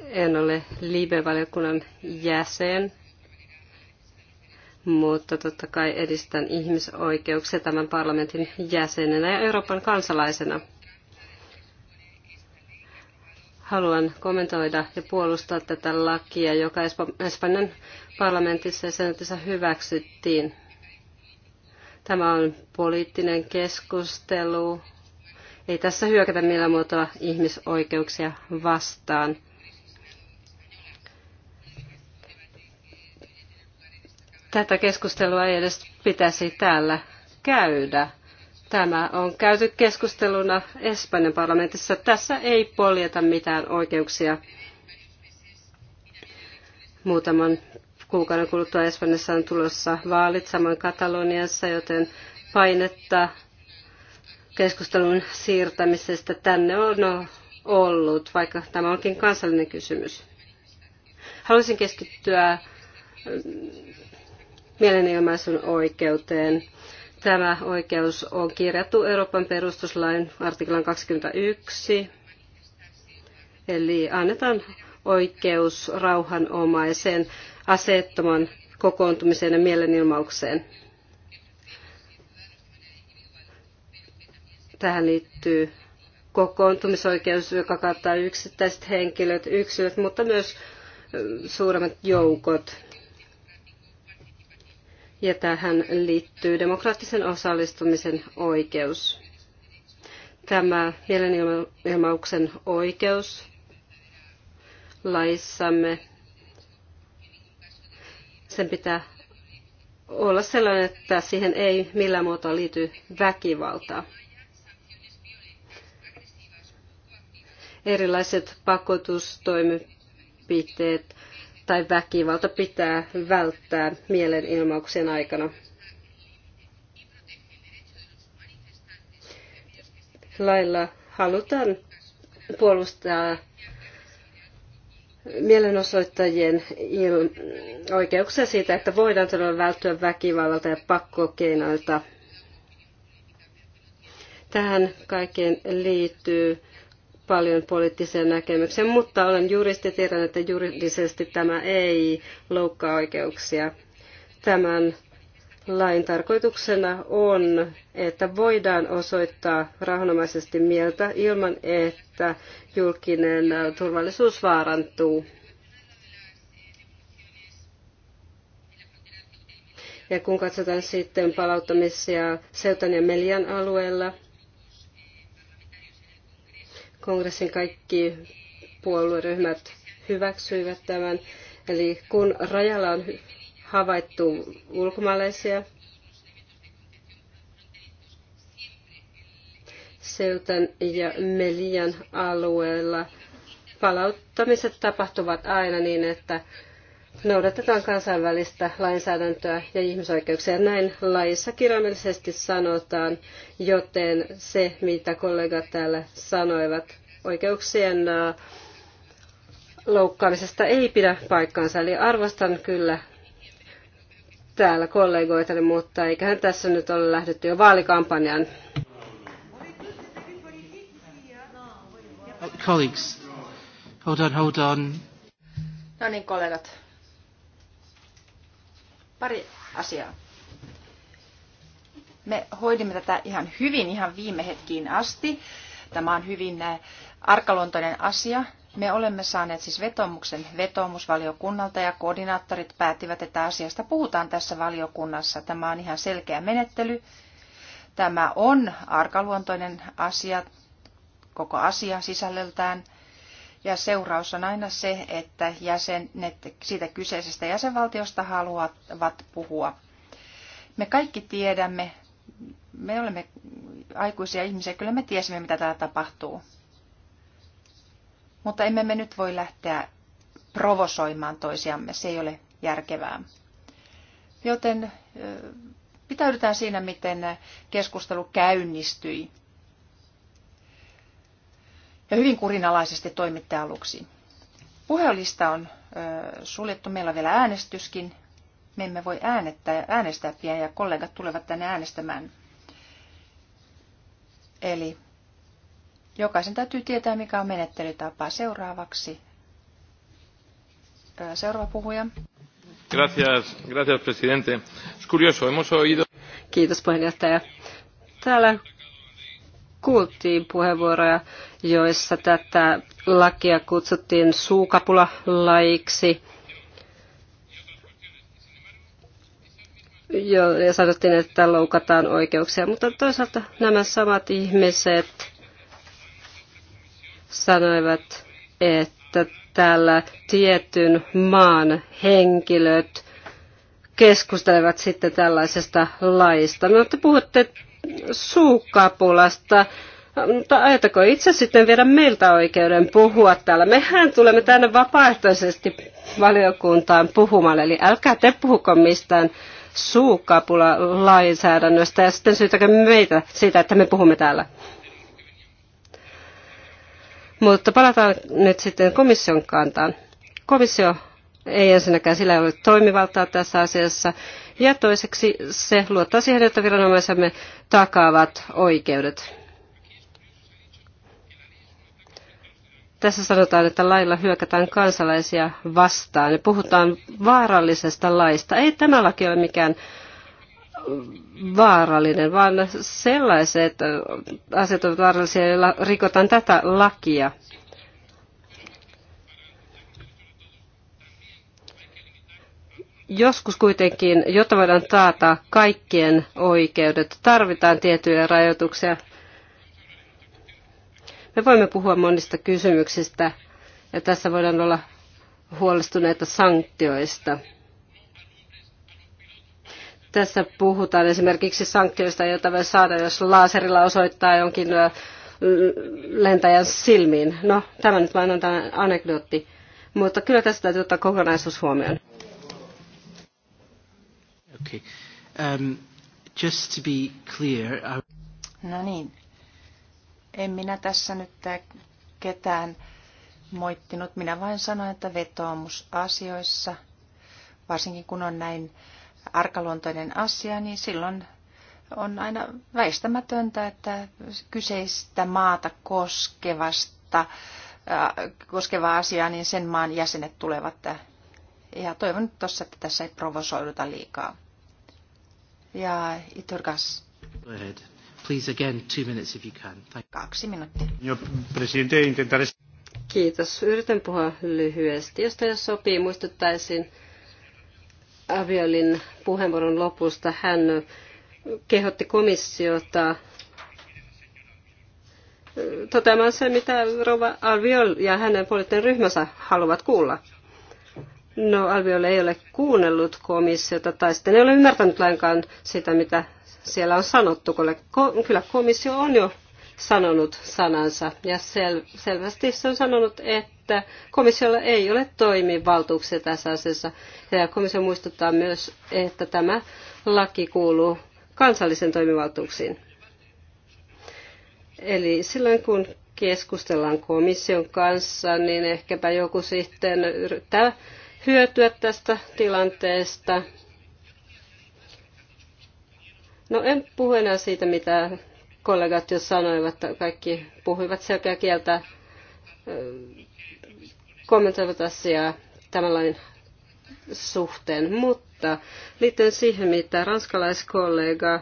En ole Libe-valiokunnan jäsen, mutta totta kai edistän ihmisoikeuksia tämän parlamentin jäsenenä ja Euroopan kansalaisena. Haluan kommentoida ja puolustaa tätä lakia, joka Espanjan parlamentissa ja senatissa hyväksyttiin. Tämä on poliittinen keskustelu. Ei tässä hyökätä millään muotoa ihmisoikeuksia vastaan. Tätä keskustelua ei edes pitäisi täällä käydä. Tämä on käyty keskusteluna Espanjan parlamentissa. Tässä ei poljeta mitään oikeuksia. Muutaman kuukauden kuluttua Espanjassa on tulossa vaalit, samoin Kataloniassa, joten painetta keskustelun siirtämisestä tänne on ollut, vaikka tämä onkin kansallinen kysymys. Haluaisin keskittyä mielenilmaisun oikeuteen. Tämä oikeus on kirjattu Euroopan perustuslain artiklan 21, eli annetaan oikeus rauhanomaiseen aseettoman kokoontumiseen ja mielenilmaukseen. Tähän liittyy kokoontumisoikeus, joka kattaa yksittäiset henkilöt, yksilöt, mutta myös suuremmat joukot ja tähän liittyy demokraattisen osallistumisen oikeus. Tämä mielenilmauksen oikeus laissamme, sen pitää olla sellainen, että siihen ei millään muotoa liity väkivaltaa. Erilaiset pakotustoimenpiteet tai väkivalta pitää välttää mielenilmauksen aikana. Lailla halutaan puolustaa mielenosoittajien il- oikeuksia siitä, että voidaan todella välttyä väkivallalta ja pakkokeinoilta. Tähän kaikkeen liittyy paljon poliittiseen näkemykseen, mutta olen juristi ja tiedän, että juridisesti tämä ei loukkaa oikeuksia. Tämän lain tarkoituksena on, että voidaan osoittaa rauhanomaisesti mieltä ilman, että julkinen turvallisuus vaarantuu. Ja kun katsotaan sitten palauttamisia Seutan ja Melian alueella, Kongressin kaikki puolueryhmät hyväksyivät tämän. Eli kun rajalla on havaittu ulkomaalaisia, Seutan ja Melian alueella palauttamiset tapahtuvat aina niin, että noudatetaan kansainvälistä lainsäädäntöä ja ihmisoikeuksia. Näin laissa kirjaimellisesti sanotaan, joten se, mitä kollegat täällä sanoivat oikeuksien loukkaamisesta ei pidä paikkaansa. Eli arvostan kyllä täällä kollegoitani, mutta eiköhän tässä nyt ole lähdetty jo vaalikampanjan. Colleagues, hold on, hold on. No niin, kollegat, Pari asiaa. Me hoidimme tätä ihan hyvin, ihan viime hetkiin asti. Tämä on hyvin äh, arkaluontoinen asia. Me olemme saaneet siis vetomuksen vetomusvaliokunnalta ja koordinaattorit päättivät, että asiasta puhutaan tässä valiokunnassa. Tämä on ihan selkeä menettely. Tämä on arkaluontoinen asia, koko asia sisällöltään. Ja seuraus on aina se, että jäsenet siitä kyseisestä jäsenvaltiosta haluavat puhua. Me kaikki tiedämme, me olemme aikuisia ihmisiä, kyllä me tiesimme, mitä täällä tapahtuu. Mutta emme me nyt voi lähteä provosoimaan toisiamme, se ei ole järkevää. Joten pitäydytään siinä, miten keskustelu käynnistyi ja hyvin kurinalaisesti toimitte aluksi. Puheolista on ö, suljettu, meillä on vielä äänestyskin. Me emme voi äänettää, äänestää pian ja kollegat tulevat tänne äänestämään. Eli jokaisen täytyy tietää, mikä on menettelytapa seuraavaksi. Ö, Seuraava puhuja. Gracias, gracias presidente. Es curioso, hemos oído... Kiitos puheenjohtaja. Täällä kuultiin puheenvuoroja joissa tätä lakia kutsuttiin suukapulalaiksi. Jo, ja sanottiin, että loukataan oikeuksia, mutta toisaalta nämä samat ihmiset sanoivat, että täällä tietyn maan henkilöt keskustelevat sitten tällaisesta laista. No, te puhutte suukapulasta mutta ajatako itse sitten viedä meiltä oikeuden puhua täällä? Mehän tulemme tänne vapaaehtoisesti valiokuntaan puhumaan, eli älkää te puhuko mistään suukapula lainsäädännöstä ja sitten syytäkö meitä siitä, että me puhumme täällä. Mutta palataan nyt sitten komission kantaan. Komissio ei ensinnäkään sillä ole toimivaltaa tässä asiassa. Ja toiseksi se luottaa siihen, että viranomaisemme takaavat oikeudet. Tässä sanotaan, että lailla hyökätään kansalaisia vastaan ja puhutaan vaarallisesta laista. Ei tämä laki ole mikään vaarallinen, vaan sellaiset asiat ovat vaarallisia, joilla rikotaan tätä lakia. Joskus kuitenkin, jotta voidaan taata kaikkien oikeudet, tarvitaan tiettyjä rajoituksia me voimme puhua monista kysymyksistä ja tässä voidaan olla huolestuneita sanktioista. Tässä puhutaan esimerkiksi sanktioista, joita voi saada, jos laaserilla osoittaa jonkin lentäjän silmiin. No, tämä nyt vain on tämä anekdootti. Mutta kyllä tästä täytyy ottaa kokonaisuus huomioon. Okay. Um, just to be clear, I... No niin, en minä tässä nyt ketään moittinut. Minä vain sanoin, että vetoomus asioissa, varsinkin kun on näin arkaluontoinen asia, niin silloin on aina väistämätöntä, että kyseistä maata koskevasta, koskevaa asiaa, niin sen maan jäsenet tulevat. Ja toivon nyt tuossa, että tässä ei provosoiduta liikaa. Ja Iturgas. Go ahead please again two minutes if you can. Thank Kaksi minuuttia. Kiitos. Yritän puhua lyhyesti. jos teille sopii, muistuttaisin Aviolin puheenvuoron lopusta. Hän kehotti komissiota toteamaan sen, mitä Rova Alviol ja hänen poliittinen ryhmänsä haluavat kuulla. No, Alviolle ei ole kuunnellut komissiota tai sitten ei ole ymmärtänyt lainkaan sitä, mitä siellä on sanottu. Kyllä komissio on jo sanonut sanansa ja sel- selvästi se on sanonut, että komissiolla ei ole toimivaltuuksia tässä asiassa. Ja komissio muistuttaa myös, että tämä laki kuuluu kansallisen toimivaltuuksiin. Eli silloin kun keskustellaan komission kanssa, niin ehkäpä joku sitten yrittää hyötyä tästä tilanteesta. No en puhu enää siitä, mitä kollegat jo sanoivat, kaikki puhuivat selkeä kieltä, kommentoivat asiaa tämänlainen suhteen, mutta liittyen siihen, mitä ranskalaiskollega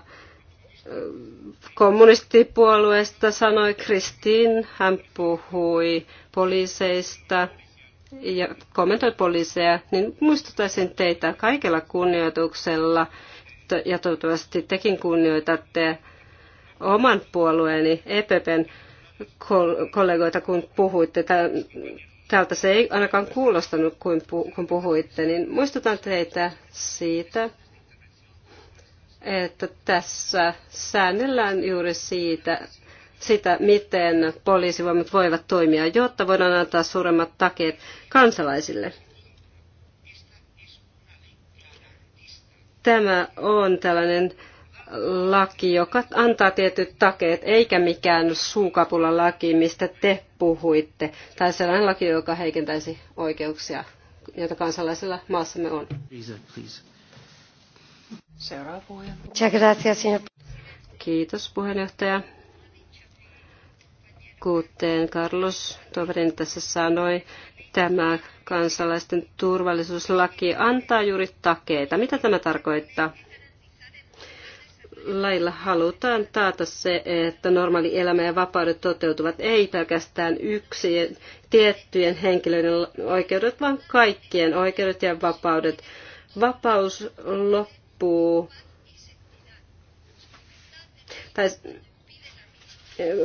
kommunistipuolueesta sanoi Kristin, hän puhui poliiseista, ja kommentoi poliiseja, niin muistuttaisin teitä kaikella kunnioituksella ja toivottavasti tekin kunnioitatte oman puolueeni EPPn kollegoita, kun puhuitte. täältä se ei ainakaan kuulostanut, kun puhuitte, niin muistutan teitä siitä, että tässä säännellään juuri siitä, sitä, miten poliisivoimat voivat toimia, jotta voidaan antaa suuremmat takeet kansalaisille. Tämä on tällainen laki, joka antaa tietyt takeet, eikä mikään suukapulan laki, mistä te puhuitte, tai sellainen laki, joka heikentäisi oikeuksia, joita kansalaisilla maassamme on. Seuraava puheenjohtaja. Kiitos puheenjohtaja. Kuten Carlos Toverin tässä sanoi, tämä kansalaisten turvallisuuslaki antaa juuri takeita. Mitä tämä tarkoittaa? Lailla halutaan taata se, että normaali elämä ja vapaudet toteutuvat ei pelkästään yksi tiettyjen henkilöiden oikeudet, vaan kaikkien oikeudet ja vapaudet. Vapaus loppuu, tai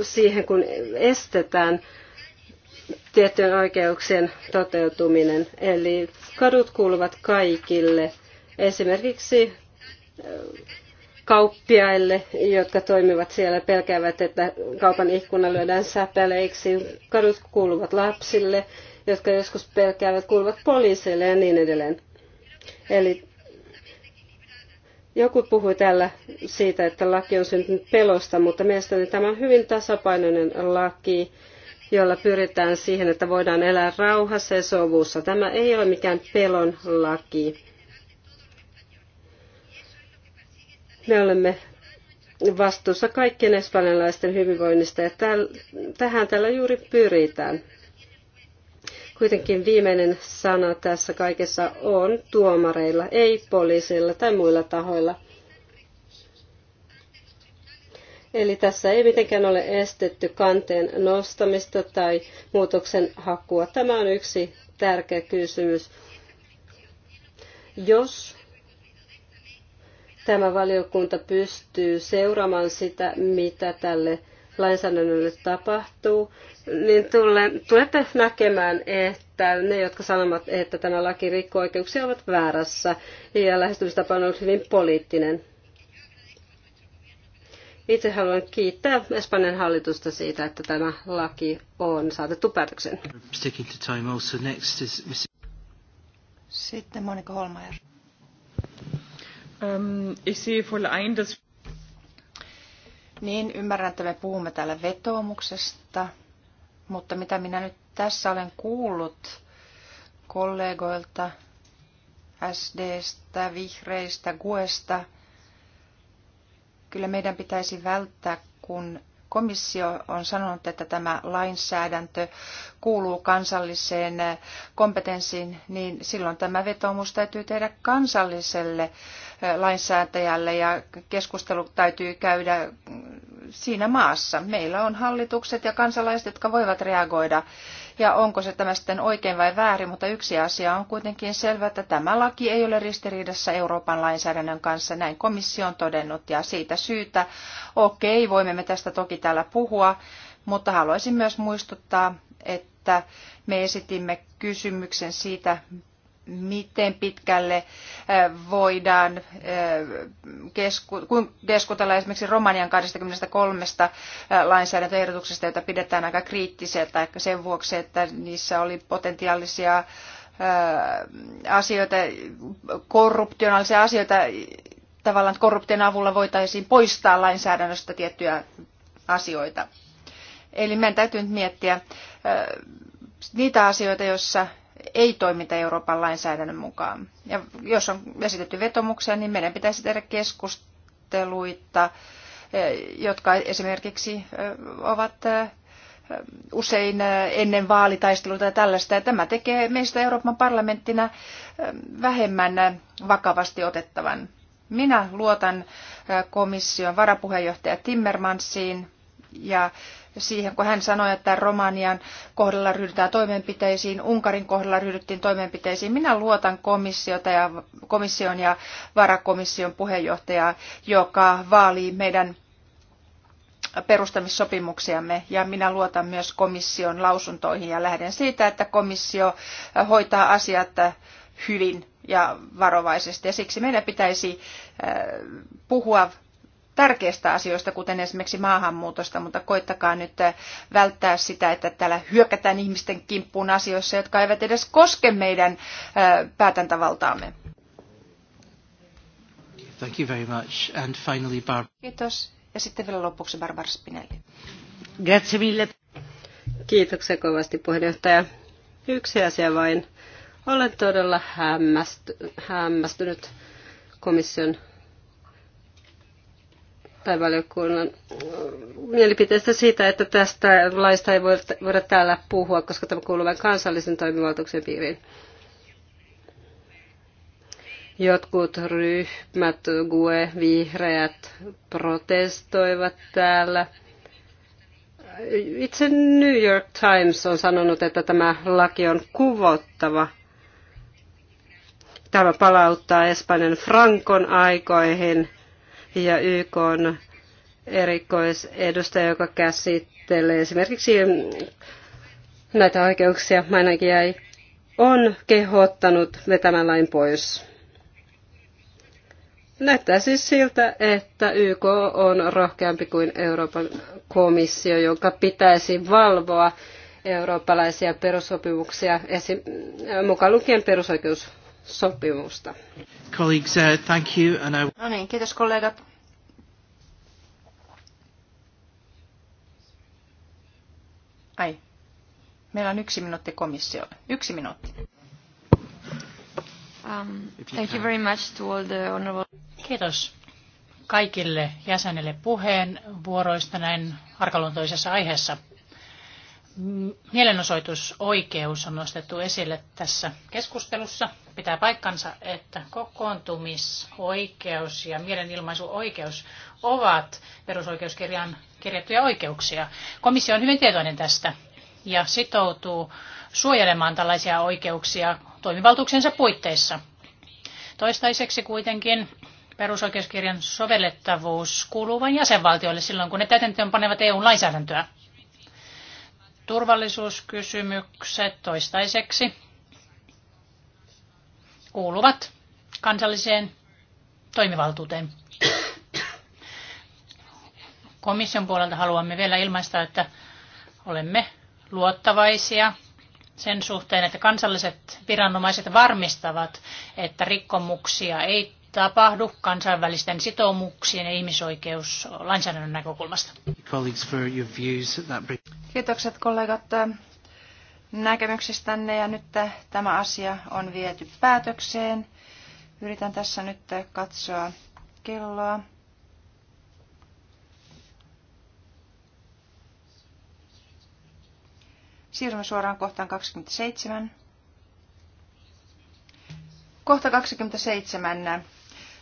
siihen, kun estetään tiettyjen oikeuksien toteutuminen. Eli kadut kuuluvat kaikille, esimerkiksi kauppiaille, jotka toimivat siellä, pelkäävät, että kaupan ikkuna lyödään säpäleiksi. Kadut kuuluvat lapsille, jotka joskus pelkäävät, kuuluvat poliiseille ja niin edelleen. Eli joku puhui täällä siitä, että laki on syntynyt pelosta, mutta mielestäni tämä on hyvin tasapainoinen laki, jolla pyritään siihen, että voidaan elää rauhassa ja sovussa. Tämä ei ole mikään pelon laki. Me olemme vastuussa kaikkien espanjalaisten hyvinvoinnista ja tähän tällä juuri pyritään. Kuitenkin viimeinen sana tässä kaikessa on tuomareilla, ei poliisilla tai muilla tahoilla. Eli tässä ei mitenkään ole estetty kanteen nostamista tai muutoksen hakua. Tämä on yksi tärkeä kysymys. Jos tämä valiokunta pystyy seuraamaan sitä, mitä tälle lainsäädännölle tapahtuu, niin tulette näkemään, että ne, jotka sanovat, että tämä laki rikkoo oikeuksia, ovat väärässä ja lähestymistapa on ollut hyvin poliittinen. Itse haluan kiittää Espanjan hallitusta siitä, että tämä laki on saatettu päätöksen. Sitten Monika Holmeier. Um, ich sehe voll ein, dass niin, ymmärrän, että me puhumme täällä vetoomuksesta, mutta mitä minä nyt tässä olen kuullut kollegoilta, SDstä, vihreistä, GUEsta, kyllä meidän pitäisi välttää, kun Komissio on sanonut, että tämä lainsäädäntö kuuluu kansalliseen kompetenssiin, niin silloin tämä vetoomus täytyy tehdä kansalliselle lainsäätäjälle ja keskustelu täytyy käydä mm, siinä maassa. Meillä on hallitukset ja kansalaiset, jotka voivat reagoida ja onko se tämä sitten oikein vai väärin, mutta yksi asia on kuitenkin selvä, että tämä laki ei ole ristiriidassa Euroopan lainsäädännön kanssa, näin komissio on todennut ja siitä syytä, okei, voimme me tästä toki täällä puhua, mutta haluaisin myös muistuttaa, että me esitimme kysymyksen siitä, miten pitkälle äh, voidaan äh, keskustella esimerkiksi Romanian 23 äh, lainsäädäntöehdotuksesta, jota pidetään aika kriittiseltä sen vuoksi, että niissä oli potentiaalisia asioita, korruptionaalisia asioita, tavallaan korruption avulla voitaisiin poistaa lainsäädännöstä tiettyjä asioita. Eli meidän täytyy nyt miettiä niitä asioita, joissa ei toimita Euroopan lainsäädännön mukaan. Ja jos on esitetty vetomuksia, niin meidän pitäisi tehdä keskusteluita, e, jotka esimerkiksi e, ovat e, usein ennen vaalitaisteluita ja tällaista. Ja tämä tekee meistä Euroopan parlamenttina vähemmän vakavasti otettavan. Minä luotan komission varapuheenjohtaja Timmermansiin ja siihen, kun hän sanoi, että Romanian kohdalla ryhdytään toimenpiteisiin, Unkarin kohdalla ryhdyttiin toimenpiteisiin. Minä luotan komissiota ja, komission ja varakomission puheenjohtajaa, joka vaalii meidän perustamissopimuksiamme ja minä luotan myös komission lausuntoihin ja lähden siitä, että komissio hoitaa asiat hyvin ja varovaisesti. Ja siksi meidän pitäisi äh, puhua tärkeistä asioista, kuten esimerkiksi maahanmuutosta, mutta koittakaa nyt äh, välttää sitä, että täällä hyökätään ihmisten kimppuun asioissa, jotka eivät edes koske meidän äh, päätäntävaltaamme. Thank you very much. And finally, Kiitos. Ja sitten vielä lopuksi Barbara Spinelli. Grazie mille. Kiitoksia kovasti puheenjohtaja. Yksi asia vain. Olen todella hämmästy, hämmästynyt komission tai äh, mielipiteestä siitä, että tästä laista ei voida täällä puhua, koska tämä kuuluu vain kansallisen toimivaltuuksen piiriin. Jotkut ryhmät, GUE, vihreät, protestoivat täällä. Itse New York Times on sanonut, että tämä laki on kuvottava Tämä palauttaa Espanjan Frankon aikoihin ja YK on erikoisedustaja, joka käsittelee esimerkiksi näitä oikeuksia, ainakin jäi, on kehottanut vetämään lain pois. Näyttää siis siltä, että YK on rohkeampi kuin Euroopan komissio, jonka pitäisi valvoa eurooppalaisia perusopimuksia mukaan lukien perusoikeus sopimusta. Colleagues, uh, thank you, and I... No niin, kiitos kollegat. Ai, meillä on yksi minuutti komissiolle. Yksi minuutti. Um, thank you very much to all the honorable... Kiitos kaikille jäsenille puheen vuoroista näin arkaluontoisessa aiheessa mielenosoitusoikeus on nostettu esille tässä keskustelussa. Pitää paikkansa, että kokoontumisoikeus ja mielenilmaisuoikeus ovat perusoikeuskirjan kirjattuja oikeuksia. Komissio on hyvin tietoinen tästä ja sitoutuu suojelemaan tällaisia oikeuksia toimivaltuuksensa puitteissa. Toistaiseksi kuitenkin perusoikeuskirjan sovellettavuus kuuluu vain jäsenvaltioille silloin, kun ne täytäntöön panevat EU-lainsäädäntöä turvallisuuskysymykset toistaiseksi kuuluvat kansalliseen toimivaltuuteen. Komission puolelta haluamme vielä ilmaista, että olemme luottavaisia sen suhteen, että kansalliset viranomaiset varmistavat, että rikkomuksia ei tapahdu kansainvälisten sitoumuksien ja ihmisoikeuslainsäädännön näkökulmasta. Kiitokset kollegat äh, näkemyksistänne ja nyt äh, tämä asia on viety päätökseen. Yritän tässä nyt äh, katsoa kelloa. Siirrymme suoraan kohtaan 27. Kohta 27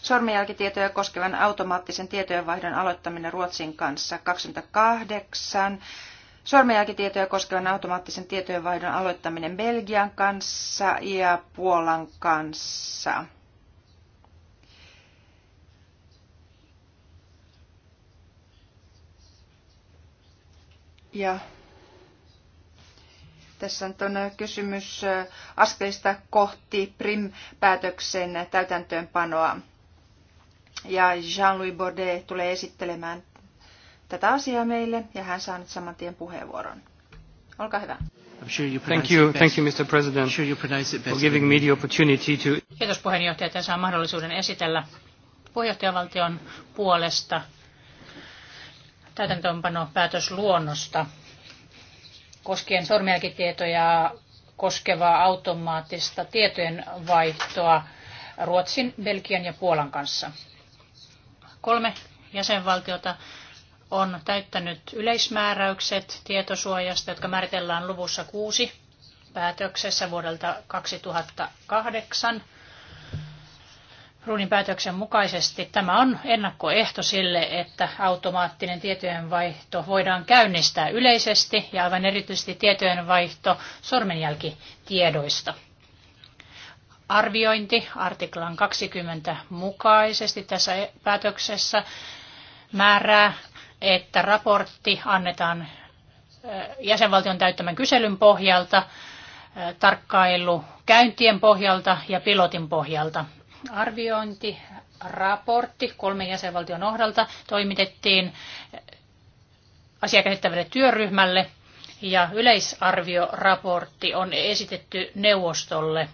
sormenjälkitietoja koskevan automaattisen tietojenvaihdon aloittaminen Ruotsin kanssa. 28. Sormenjälkitietoja koskevan automaattisen tietojenvaihdon aloittaminen Belgian kanssa ja Puolan kanssa. Ja tässä on on kysymys askelista kohti PRIM-päätöksen täytäntöönpanoa. Ja Jean-Louis Baudet tulee esittelemään tätä asiaa meille, ja hän saa nyt saman tien puheenvuoron. Olkaa hyvä. Thank you, thank you, Mr. President, for giving me the opportunity to... Kiitos puheenjohtaja, että saa mahdollisuuden esitellä puheenjohtajavaltion puolesta täytäntöönpano päätösluonnosta koskien sormenjälkitietoja koskevaa automaattista tietojenvaihtoa Ruotsin, Belgian ja Puolan kanssa. Kolme jäsenvaltiota on täyttänyt yleismääräykset tietosuojasta, jotka määritellään luvussa kuusi päätöksessä vuodelta 2008. Ruudin päätöksen mukaisesti tämä on ennakkoehto sille, että automaattinen tietojenvaihto voidaan käynnistää yleisesti ja aivan erityisesti tietojenvaihto sormenjälkitiedoista arviointi artiklan 20 mukaisesti tässä e- päätöksessä määrää, että raportti annetaan jäsenvaltion täyttämän kyselyn pohjalta, tarkkailu käyntien pohjalta ja pilotin pohjalta. Arviointi raportti kolmen jäsenvaltion ohdalta toimitettiin asiakäsittävälle työryhmälle ja yleisarvioraportti on esitetty neuvostolle –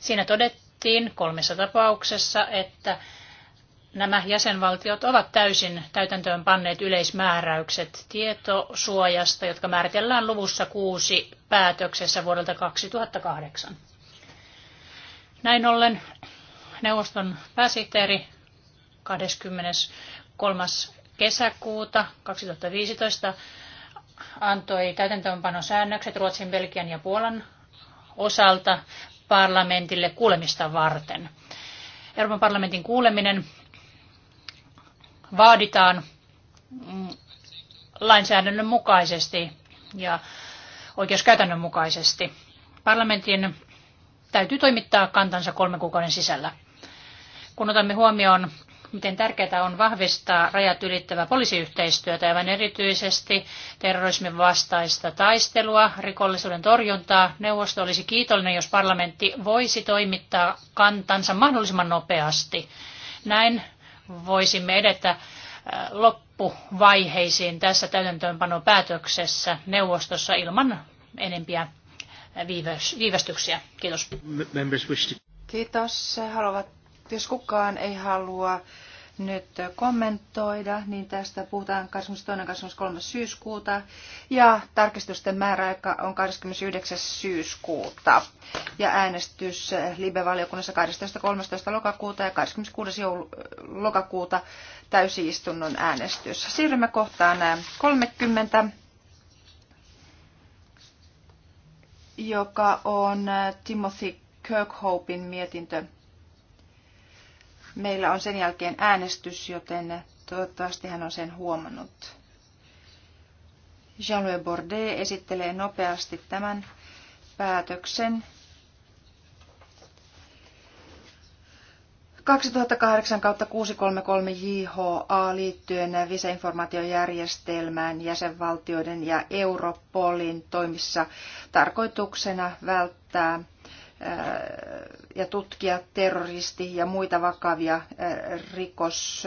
Siinä todettiin kolmessa tapauksessa, että nämä jäsenvaltiot ovat täysin täytäntöön panneet yleismääräykset tietosuojasta, jotka määritellään luvussa kuusi päätöksessä vuodelta 2008. Näin ollen neuvoston pääsihteeri 23. kesäkuuta 2015 antoi täytäntöönpanosäännökset Ruotsin, Belgian ja Puolan osalta parlamentille kuulemista varten. Euroopan parlamentin kuuleminen vaaditaan mm, lainsäädännön mukaisesti ja oikeuskäytännön mukaisesti. Parlamentin täytyy toimittaa kantansa kolmen kuukauden sisällä. Kun otamme huomioon miten tärkeää on vahvistaa rajat ylittävää poliisiyhteistyötä, aivan erityisesti terrorismin vastaista taistelua, rikollisuuden torjuntaa. Neuvosto olisi kiitollinen, jos parlamentti voisi toimittaa kantansa mahdollisimman nopeasti. Näin voisimme edetä äh, loppuvaiheisiin tässä täytäntöönpanopäätöksessä neuvostossa ilman enempiä viivästyksiä. Kiitos. Kiitos. Haluavat jos kukaan ei halua nyt kommentoida, niin tästä puhutaan 22. ja 23. syyskuuta ja tarkistusten määräaika on 29. syyskuuta ja äänestys Libe-valiokunnassa 12.13. lokakuuta ja 26. lokakuuta täysiistunnon äänestys. Siirrymme kohtaan 30 joka on Timothy Kirkhopein mietintö meillä on sen jälkeen äänestys, joten toivottavasti hän on sen huomannut. Jean-Louis Bordet esittelee nopeasti tämän päätöksen. 2008-633 JHA liittyen viseinformaatiojärjestelmään jäsenvaltioiden ja Europolin toimissa tarkoituksena välttää ja tutkia terroristi ja muita vakavia rikos,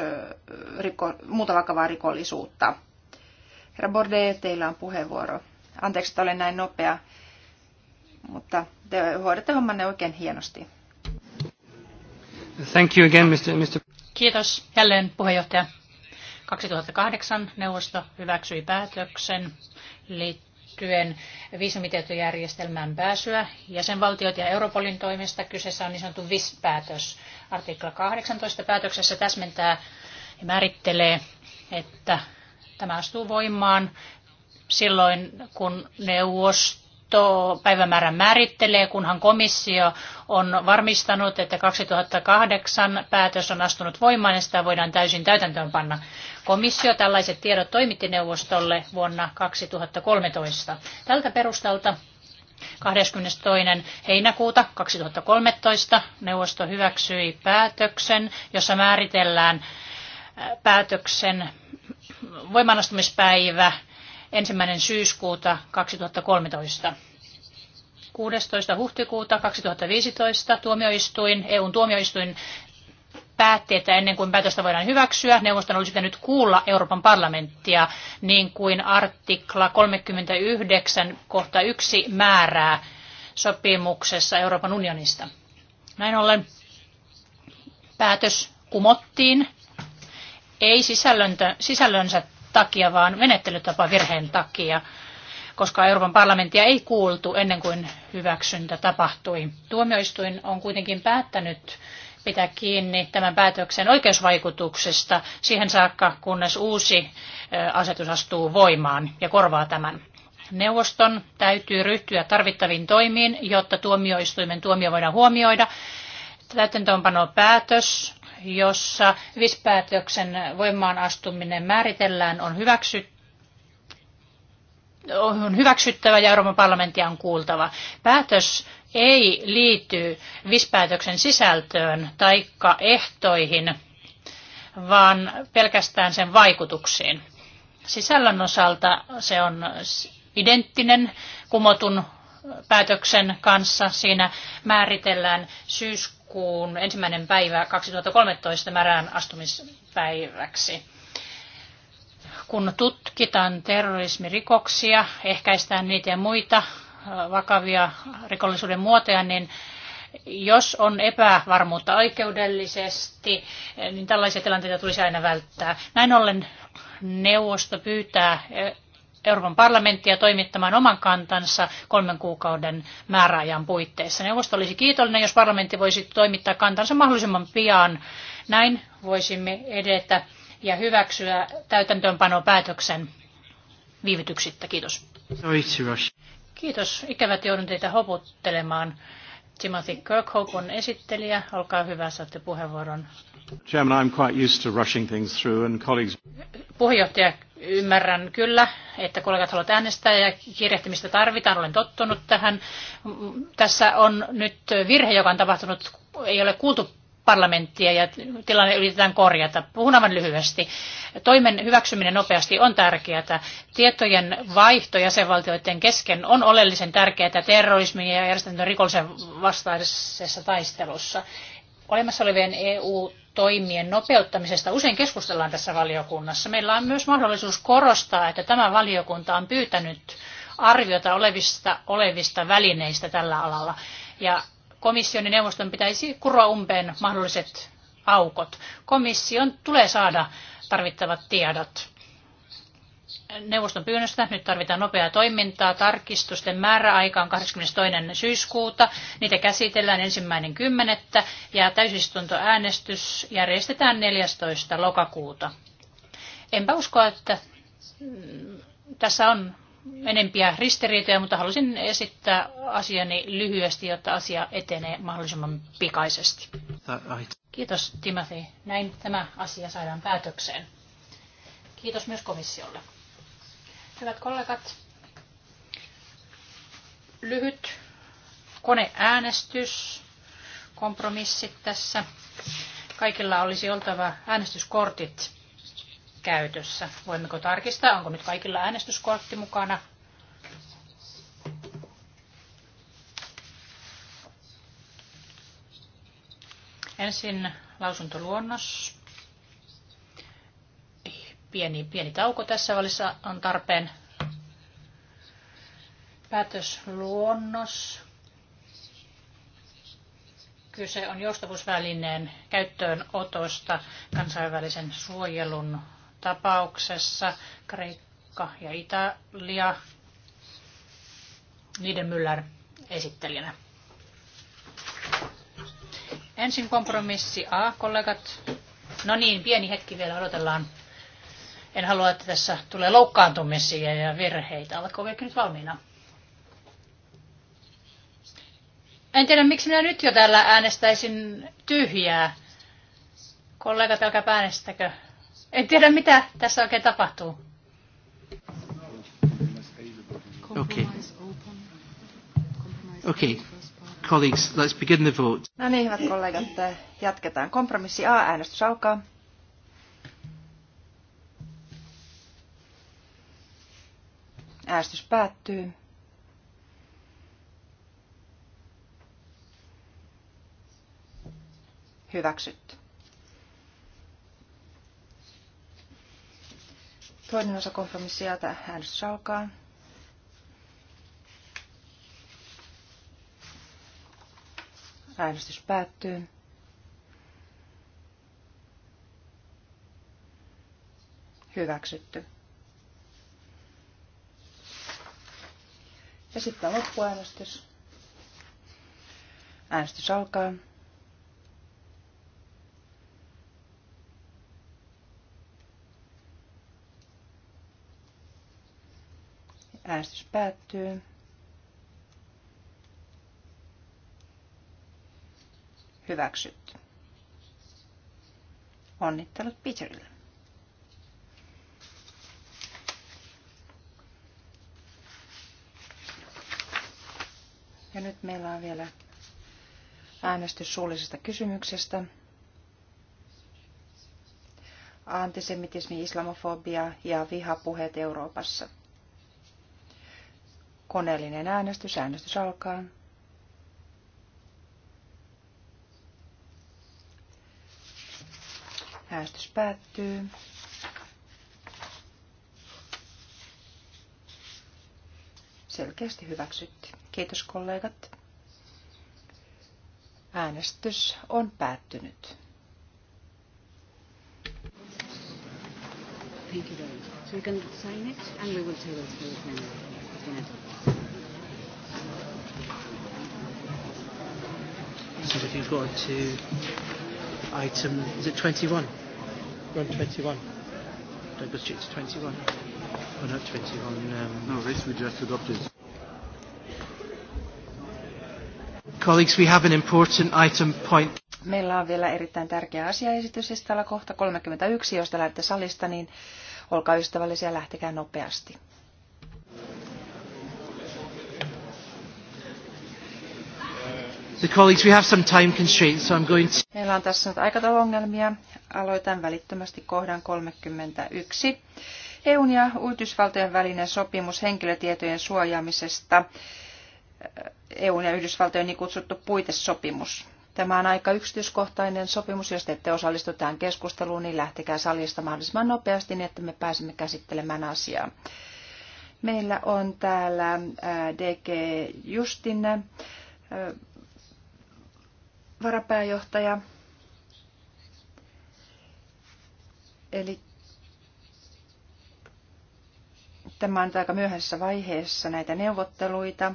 riko, muuta vakavaa rikollisuutta. Herra Bordet, teillä on puheenvuoro. Anteeksi, että olen näin nopea, mutta te hoidatte hommanne oikein hienosti. Thank you again, Mr. Mr. Kiitos jälleen puheenjohtaja. 2008 neuvosto hyväksyi päätöksen liittyen liittyen viisumitietojärjestelmään pääsyä jäsenvaltiot ja Europolin toimesta. Kyseessä on niin sanottu VIS-päätös. Artikla 18 päätöksessä täsmentää ja määrittelee, että tämä astuu voimaan silloin, kun neuvosto Päivämäärän määrittelee, kunhan komissio on varmistanut, että 2008 päätös on astunut voimaan ja sitä voidaan täysin täytäntöönpanna. Komissio tällaiset tiedot toimitti neuvostolle vuonna 2013. Tältä perustalta 22. heinäkuuta 2013 neuvosto hyväksyi päätöksen, jossa määritellään äh, päätöksen voimanastumispäivä ensimmäinen syyskuuta 2013. 16. huhtikuuta 2015 tuomioistuin, EUn tuomioistuin päätti, että ennen kuin päätöstä voidaan hyväksyä, neuvoston olisi pitänyt kuulla Euroopan parlamenttia, niin kuin artikla 39 kohta 1 määrää sopimuksessa Euroopan unionista. Näin ollen päätös kumottiin, ei sisällönsä takia, vaan menettelytapa virheen takia, koska Euroopan parlamenttia ei kuultu ennen kuin hyväksyntä tapahtui. Tuomioistuin on kuitenkin päättänyt pitää kiinni tämän päätöksen oikeusvaikutuksesta siihen saakka, kunnes uusi asetus astuu voimaan ja korvaa tämän. Neuvoston täytyy ryhtyä tarvittaviin toimiin, jotta tuomioistuimen tuomio voidaan huomioida. Täytäntöönpano päätös jossa vispäätöksen voimaan astuminen määritellään, on hyväksytty on hyväksyttävä ja Euroopan parlamenttia on kuultava. Päätös ei liity vispäätöksen sisältöön tai ehtoihin, vaan pelkästään sen vaikutuksiin. Sisällön osalta se on identtinen kumotun päätöksen kanssa. Siinä määritellään syys marraskuun ensimmäinen päivä 2013 märään astumispäiväksi. Kun tutkitaan terrorismirikoksia, ehkäistään niitä ja muita vakavia rikollisuuden muotoja, niin jos on epävarmuutta oikeudellisesti, niin tällaisia tilanteita tulisi aina välttää. Näin ollen neuvosto pyytää Euroopan parlamenttia toimittamaan oman kantansa kolmen kuukauden määräajan puitteissa. Neuvosto olisi kiitollinen, jos parlamentti voisi toimittaa kantansa mahdollisimman pian. Näin voisimme edetä ja hyväksyä täytäntöönpanopäätöksen viivytyksittä. Kiitos. Kiitos. Ikävät joudun teitä hoputtelemaan. Timothy Kirkhope on esittelijä. Olkaa hyvä, saatte puheenvuoron. Chairman, I'm quite used to rushing things through and colleagues... Puheenjohtaja, Ymmärrän kyllä, että kollegat haluavat äänestää ja kiirehtimistä tarvitaan, olen tottunut tähän. Tässä on nyt virhe, joka on tapahtunut, ei ole kuultu parlamenttia ja tilanne yritetään korjata. Puhun aivan lyhyesti. Toimen hyväksyminen nopeasti on tärkeää. Tietojen vaihto jäsenvaltioiden kesken on oleellisen tärkeää terrorismin ja järjestetyn rikollisen vastaisessa taistelussa. Olemassa olevien EU toimien nopeuttamisesta usein keskustellaan tässä valiokunnassa. Meillä on myös mahdollisuus korostaa, että tämä valiokunta on pyytänyt arviota olevista, olevista välineistä tällä alalla. Ja komission ja neuvoston pitäisi kuroa umpeen mahdolliset aukot. Komission tulee saada tarvittavat tiedot neuvoston pyynnöstä. Nyt tarvitaan nopeaa toimintaa. Tarkistusten määräaika on 22. syyskuuta. Niitä käsitellään ensimmäinen kymmenettä ja täysistuntoäänestys järjestetään 14. lokakuuta. Enpä usko, että mm, tässä on enempiä ristiriitoja, mutta halusin esittää asiani lyhyesti, jotta asia etenee mahdollisimman pikaisesti. Kiitos Timothy. Näin tämä asia saadaan päätökseen. Kiitos myös komissiolle. Hyvät kollegat, lyhyt koneäänestys, kompromissit tässä. Kaikilla olisi oltava äänestyskortit käytössä. Voimmeko tarkistaa, onko nyt kaikilla äänestyskortti mukana? Ensin lausuntoluonnos pieni, pieni tauko tässä välissä on tarpeen. Päätösluonnos. Kyse on joustavuusvälineen käyttöönotosta kansainvälisen suojelun tapauksessa. Kreikka ja Italia. Niiden Müller esittelijänä. Ensin kompromissi A, kollegat. No niin, pieni hetki vielä odotellaan. En halua, että tässä tulee loukkaantumisia ja virheitä. Oletko kaikki nyt valmiina? En tiedä, miksi minä nyt jo täällä äänestäisin tyhjää. Kollegat, älkää äänestäkö. En tiedä, mitä tässä oikein tapahtuu. Okay. Okay. Colleagues, let's begin the vote. No niin, hyvät kollegat, jatketaan. Kompromissi A, äänestys alkaa. Äänestys päättyy. Hyväksytty. Toinen osa kompromissia, tämä äänestys alkaa. Äänestys päättyy. Hyväksytty. Ja sitten loppuäänestys. Äänestys alkaa. Äänestys päättyy. Hyväksytty. Onnittelut Peterille. Ja nyt meillä on vielä äänestys suullisesta kysymyksestä. Antisemitismi, islamofobia ja vihapuheet Euroopassa. Koneellinen äänestys. Äänestys alkaa. Äänestys päättyy. selkeästi hyväksytty. Kiitos kollegat. Äänestys on päättynyt. Thank you very much. So we can sign it and we will table it for the So if you go to item, is it 21? We're on 21. Don't go straight to 21. Oh, not 20 on... Um... No, this we just adopted. Colleagues, we have an important item point. Meillä on vielä erittäin tärkeä asia esityslistalla kohta 31. Jos te lähdette salista, niin olkaa ystävällisiä lähtekää nopeasti. The colleagues, we have some time constraints, so I'm going to... Meillä on tässä nyt aikatauluongelmia. Aloitan välittömästi kohdan 31. EUn ja Yhdysvaltojen välinen sopimus henkilötietojen suojaamisesta, EUn ja Yhdysvaltojen niin kutsuttu puitesopimus. Tämä on aika yksityiskohtainen sopimus. Jos te ette osallistu tähän keskusteluun, niin lähtekää salista mahdollisimman nopeasti, niin että me pääsemme käsittelemään asiaa. Meillä on täällä äh, DG Justin, äh, varapääjohtaja. Eli Tämä aika myöhäisessä vaiheessa näitä neuvotteluita.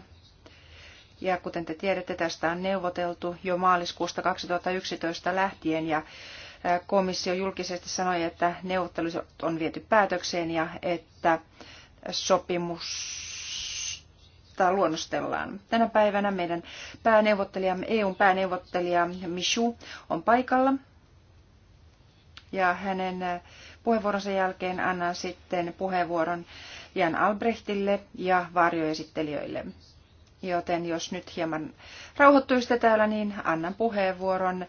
Ja kuten te tiedätte, tästä on neuvoteltu jo maaliskuusta 2011 lähtien ja komissio julkisesti sanoi, että neuvottelut on viety päätökseen ja että sopimusta luonnostellaan. Tänä päivänä meidän pääneuvottelija, EUn pääneuvottelija Michu on paikalla. Ja hänen puheenvuoronsa jälkeen annan sitten puheenvuoron Jan Albrechtille ja varjoesittelijöille. Joten jos nyt hieman rauhoittuisitte täällä, niin annan puheenvuoron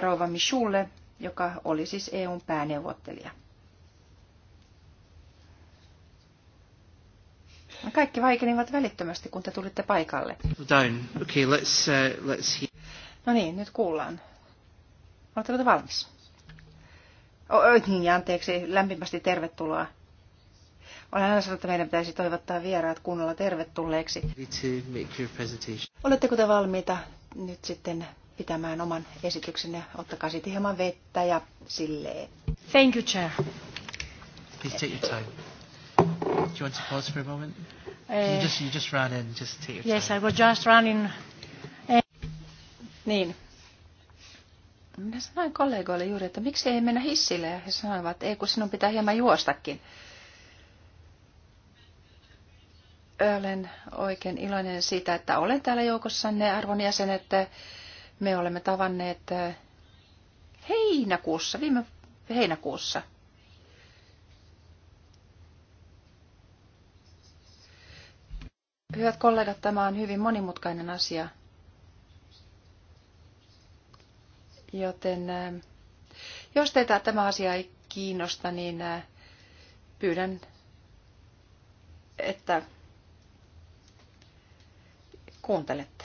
Rouva Michulle, joka oli siis EUn pääneuvottelija. Kaikki vaikenivat välittömästi, kun te tulitte paikalle. Okay, let's, uh, let's hear. No niin, nyt kuullaan. Oletteko te valmis? Oh, niin, anteeksi, lämpimästi tervetuloa. Olen aina sanonut, että meidän pitäisi toivottaa vieraat kunnolla tervetulleeksi. Oletteko te valmiita nyt sitten pitämään oman esityksenne? Ottakaa sitten hieman vettä ja silleen. Thank you, Chair. Please take your time. Do you want to pause for a moment? Uh, you, just, you just ran in, just take your yes, time. Yes, I was just running. Eh, niin. Minä sanoin kollegoille juuri, että miksi ei mennä hissille. Ja he sanoivat, että ei kun sinun pitää hieman juostakin. Olen oikein iloinen siitä, että olen täällä joukossanne, arvon jäsenet. Me olemme tavanneet eh, heinäkuussa, viime heinäkuussa. Hyvät kollegat, tämä on hyvin monimutkainen asia, joten eh, jos teitä tämä asia ei kiinnosta, niin eh, pyydän, että kuuntelette.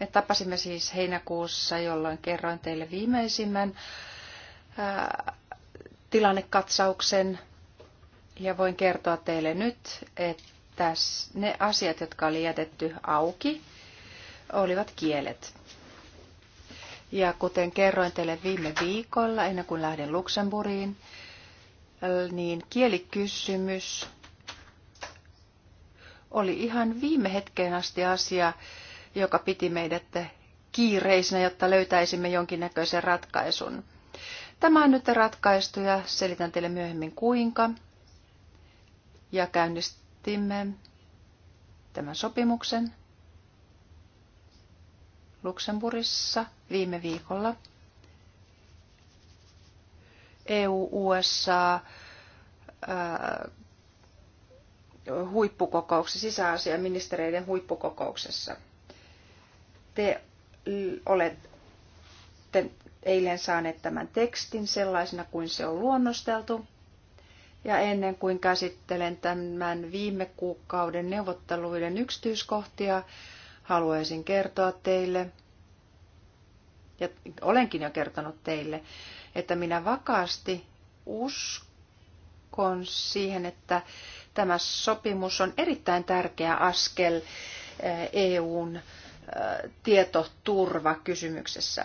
Me tapasimme siis heinäkuussa, jolloin kerroin teille viimeisimmän ää, tilannekatsauksen. Ja voin kertoa teille nyt, että ne asiat, jotka oli jätetty auki, olivat kielet. Ja kuten kerroin teille viime viikolla, ennen kuin lähden Luxemburgiin, niin kielikysymys oli ihan viime hetkeen asti asia, joka piti meidät kiireisinä, jotta löytäisimme jonkinnäköisen ratkaisun. Tämä on nyt ratkaistu ja selitän teille myöhemmin kuinka. Ja käynnistimme tämän sopimuksen. Luxemburgissa viime viikolla. EU-USA huippukokouksessa, sisäasiaministereiden huippukokouksessa. Te olette eilen saaneet tämän tekstin sellaisena kuin se on luonnosteltu. Ja ennen kuin käsittelen tämän viime kuukauden neuvotteluiden yksityiskohtia, haluaisin kertoa teille, ja olenkin jo kertonut teille, että minä vakaasti uskon siihen, että tämä sopimus on erittäin tärkeä askel eh, EUn eh, tietoturvakysymyksessä.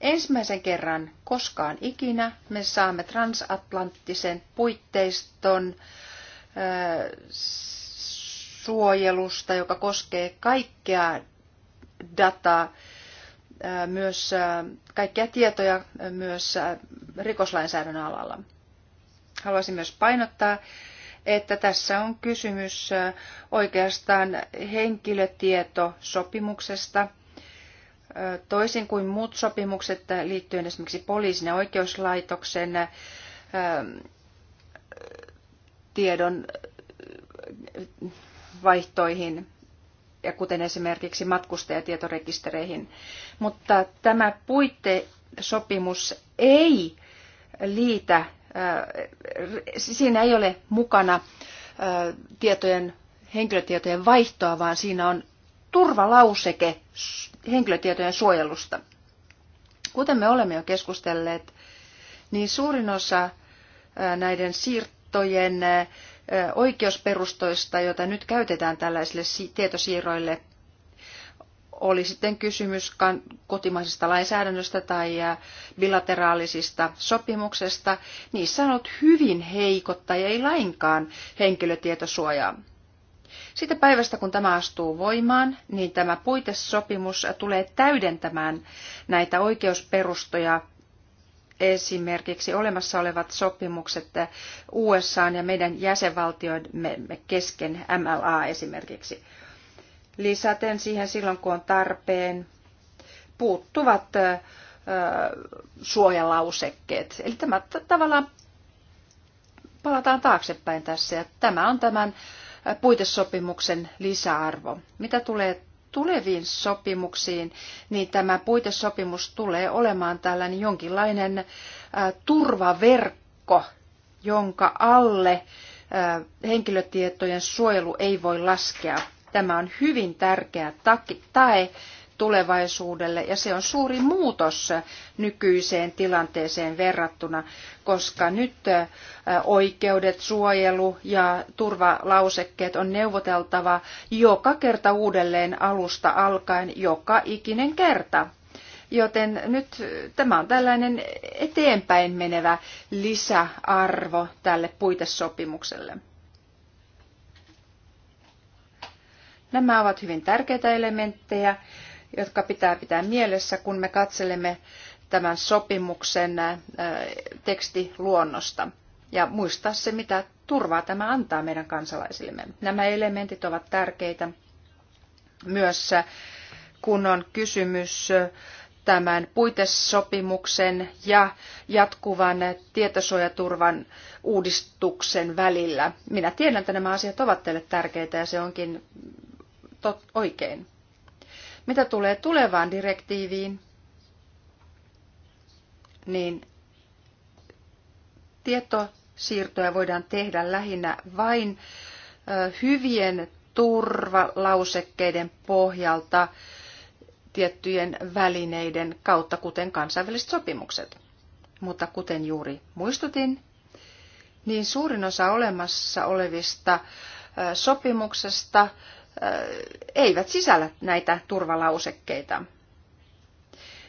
Ensimmäisen kerran koskaan ikinä me saamme transatlanttisen puitteiston eh, suojelusta, joka koskee kaikkea dataa, myös kaikkia tietoja myös rikoslainsäädännön alalla. Haluaisin myös painottaa, että tässä on kysymys oikeastaan henkilötietosopimuksesta, toisin kuin muut sopimukset liittyen esimerkiksi poliisin ja oikeuslaitoksen tiedon vaihtoihin, ja kuten esimerkiksi matkustajatietorekistereihin. Mutta tämä puitesopimus ei liitä, äh, siinä ei ole mukana äh, tietojen, henkilötietojen vaihtoa, vaan siinä on turvalauseke henkilötietojen suojelusta. Kuten me olemme jo keskustelleet, niin suurin osa äh, näiden siirtojen oikeusperustoista, joita nyt käytetään tällaisille tietosiirroille, oli sitten kysymys kotimaisesta lainsäädännöstä tai bilateraalisista sopimuksesta, niissä on ollut hyvin heikot tai ei lainkaan henkilötietosuojaa. Sitä päivästä, kun tämä astuu voimaan, niin tämä puitesopimus tulee täydentämään näitä oikeusperustoja esimerkiksi olemassa olevat sopimukset USA ja meidän jäsenvaltioidemme kesken MLA esimerkiksi. Lisäten siihen silloin, kun on tarpeen, puuttuvat suojalausekkeet. Eli tämä tavallaan palataan taaksepäin tässä ja tämä on tämän puitesopimuksen lisäarvo. Mitä tulee tuleviin sopimuksiin, niin tämä puitesopimus tulee olemaan tällainen jonkinlainen äh, turvaverkko, jonka alle äh, henkilötietojen suojelu ei voi laskea. Tämä on hyvin tärkeä tae tulevaisuudelle ja se on suuri muutos nykyiseen tilanteeseen verrattuna, koska nyt oikeudet, suojelu ja turvalausekkeet on neuvoteltava joka kerta uudelleen alusta alkaen, joka ikinen kerta. Joten nyt tämä on tällainen eteenpäin menevä lisäarvo tälle puitesopimukselle. Nämä ovat hyvin tärkeitä elementtejä jotka pitää pitää mielessä, kun me katselemme tämän sopimuksen äh, tekstiluonnosta ja muistaa se, mitä turvaa tämä antaa meidän kansalaisillemme. Nämä elementit ovat tärkeitä myös, äh, kun on kysymys äh, tämän puitesopimuksen ja jatkuvan tietosuojaturvan uudistuksen välillä. Minä tiedän, että nämä asiat ovat teille tärkeitä ja se onkin tot- oikein. Mitä tulee tulevaan direktiiviin, niin tietosiirtoja voidaan tehdä lähinnä vain hyvien turvalausekkeiden pohjalta tiettyjen välineiden kautta, kuten kansainväliset sopimukset. Mutta kuten juuri muistutin, niin suurin osa olemassa olevista sopimuksesta eivät sisällä näitä turvalausekkeita.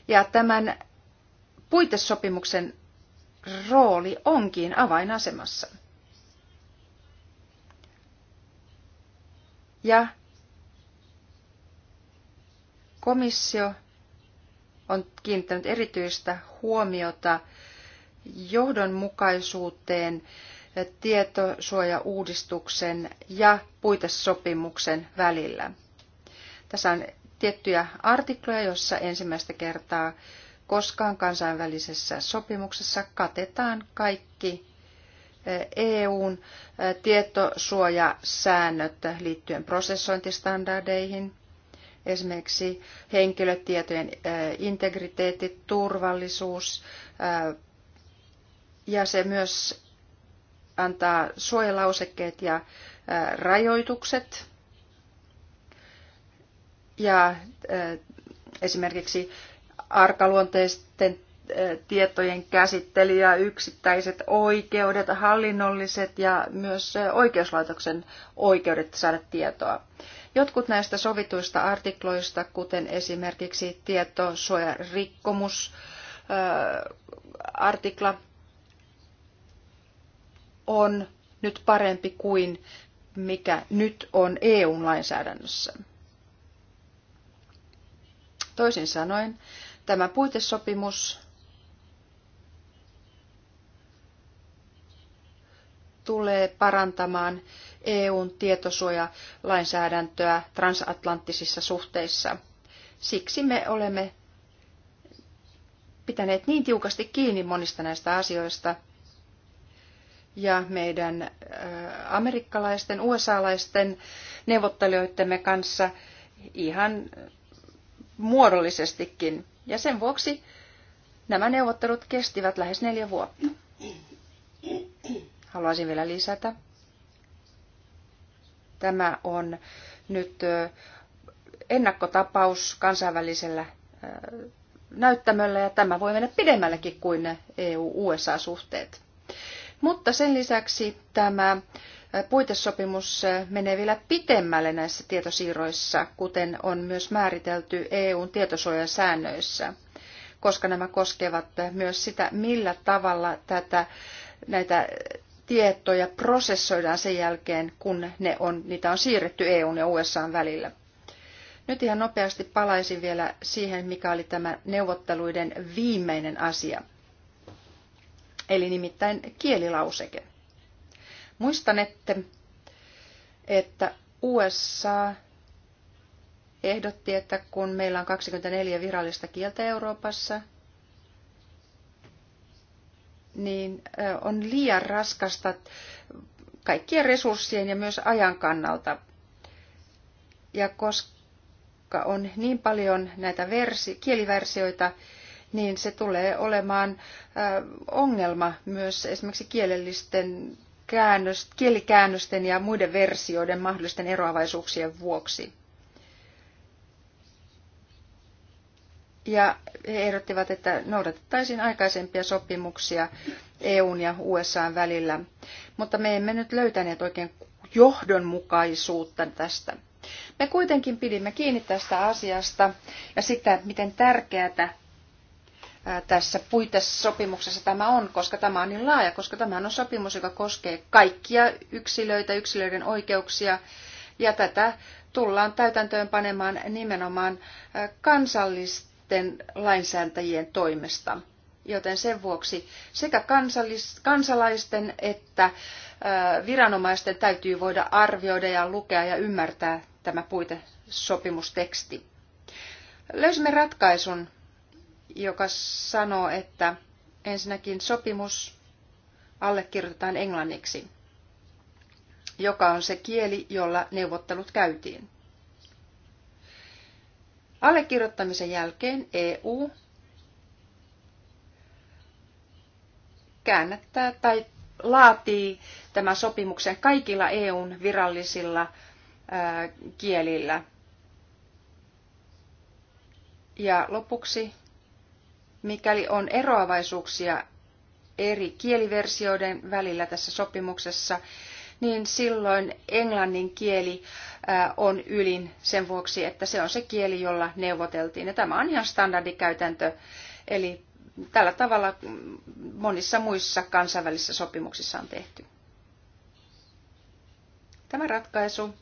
Ja tämän puitesopimuksen rooli onkin avainasemassa. Ja komissio on kiinnittänyt erityistä huomiota johdonmukaisuuteen tietosuojauudistuksen ja puitesopimuksen välillä. Tässä on tiettyjä artikloja, joissa ensimmäistä kertaa koskaan kansainvälisessä sopimuksessa katetaan kaikki e, EUn e, tietosuojasäännöt liittyen prosessointistandardeihin, esimerkiksi henkilötietojen e, integriteetti, turvallisuus ja se myös antaa suojalausekkeet ja äh, rajoitukset. Ja äh, esimerkiksi arkaluonteisten äh, tietojen käsittely ja yksittäiset oikeudet, hallinnolliset ja myös oikeuslaitoksen oikeudet saada tietoa. Jotkut näistä sovituista artikloista, kuten esimerkiksi tietosuojarikkomus, artikla on nyt parempi kuin mikä nyt on eu lainsäädännössä. Toisin sanoen, tämä puitesopimus tulee parantamaan EUn tietosuojalainsäädäntöä transatlanttisissa suhteissa. Siksi me olemme pitäneet niin tiukasti kiinni monista näistä asioista – ja meidän amerikkalaisten, USA-laisten neuvottelijoittemme kanssa ihan muodollisestikin. Ja sen vuoksi nämä neuvottelut kestivät lähes neljä vuotta. Haluaisin vielä lisätä. Tämä on nyt ennakkotapaus kansainvälisellä näyttämöllä ja tämä voi mennä pidemmällekin kuin EU-USA-suhteet. Mutta sen lisäksi tämä puitesopimus menee vielä pitemmälle näissä tietosiirroissa, kuten on myös määritelty EUn tietosuojasäännöissä, koska nämä koskevat myös sitä, millä tavalla tätä, näitä tietoja prosessoidaan sen jälkeen, kun ne on, niitä on siirretty EUn ja USAn välillä. Nyt ihan nopeasti palaisin vielä siihen, mikä oli tämä neuvotteluiden viimeinen asia – eli nimittäin kielilauseke. että, että USA ehdotti, että kun meillä on 24 virallista kieltä Euroopassa, niin on liian raskasta kaikkien resurssien ja myös ajan kannalta. Ja koska on niin paljon näitä versi, kieliversioita, niin se tulee olemaan ongelma myös esimerkiksi kielellisten käännöst, kielikäännösten ja muiden versioiden mahdollisten eroavaisuuksien vuoksi. Ja he ehdottivat, että noudatettaisiin aikaisempia sopimuksia EUn ja USAn välillä, mutta me emme nyt löytäneet oikein johdonmukaisuutta tästä. Me kuitenkin pidimme kiinni tästä asiasta ja sitä, miten tärkeää tässä puitesopimuksessa tämä on, koska tämä on niin laaja, koska tämä on sopimus, joka koskee kaikkia yksilöitä, yksilöiden oikeuksia, ja tätä tullaan täytäntöön panemaan nimenomaan kansallisten lainsääntäjien toimesta. Joten sen vuoksi sekä kansallis, kansalaisten että viranomaisten täytyy voida arvioida ja lukea ja ymmärtää tämä puitesopimusteksti. Löysimme ratkaisun joka sanoo, että ensinnäkin sopimus allekirjoitetaan englanniksi, joka on se kieli, jolla neuvottelut käytiin. Allekirjoittamisen jälkeen EU käännättää tai laatii tämän sopimuksen kaikilla EUn virallisilla kielillä. Ja lopuksi mikäli on eroavaisuuksia eri kieliversioiden välillä tässä sopimuksessa, niin silloin englannin kieli äh, on ylin sen vuoksi, että se on se kieli, jolla neuvoteltiin. Ja tämä on ihan standardikäytäntö, eli tällä tavalla mm, monissa muissa kansainvälisissä sopimuksissa on tehty. Tämä ratkaisu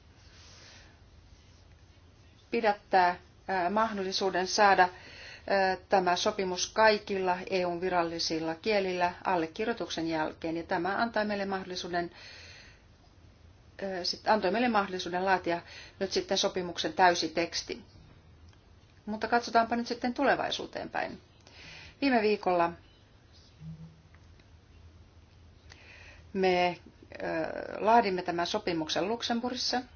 pidättää äh, mahdollisuuden saada tämä sopimus kaikilla EUn virallisilla kielillä allekirjoituksen jälkeen. Ja tämä antaa meille mahdollisuuden sit antoi meille mahdollisuuden laatia nyt sitten sopimuksen täysi teksti. Mutta katsotaanpa nyt sitten tulevaisuuteen päin. Viime viikolla me laadimme tämän sopimuksen Luxemburgissa –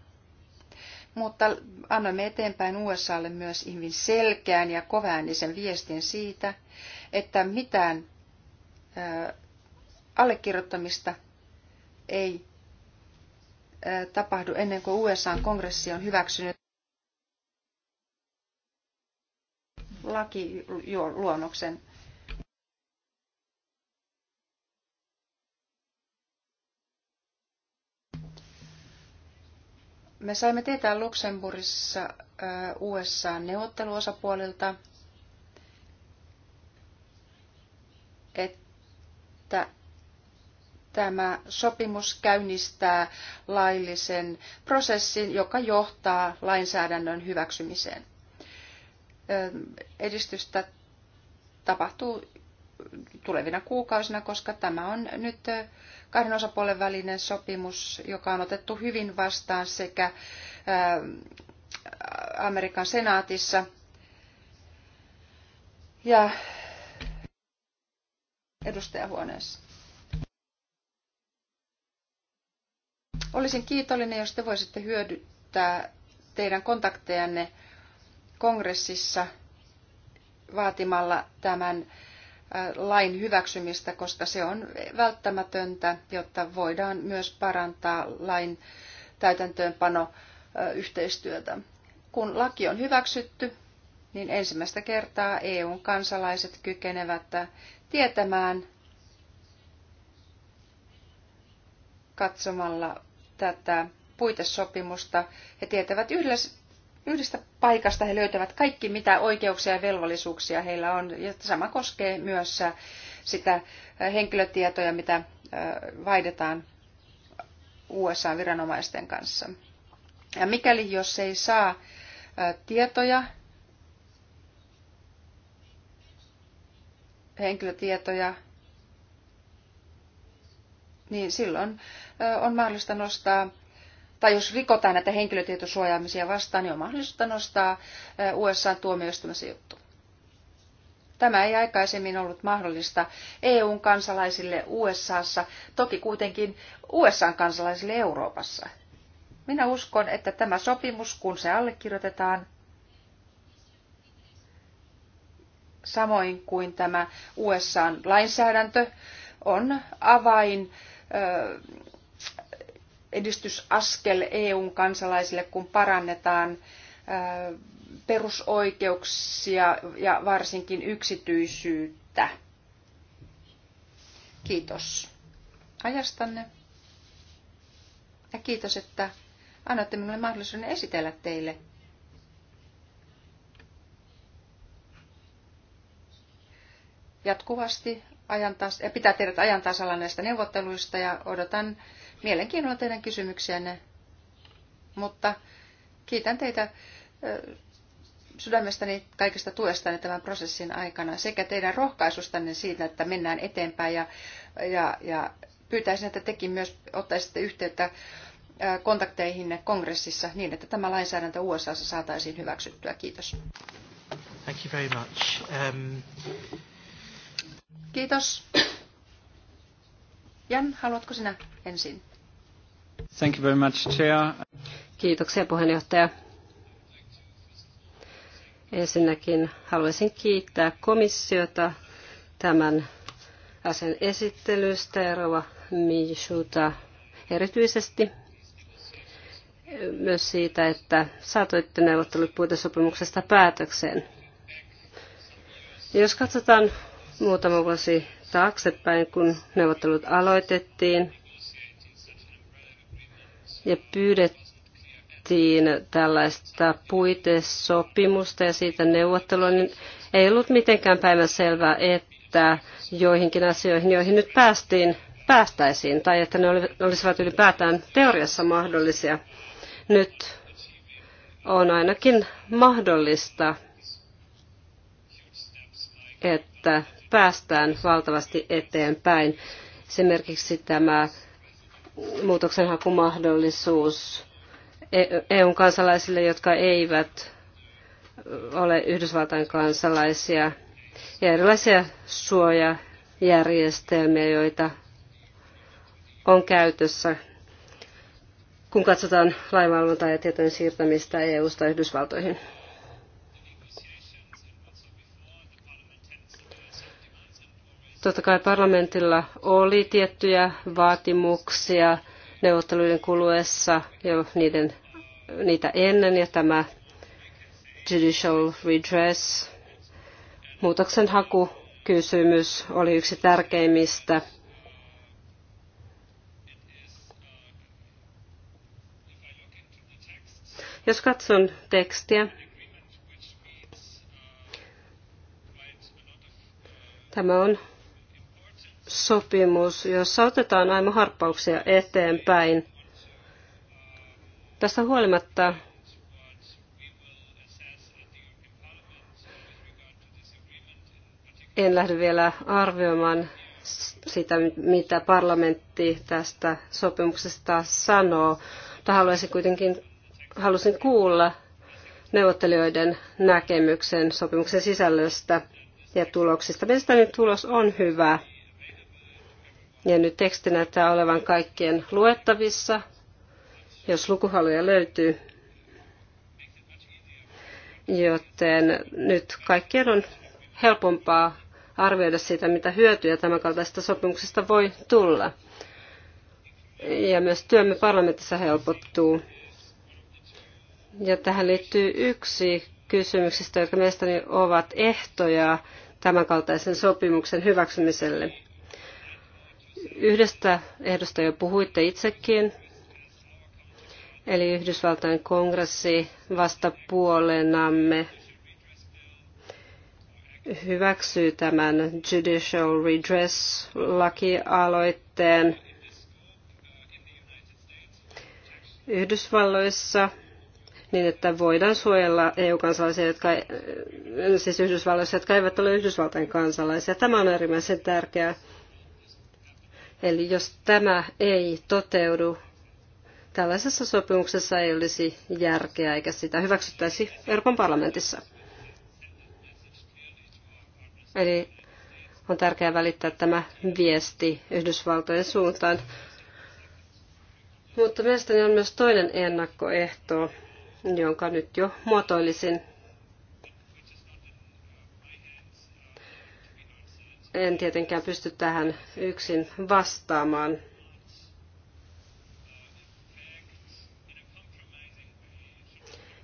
mutta annamme eteenpäin USAlle myös hyvin selkeän ja kovaäänisen viestin siitä, että mitään allekirjoittamista ei tapahdu ennen kuin USAn kongressi on hyväksynyt lakiluonnoksen. Me saimme tietää Luxemburgissa USA-neuvotteluosapuolilta, että tämä sopimus käynnistää laillisen prosessin, joka johtaa lainsäädännön hyväksymiseen. Edistystä tapahtuu tulevina kuukausina, koska tämä on nyt eh, kahden osapuolen välinen sopimus, joka on otettu hyvin vastaan sekä eh, Amerikan senaatissa ja edustajahuoneessa. Olisin kiitollinen, jos te voisitte hyödyttää teidän kontaktejanne kongressissa vaatimalla tämän lain hyväksymistä, koska se on välttämätöntä, jotta voidaan myös parantaa lain täytäntöönpano yhteistyötä. Kun laki on hyväksytty, niin ensimmäistä kertaa EUn kansalaiset kykenevät tietämään katsomalla tätä puitesopimusta. He tietävät yhdessä Yhdestä paikasta he löytävät kaikki, mitä oikeuksia ja velvollisuuksia heillä on. Ja sama koskee myös äh, sitä äh, henkilötietoja, mitä äh, vaihdetaan USA-viranomaisten kanssa. Ja mikäli jos ei saa tietoja, henkilötietoja, niin silloin on mahdollista nostaa tai jos rikotaan näitä henkilötietosuojaamisia vastaan, niin on mahdollista nostaa USA-tuomioistuimessa juttu. Tämä ei aikaisemmin ollut mahdollista EUn kansalaisille USAssa, toki kuitenkin USAn kansalaisille Euroopassa. Minä uskon, että tämä sopimus, kun se allekirjoitetaan, samoin kuin tämä USAn lainsäädäntö, on avain ö, edistysaskel EUn kansalaisille, kun parannetaan perusoikeuksia ja varsinkin yksityisyyttä. Kiitos ajastanne. Ja kiitos, että annatte minulle mahdollisuuden esitellä teille jatkuvasti ajantas, ja pitää teidät ajan tasalla näistä neuvotteluista ja odotan Mielenkiinnolla teidän kysymyksiänne, mutta kiitän teitä sydämestäni kaikesta tuestanne tämän prosessin aikana sekä teidän rohkaisustanne siitä, että mennään eteenpäin ja, ja, ja pyytäisin, että tekin myös ottaisitte yhteyttä kontakteihinne kongressissa niin, että tämä lainsäädäntö USA saataisiin hyväksyttyä. Kiitos. Thank you very much. Um... Kiitos. Jan, haluatko sinä ensin? Thank you very much, Chair. Kiitoksia puheenjohtaja. Ensinnäkin haluaisin kiittää komissiota tämän asian esittelystä ja rouva Mijuta erityisesti myös siitä, että saatoitte neuvottelut puitesopimuksesta päätökseen. Jos katsotaan muutama vuosi taaksepäin, kun neuvottelut aloitettiin, ja pyydettiin tällaista puitesopimusta ja siitä neuvottelua, niin ei ollut mitenkään selvää, että joihinkin asioihin, joihin nyt päästiin, päästäisiin, tai että ne olisivat ylipäätään teoriassa mahdollisia. Nyt on ainakin mahdollista, että päästään valtavasti eteenpäin. Esimerkiksi tämä muutoksenhakumahdollisuus e- EUn kansalaisille, jotka eivät ole Yhdysvaltain kansalaisia, ja erilaisia suojajärjestelmiä, joita on käytössä, kun katsotaan laivalvontaa ja tietojen siirtämistä EU-sta Yhdysvaltoihin. Totta kai parlamentilla oli tiettyjä vaatimuksia neuvotteluiden kuluessa jo niiden, niitä ennen ja tämä judicial redress muutoksenhaku kysymys oli yksi tärkeimmistä. Jos katson tekstiä, tämä on sopimus, jossa otetaan aimo harppauksia eteenpäin. Tästä huolimatta en lähde vielä arvioimaan sitä, mitä parlamentti tästä sopimuksesta sanoo, mutta haluaisin kuitenkin halusin kuulla neuvottelijoiden näkemyksen sopimuksen sisällöstä ja tuloksista. Mielestäni tulos on hyvä. Ja nyt teksti näyttää olevan kaikkien luettavissa, jos lukuhaluja löytyy. Joten nyt kaikkien on helpompaa arvioida sitä, mitä hyötyjä tämän kaltaisesta sopimuksesta voi tulla. Ja myös työmme parlamentissa helpottuu. Ja tähän liittyy yksi kysymyksistä, jotka mielestäni ovat ehtoja tämänkaltaisen sopimuksen hyväksymiselle. Yhdestä ehdosta jo puhuitte itsekin, eli Yhdysvaltain kongressi vastapuolenamme hyväksyy tämän Judicial Redress-lakialoitteen. Yhdysvalloissa niin, että voidaan suojella EU-kansalaisia, jotka, siis Yhdysvalloissa, jotka eivät ole Yhdysvaltain kansalaisia. Tämä on äärimmäisen tärkeää. Eli jos tämä ei toteudu, tällaisessa sopimuksessa ei olisi järkeä eikä sitä hyväksyttäisi Euroopan parlamentissa. Eli on tärkeää välittää tämä viesti Yhdysvaltojen suuntaan. Mutta mielestäni on myös toinen ennakkoehto, jonka nyt jo muotoilisin. en tietenkään pysty tähän yksin vastaamaan.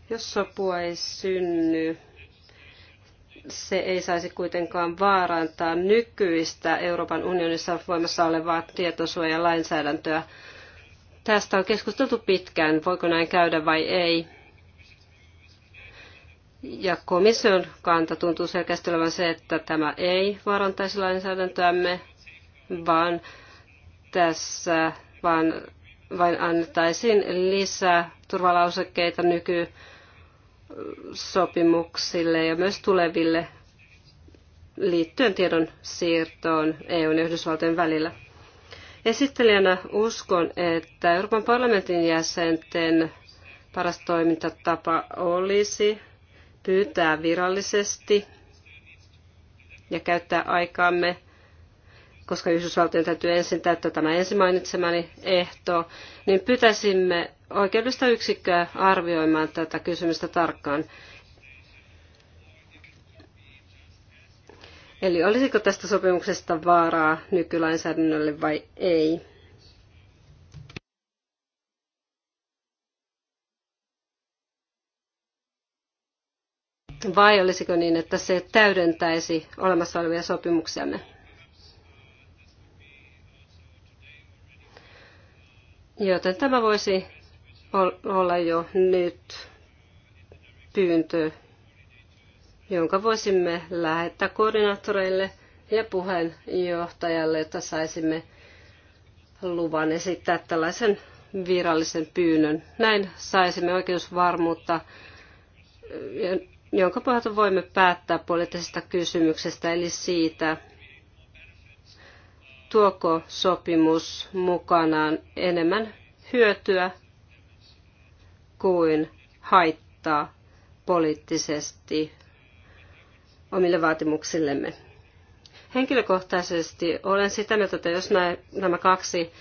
Jos sopua ei synny, se ei saisi kuitenkaan vaarantaa nykyistä Euroopan unionissa voimassa olevaa tietosuojalainsäädäntöä. Tästä on keskusteltu pitkään, voiko näin käydä vai ei. Ja komission kanta tuntuu selkeästi olevan se, että tämä ei vaarantaisi lainsäädäntöämme, vaan tässä vaan vain annettaisiin lisää turvalausekkeita nykysopimuksille ja myös tuleville liittyen tiedon siirtoon EUn ja Yhdysvaltojen välillä. Esittelijänä uskon, että Euroopan parlamentin jäsenten paras toimintatapa olisi pyytää virallisesti ja käyttää aikaamme, koska Yhdysvaltojen täytyy ensin täyttää tämä ensin mainitsemani ehto, niin pyytäisimme oikeudellista yksikköä arvioimaan tätä kysymystä tarkkaan. Eli olisiko tästä sopimuksesta vaaraa nykylainsäädännölle vai ei? vai olisiko niin, että se täydentäisi olemassa olevia sopimuksiamme? Joten tämä voisi olla jo nyt pyyntö, jonka voisimme lähettää koordinaattoreille ja puheenjohtajalle, että saisimme luvan esittää tällaisen virallisen pyynnön. Näin saisimme oikeusvarmuutta jonka pohjalta voimme päättää poliittisesta kysymyksestä, eli siitä, tuoko sopimus mukanaan enemmän hyötyä kuin haittaa poliittisesti omille vaatimuksillemme. Henkilökohtaisesti olen sitä mieltä, että jos nämä kaksi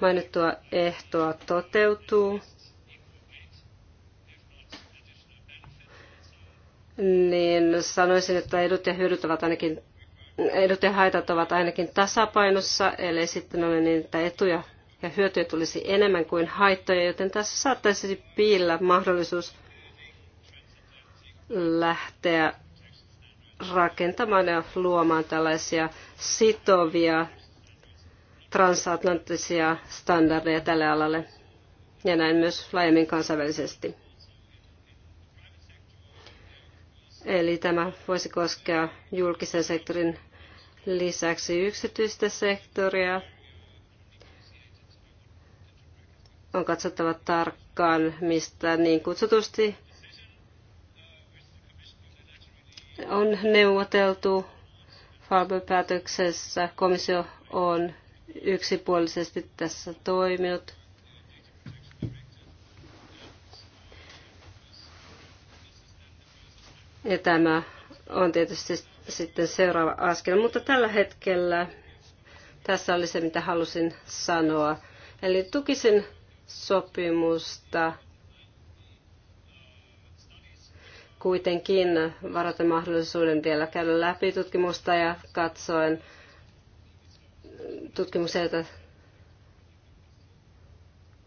mainittua ehtoa toteutuu, niin sanoisin, että edut ja hyödyt ovat ainakin edut ja haitat ovat ainakin tasapainossa, eli sitten on niin, että etuja ja hyötyjä tulisi enemmän kuin haittoja, joten tässä saattaisi piillä mahdollisuus lähteä rakentamaan ja luomaan tällaisia sitovia transatlanttisia standardeja tälle alalle ja näin myös laajemmin kansainvälisesti. Eli tämä voisi koskea julkisen sektorin lisäksi yksityistä sektoria. On katsottava tarkkaan, mistä niin kutsutusti on neuvoteltu Faber-päätöksessä. Komissio on yksipuolisesti tässä toiminut. Ja tämä on tietysti sitten seuraava askel. Mutta tällä hetkellä tässä oli se, mitä halusin sanoa. Eli tukisin sopimusta kuitenkin varata mahdollisuuden vielä käydä läpi tutkimusta ja katsoen tutkimuksia,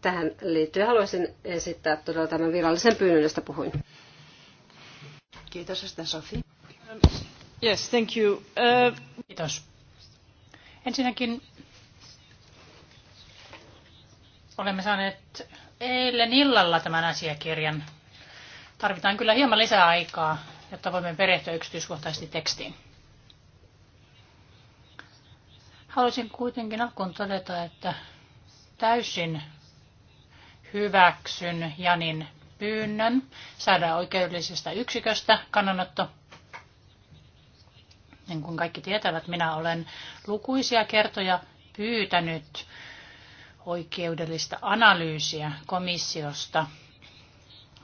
tähän liittyen haluaisin esittää todella tämän virallisen pyynnön, josta puhuin. Kiitos, sitten Sofi. Yes, thank you. Uh... Kiitos. Ensinnäkin olemme saaneet eilen illalla tämän asiakirjan. Tarvitaan kyllä hieman lisää aikaa, jotta voimme perehtyä yksityiskohtaisesti tekstiin. Haluaisin kuitenkin alkuun todeta, että täysin hyväksyn Janin pyynnön saada oikeudellisesta yksiköstä kannanotto. Niin kuin kaikki tietävät, minä olen lukuisia kertoja pyytänyt oikeudellista analyysiä komissiosta.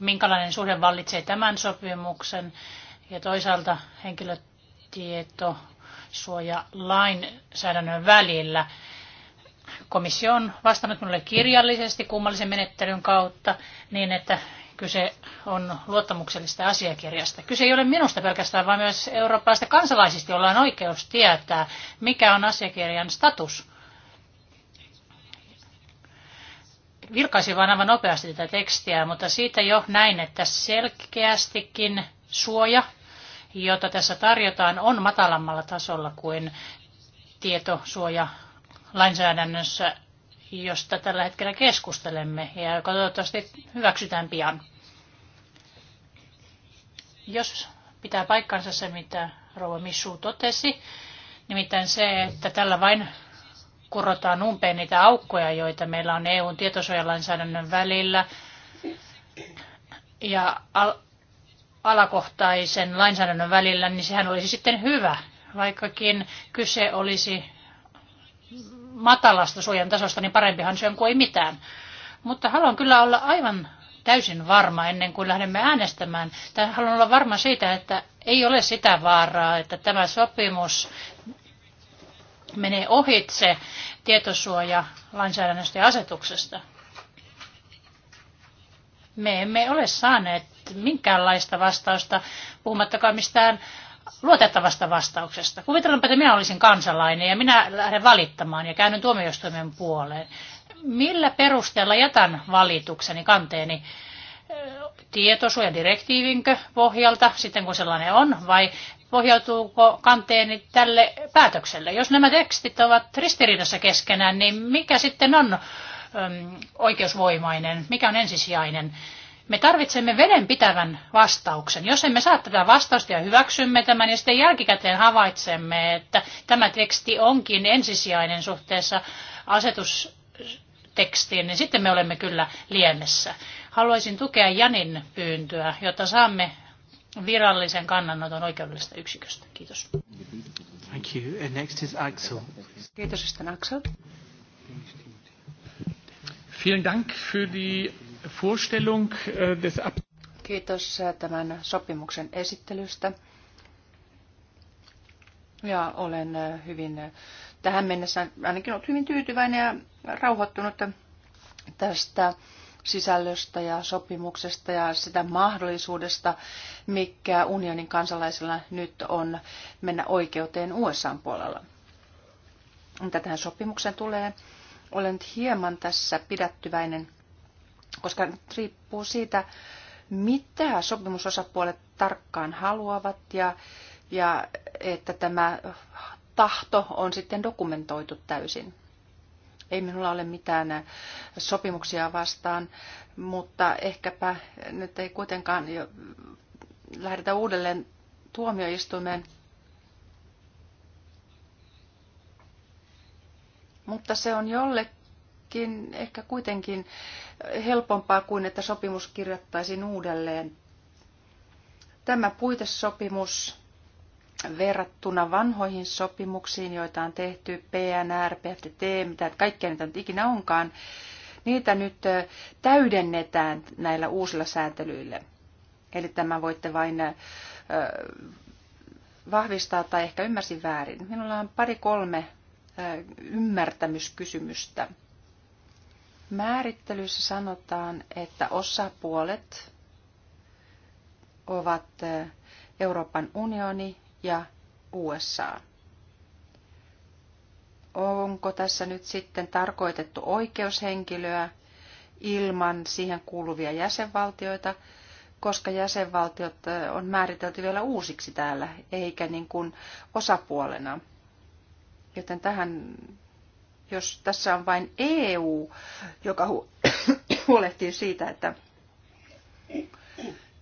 Minkälainen suhde vallitsee tämän sopimuksen ja toisaalta henkilötieto suoja lainsäädännön välillä. Komissio on vastannut minulle kirjallisesti kummallisen menettelyn kautta niin, että Kyse on luottamuksellista asiakirjasta. Kyse ei ole minusta pelkästään, vaan myös eurooppalaisista kansalaisista, joilla on oikeus tietää, mikä on asiakirjan status. Vilkaisin vain aivan nopeasti tätä tekstiä, mutta siitä jo näin, että selkeästikin suoja, jota tässä tarjotaan, on matalammalla tasolla kuin tietosuoja lainsäädännössä josta tällä hetkellä keskustelemme ja joka toivottavasti hyväksytään pian. Jos pitää paikkansa se, mitä Rouva Missu totesi, nimittäin se, että tällä vain kurrotaan umpeen niitä aukkoja, joita meillä on EUn tietosuojalainsäädännön välillä ja al- alakohtaisen lainsäädännön välillä, niin sehän olisi sitten hyvä, vaikkakin kyse olisi matalasta suojan tasosta, niin parempihan se on kuin ei mitään. Mutta haluan kyllä olla aivan täysin varma ennen kuin lähdemme äänestämään. Tai haluan olla varma siitä, että ei ole sitä vaaraa, että tämä sopimus menee ohitse tietosuoja lainsäädännöstä ja asetuksesta. Me emme ole saaneet minkäänlaista vastausta, puhumattakaan mistään luotettavasta vastauksesta. Kuvitellaanpa, että minä olisin kansalainen ja minä lähden valittamaan ja käyn tuomioistuimen puoleen. Millä perusteella jätän valitukseni, kanteeni eh, tietosuojadirektiivinkö pohjalta, sitten kun sellainen on, vai pohjautuuko kanteeni tälle päätökselle? Jos nämä tekstit ovat ristiriidassa keskenään, niin mikä sitten on mm, oikeusvoimainen, mikä on ensisijainen? Me tarvitsemme veden pitävän vastauksen. Jos emme saa tätä vastausta ja hyväksymme tämän, niin sitten jälkikäteen havaitsemme, että tämä teksti onkin ensisijainen suhteessa asetustekstiin, niin sitten me olemme kyllä liemessä. Haluaisin tukea Janin pyyntöä, jotta saamme virallisen kannanoton oikeudellisesta yksiköstä. Kiitos. Thank you. And next is Axel. Kiitos, sitten Axel. Vielen Dank für die Vorstellung äh, des Ab Kiitos äh, tämän sopimuksen esittelystä. Ja olen äh, hyvin tähän mennessä ainakin ollut hyvin tyytyväinen ja rauhoittunut tästä sisällöstä ja sopimuksesta ja sitä mahdollisuudesta, mikä unionin kansalaisilla nyt on mennä oikeuteen USAn puolella. Mitä tähän sopimukseen tulee, olen hieman tässä pidättyväinen – koska nyt riippuu siitä, mitä sopimusosapuolet tarkkaan haluavat ja, ja että tämä tahto on sitten dokumentoitu täysin. Ei minulla ole mitään sopimuksia vastaan, mutta ehkäpä nyt ei kuitenkaan jo lähdetä uudelleen tuomioistuimeen. Mutta se on jollekin kuitenkin, ehkä kuitenkin helpompaa kuin, että sopimus kirjoittaisiin uudelleen. Tämä puitesopimus verrattuna vanhoihin sopimuksiin, joita on tehty, PNR, PFTT, mitä kaikkea niitä nyt ikinä onkaan, niitä nyt täydennetään näillä uusilla sääntelyillä. Eli tämä voitte vain vahvistaa tai ehkä ymmärsin väärin. Minulla on pari kolme ymmärtämyskysymystä. Määrittelyssä sanotaan, että osapuolet ovat eh, Euroopan unioni ja USA. Onko tässä nyt sitten tarkoitettu oikeushenkilöä ilman siihen kuuluvia jäsenvaltioita, koska jäsenvaltiot eh, on määritelty vielä uusiksi täällä, eikä niin kuin osapuolena. Joten tähän jos tässä on vain EU, joka hu- [COUGHS] huolehtii siitä, että,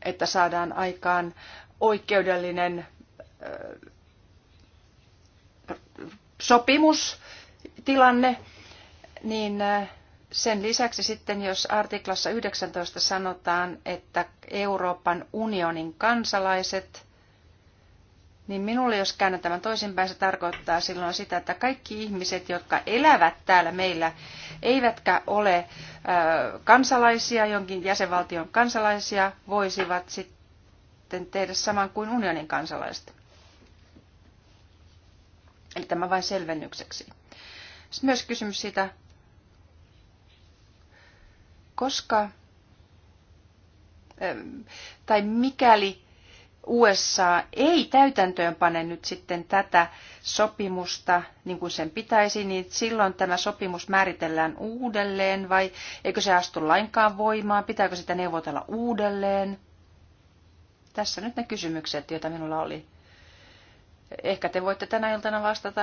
että saadaan aikaan oikeudellinen sopimustilanne, niin sen lisäksi sitten, jos artiklassa 19 sanotaan, että Euroopan unionin kansalaiset – niin minulle, jos käännän tämän toisinpäin, se tarkoittaa silloin sitä, että kaikki ihmiset, jotka elävät täällä meillä, eivätkä ole kansalaisia, jonkin jäsenvaltion kansalaisia, voisivat sitten tehdä saman kuin unionin kansalaiset. Eli tämä vain selvennykseksi. Sitten myös kysymys siitä, koska tai mikäli USA ei täytäntöönpane nyt sitten tätä sopimusta niin kuin sen pitäisi, niin silloin tämä sopimus määritellään uudelleen vai eikö se astu lainkaan voimaan, pitääkö sitä neuvotella uudelleen? Tässä nyt ne kysymykset, joita minulla oli. Ehkä te voitte tänä iltana vastata,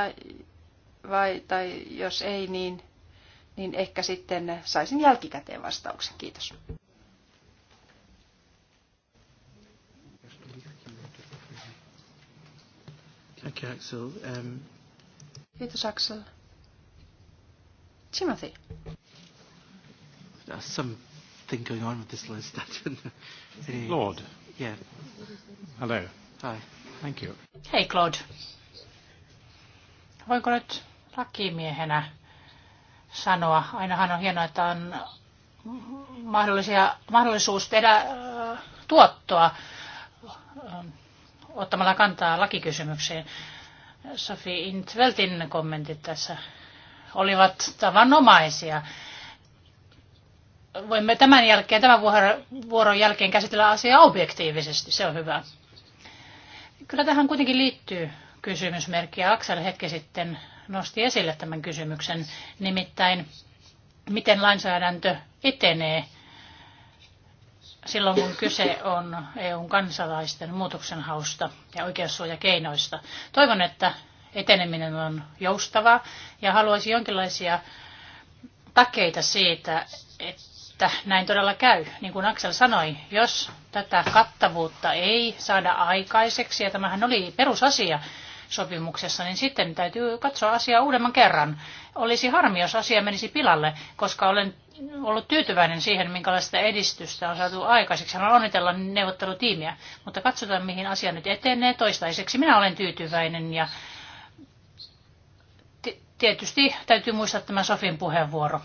vai, tai jos ei, niin, niin ehkä sitten saisin jälkikäteen vastauksen. Kiitos. Thank you, Axel. Um... Peter Axel. Timothy. There's something going on with this list. [LAUGHS] I don't know. Lord. Yeah. Hello. Hi. Thank you. Hey, Claude. Voinko nyt lakimiehenä sanoa? Ainahan on hienoa, että on mahdollisia, mahdollisuus tehdä äh, tuottoa ottamalla kantaa lakikysymykseen. Sofi Intveltin kommentit tässä olivat tavanomaisia. Voimme tämän jälkeen, tämän vuoron jälkeen käsitellä asiaa objektiivisesti, se on hyvä. Kyllä tähän kuitenkin liittyy kysymysmerkki. Aksel hetki sitten nosti esille tämän kysymyksen, nimittäin miten lainsäädäntö etenee – silloin, kun kyse on EUn kansalaisten muutoksenhausta ja oikeussuojakeinoista. Toivon, että eteneminen on joustavaa ja haluaisin jonkinlaisia takeita siitä, että näin todella käy. Niin kuin Aksel sanoi, jos tätä kattavuutta ei saada aikaiseksi, ja tämähän oli perusasia, sopimuksessa, niin sitten täytyy katsoa asiaa uudemman kerran. Olisi harmi, jos asia menisi pilalle, koska olen ollut tyytyväinen siihen, minkälaista edistystä on saatu aikaiseksi. Haluan onnitella neuvottelutiimiä, mutta katsotaan, mihin asia nyt etenee toistaiseksi. Minä olen tyytyväinen ja tietysti täytyy muistaa tämä Sofin puheenvuoro.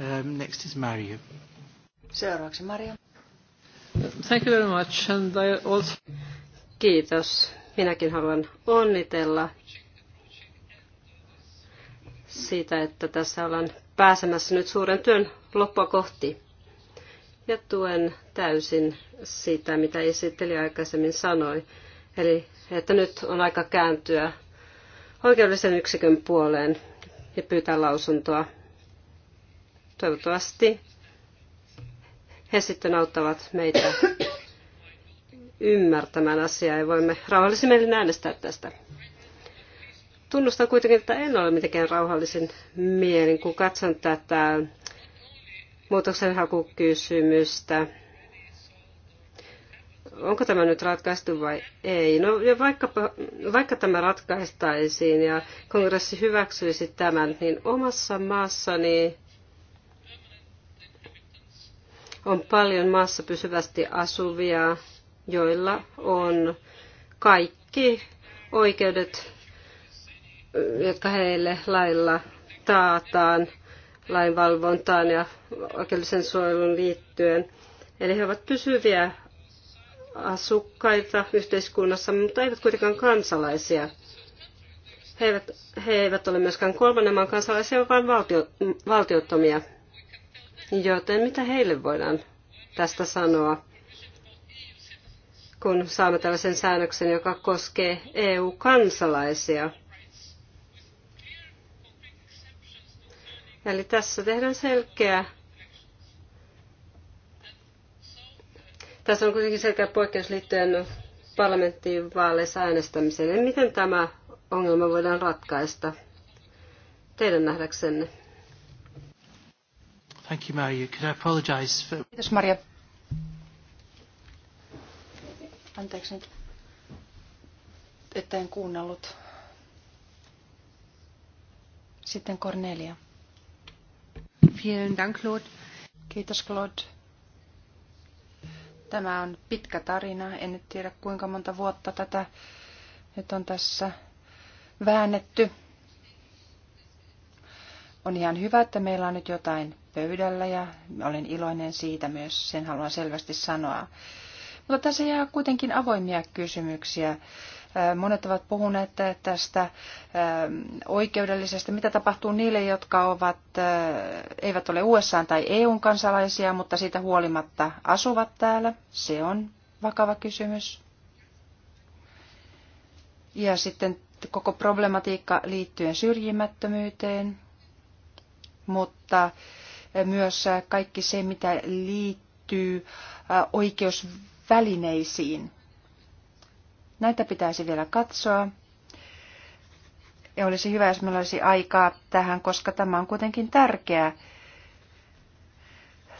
Um, next is Mario. Seuraavaksi Mario. Thank you very much. And I also... Kiitos. Minäkin haluan onnitella siitä, että tässä ollaan pääsemässä nyt suuren työn loppua kohti. Ja tuen täysin sitä, mitä esitteli aikaisemmin sanoi. Eli että nyt on aika kääntyä oikeudellisen yksikön puoleen ja pyytää lausuntoa. Toivottavasti he sitten auttavat meitä ymmärtämään asiaa ja voimme rauhallisin mielin äänestää tästä. Tunnustan kuitenkin, että en ole mitenkään rauhallisin mielin, kun katson tätä muutoksenhakukysymystä. Onko tämä nyt ratkaistu vai ei? No, ja vaikka, vaikka tämä ratkaistaisiin ja kongressi hyväksyisi tämän, niin omassa maassani on paljon maassa pysyvästi asuvia joilla on kaikki oikeudet, jotka heille lailla taataan lainvalvontaan ja oikeudellisen suojelun liittyen. Eli he ovat pysyviä asukkaita yhteiskunnassa, mutta eivät kuitenkaan kansalaisia. He eivät, he eivät ole myöskään kolmannen maan kansalaisia, vaan valtio, valtiottomia. Joten mitä heille voidaan tästä sanoa? kun saamme tällaisen säännöksen, joka koskee EU-kansalaisia. Eli tässä tehdään selkeä. Tässä on kuitenkin selkeä poikkeus liittyen parlamenttiin vaaleissa äänestämiseen. Eli miten tämä ongelma voidaan ratkaista teidän nähdäksenne? Thank you, Maria. Could I apologize for... Kiitos Maria. Anteeksi nyt, että en kuunnellut. Sitten Cornelia. Vielen Dank, Claude. Kiitos, Claude. Tämä on pitkä tarina. En nyt tiedä, kuinka monta vuotta tätä nyt on tässä väännetty. On ihan hyvä, että meillä on nyt jotain pöydällä ja olen iloinen siitä myös, sen haluan selvästi sanoa. Mutta tässä jää kuitenkin avoimia kysymyksiä. Monet ovat puhuneet tästä oikeudellisesta, mitä tapahtuu niille, jotka ovat, eivät ole USA- tai EU:n kansalaisia mutta siitä huolimatta asuvat täällä. Se on vakava kysymys. Ja sitten koko problematiikka liittyen syrjimättömyyteen, mutta myös kaikki se, mitä liittyy oikeus välineisiin. Näitä pitäisi vielä katsoa. Ja olisi hyvä, jos meillä olisi aikaa tähän, koska tämä on kuitenkin tärkeä,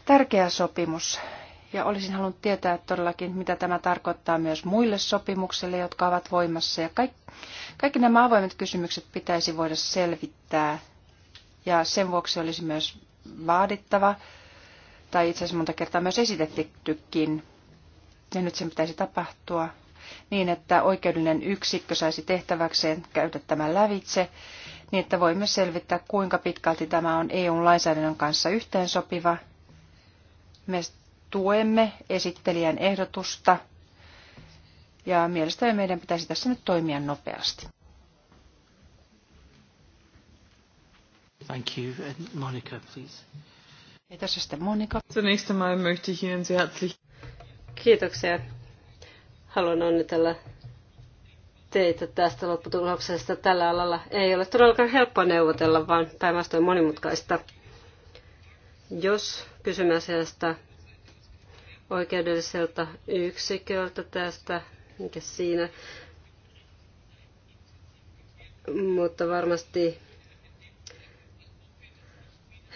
tärkeä sopimus. Ja olisin halunnut tietää todellakin, mitä tämä tarkoittaa myös muille sopimuksille, jotka ovat voimassa. Ja kaikki, kaikki nämä avoimet kysymykset pitäisi voida selvittää. Ja sen vuoksi olisi myös vaadittava, tai itse asiassa monta kertaa myös esitettykin ja nyt sen pitäisi tapahtua niin, että oikeudellinen yksikkö saisi tehtäväkseen käydä tämän lävitse, niin että voimme selvittää, kuinka pitkälti tämä on EU-lainsäädännön kanssa yhteensopiva. Me tuemme esittelijän ehdotusta ja mielestäni meidän pitäisi tässä nyt toimia nopeasti. Thank you. Uh, Monica, please. Ja tässä sitten Monika. Zunächst einmal möchte ich Ihnen sehr herzlich Kiitoksia. Haluan onnitella teitä tästä lopputuloksesta. Tällä alalla ei ole todellakaan helppoa neuvotella, vaan päinvastoin monimutkaista. Jos kysymme asiasta oikeudelliselta yksiköltä tästä, mikä siinä, mutta varmasti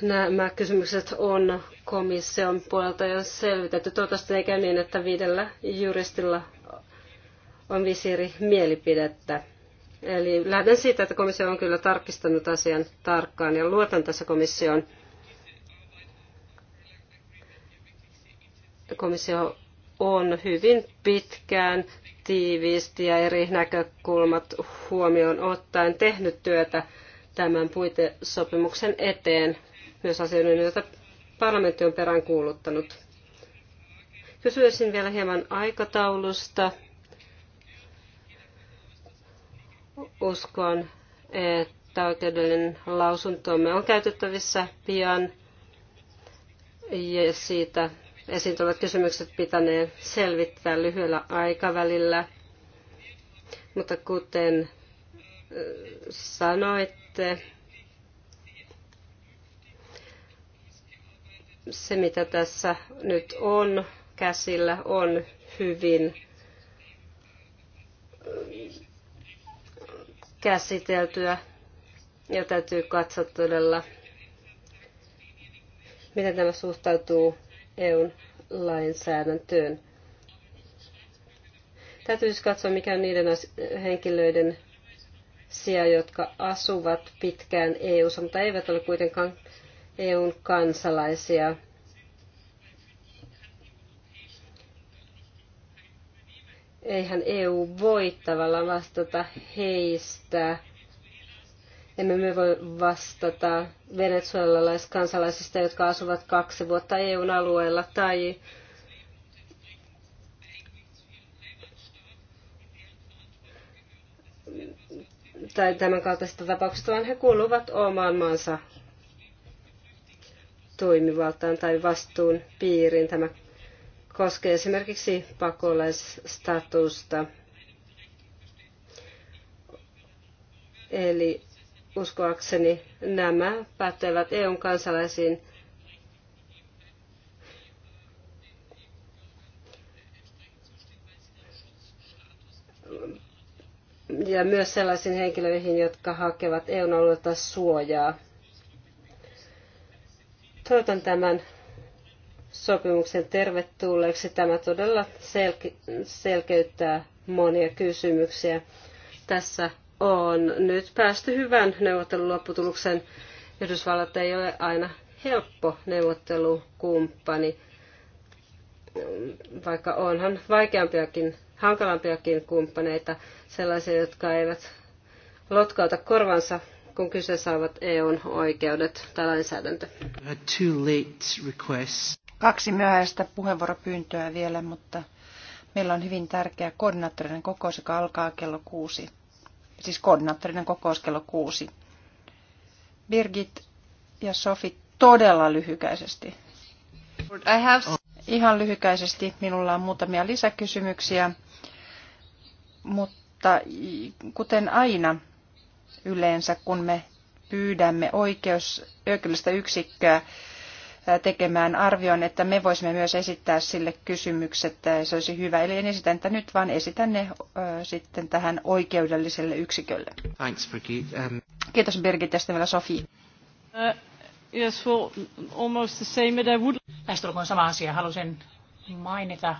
nämä kysymykset on komission puolelta jo selvitetty. Toivottavasti ei käy niin, että viidellä juristilla on eri mielipidettä. Eli lähden siitä, että komissio on kyllä tarkistanut asian tarkkaan ja luotan tässä komission. Komissio on hyvin pitkään tiiviisti ja eri näkökulmat huomioon ottaen tehnyt työtä tämän puitesopimuksen eteen myös asioiden, joita parlamentti on peräänkuuluttanut. Kysyisin vielä hieman aikataulusta. Uskon, että oikeudellinen lausuntomme on käytettävissä pian ja siitä esiin tulevat kysymykset pitänee selvittää lyhyellä aikavälillä. Mutta kuten sanoitte, se, mitä tässä nyt on käsillä, on hyvin käsiteltyä ja täytyy katsoa todella, miten tämä suhtautuu EUn lainsäädäntöön. Täytyy siis katsoa, mikä on niiden henkilöiden sija, jotka asuvat pitkään eu mutta eivät ole kuitenkaan EUn kansalaisia. Eihän EU voi tavallaan vastata heistä. Emme me voi vastata venezuelalaiskansalaisista, jotka asuvat kaksi vuotta EUn alueella tai tai tämän kaltaisista tapauksista, vaan he kuuluvat omaan maansa toimivaltaan tai vastuun piiriin. Tämä koskee esimerkiksi pakolaisstatusta. Eli uskoakseni nämä pätevät EUn kansalaisiin ja myös sellaisiin henkilöihin, jotka hakevat EUn alueelta suojaa. Toivotan tämän sopimuksen tervetulleeksi. Tämä todella selkeyttää monia kysymyksiä. Tässä on nyt päästy hyvän neuvottelun lopputulokseen. Yhdysvallat ei ole aina helppo neuvottelukumppani, vaikka onhan vaikeampiakin, hankalampiakin kumppaneita, sellaisia, jotka eivät lotkauta korvansa kun kyseessä ovat EUn oikeudet tai lainsäädäntö. Uh, Kaksi myöhäistä puheenvuoropyyntöä vielä, mutta meillä on hyvin tärkeä koordinaattorinen kokous, joka alkaa kello kuusi. Siis koordinaattorinen kokous kello kuusi. Birgit ja Sofi todella lyhykäisesti. I have... Ihan lyhykäisesti minulla on muutamia lisäkysymyksiä, mutta kuten aina, yleensä, kun me pyydämme oikeus, oikeudellista yksikköä tekemään arvion, että me voisimme myös esittää sille kysymykset, se olisi hyvä. Eli en esitä niitä nyt, vaan esitän ne sitten tähän oikeudelliselle yksikölle. Thanks, Birgit. Um... Kiitos Birgit ja sitten vielä Sofi. Uh, yes, well, almost the same, but I would... Lähestulkoon sama asia. Halusin mainita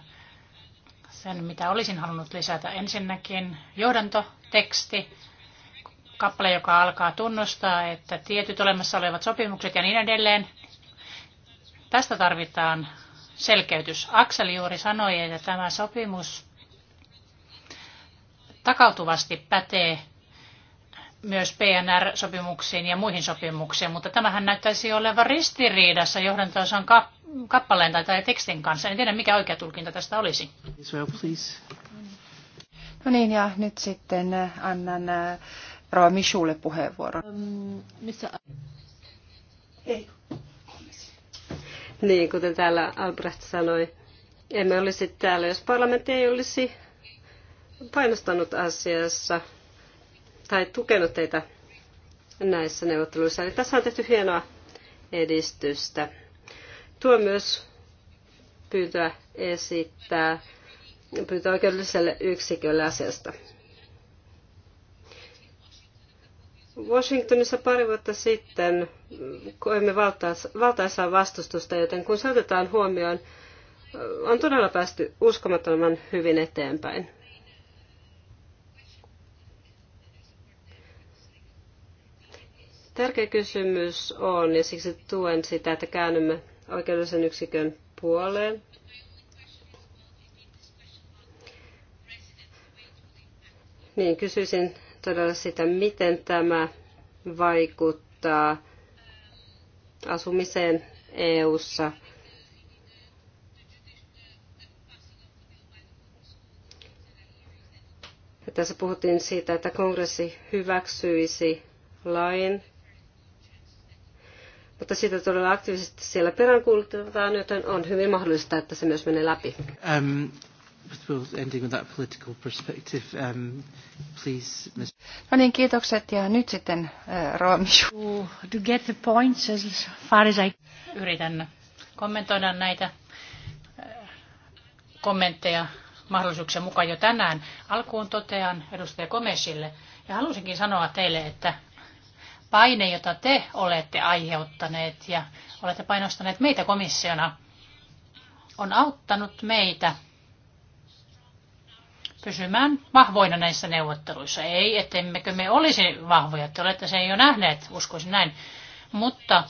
sen, mitä olisin halunnut lisätä. Ensinnäkin johdantoteksti kappale, joka alkaa tunnustaa, että tietyt olemassa olevat sopimukset ja niin edelleen. Tästä tarvitaan selkeytys. Akseli juuri sanoi, että tämä sopimus takautuvasti pätee myös PNR-sopimuksiin ja muihin sopimuksiin, mutta tämähän näyttäisi olevan ristiriidassa johdanto kappaleen tai, tai tekstin kanssa. En tiedä, mikä oikea tulkinta tästä olisi. Israel, No niin, ja nyt sitten annan äh, Rova Mishulle ähm, Missä... Ei. Niin, kuten täällä Albrecht sanoi, emme olisi täällä, jos parlamentti ei olisi painostanut asiassa tai tukenut teitä näissä neuvotteluissa. Eli tässä on tehty hienoa edistystä. Tuo myös pyyntöä esittää pyyntö oikeudelliselle yksikölle asiasta. Washingtonissa pari vuotta sitten koemme valtaisaa vastustusta, joten kun se otetaan huomioon, on todella päästy uskomattoman hyvin eteenpäin. Tärkeä kysymys on, ja siksi tuen sitä, että käännymme oikeudellisen yksikön puoleen. Niin, kysyisin todella sitä, miten tämä vaikuttaa asumiseen EU:ssa. Ja tässä puhuttiin siitä, että kongressi hyväksyisi lain, mutta sitä todella aktiivisesti siellä peräänkuulutetaan, joten on hyvin mahdollista, että se myös menee läpi. Um ending with that political perspective, um, please, Ms. No niin, kiitokset ja nyt sitten uh, äh, Romishu. To get the points as far as I... Yritän kommentoida näitä äh, kommentteja mahdollisuuksien mukaan jo tänään. Alkuun totean edustaja Komesille ja halusinkin sanoa teille, että paine, jota te olette aiheuttaneet ja olette painostaneet meitä komissiona, on auttanut meitä – pysymään vahvoina näissä neuvotteluissa. Ei, ettemmekö me olisi vahvoja, te olette sen jo nähneet, uskoisin näin. Mutta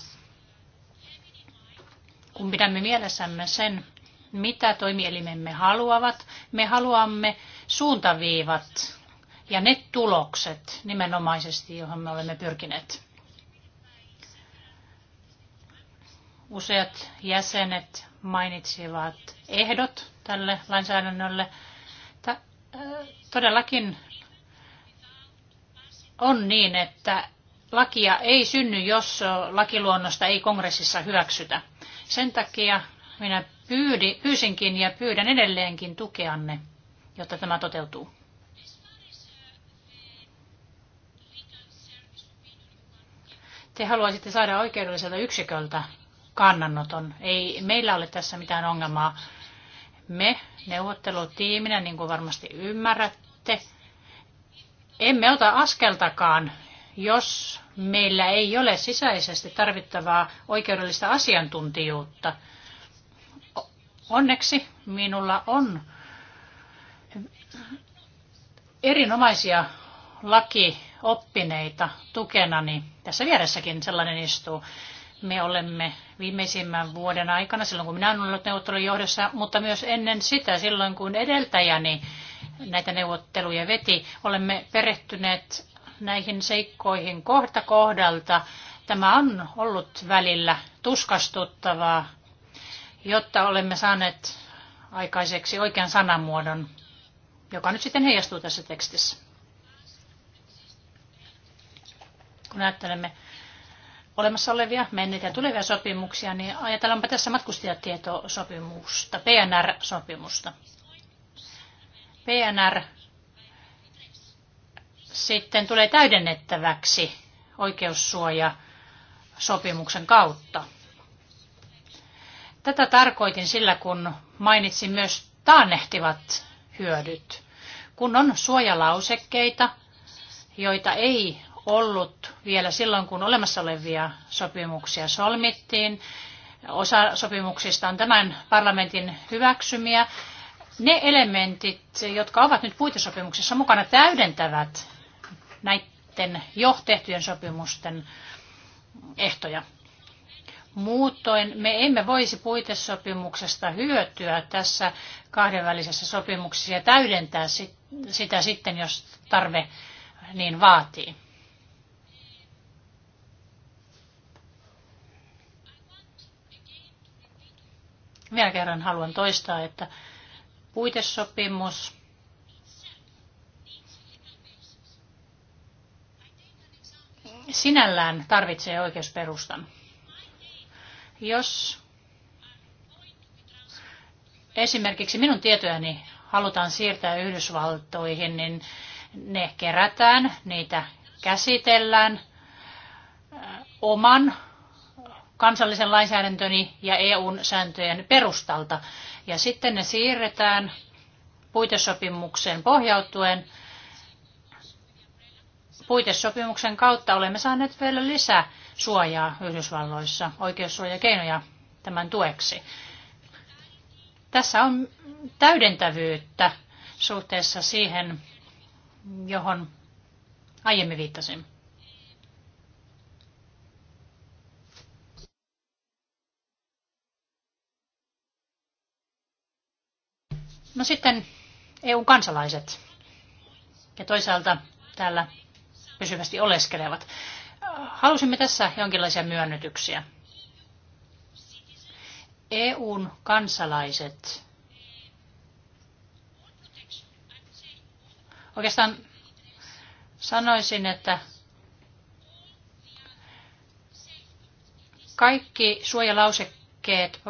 kun pidämme mielessämme sen, mitä toimielimemme haluavat, me haluamme suuntaviivat ja ne tulokset nimenomaisesti, johon me olemme pyrkineet. Useat jäsenet mainitsivat ehdot tälle lainsäädännölle todellakin on niin, että lakia ei synny, jos lakiluonnosta ei kongressissa hyväksytä. Sen takia minä pyydi, pyysinkin ja pyydän edelleenkin tukeanne, jotta tämä toteutuu. Te haluaisitte saada oikeudelliselta yksiköltä kannanoton. Ei meillä ole tässä mitään ongelmaa. Me neuvottelutiiminä, niin kuin varmasti ymmärrätte, emme ota askeltakaan, jos meillä ei ole sisäisesti tarvittavaa oikeudellista asiantuntijuutta. Onneksi minulla on erinomaisia lakioppineita tukenani. Tässä vieressäkin sellainen istuu. Me olemme viimeisimmän vuoden aikana, silloin kun minä olen ollut neuvottelun johdossa, mutta myös ennen sitä, silloin kun edeltäjäni näitä neuvotteluja veti, olemme perehtyneet näihin seikkoihin kohta kohdalta. Tämä on ollut välillä tuskastuttavaa, jotta olemme saaneet aikaiseksi oikean sanamuodon, joka nyt sitten heijastuu tässä tekstissä. Kun ajattelemme olemassa olevia menneitä ja tulevia sopimuksia, niin ajatellaanpa tässä matkustajatietosopimusta, PNR-sopimusta. PNR sitten tulee täydennettäväksi oikeussuoja sopimuksen kautta. Tätä tarkoitin sillä, kun mainitsin myös taannehtivat hyödyt. Kun on suojalausekkeita, joita ei ollut vielä silloin, kun olemassa olevia sopimuksia solmittiin. Osa sopimuksista on tämän parlamentin hyväksymiä. Ne elementit, jotka ovat nyt puitesopimuksessa mukana, täydentävät näiden jo tehtyjen sopimusten ehtoja. Muutoin me emme voisi puitesopimuksesta hyötyä tässä kahdenvälisessä sopimuksessa ja täydentää sitä sitten, jos tarve niin vaatii. Vielä kerran haluan toistaa, että puitesopimus sinällään tarvitsee oikeusperustan. Jos esimerkiksi minun tietojani halutaan siirtää Yhdysvaltoihin, niin ne kerätään, niitä käsitellään oman kansallisen lainsäädäntöni ja EUn sääntöjen perustalta. Ja sitten ne siirretään puitesopimukseen pohjautuen. Puitesopimuksen kautta olemme saaneet vielä lisää suojaa Yhdysvalloissa, oikeussuojakeinoja tämän tueksi. Tässä on täydentävyyttä suhteessa siihen, johon aiemmin viittasin. No sitten EUn kansalaiset ja toisaalta täällä pysyvästi oleskelevat. Halusimme tässä jonkinlaisia myönnytyksiä. EUn kansalaiset oikeastaan sanoisin, että kaikki suojalausekkeet,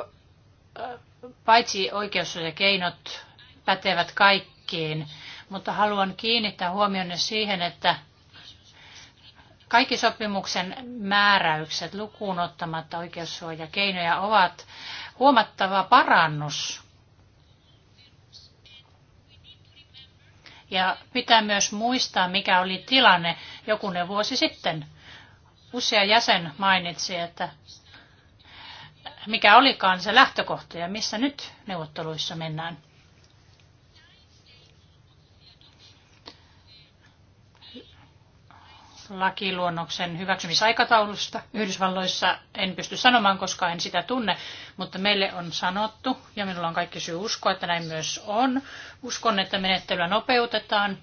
paitsi oikeus ja keinot, pätevät kaikkiin, mutta haluan kiinnittää huomionne siihen, että kaikki sopimuksen määräykset lukuun ottamatta oikeussuojakeinoja ovat huomattava parannus. Ja pitää myös muistaa, mikä oli tilanne jokunen vuosi sitten. Usea jäsen mainitsi, että mikä olikaan se lähtökohta ja missä nyt neuvotteluissa mennään. lakiluonnoksen hyväksymisaikataulusta Yhdysvalloissa en pysty sanomaan, koska en sitä tunne, mutta meille on sanottu, ja minulla on kaikki syy uskoa, että näin myös on. Uskon, että menettelyä nopeutetaan.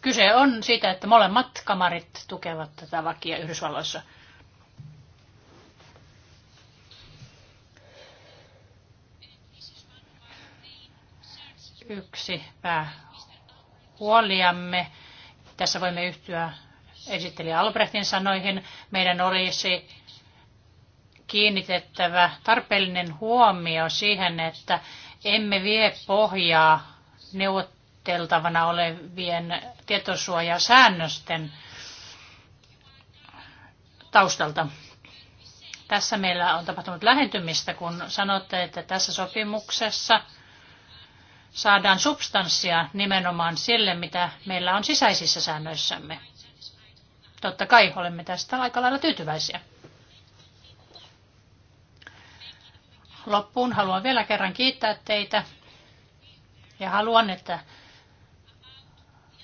Kyse on siitä, että molemmat kamarit tukevat tätä lakia Yhdysvalloissa. yksi pää huoliamme. Tässä voimme yhtyä esittelijä Albrechtin sanoihin. Meidän olisi kiinnitettävä tarpeellinen huomio siihen, että emme vie pohjaa neuvotteltavana olevien tietosuojasäännösten taustalta. Tässä meillä on tapahtunut lähentymistä, kun sanotte, että tässä sopimuksessa – saadaan substanssia nimenomaan sille, mitä meillä on sisäisissä säännöissämme. Totta kai olemme tästä aika lailla tyytyväisiä. Loppuun haluan vielä kerran kiittää teitä ja haluan, että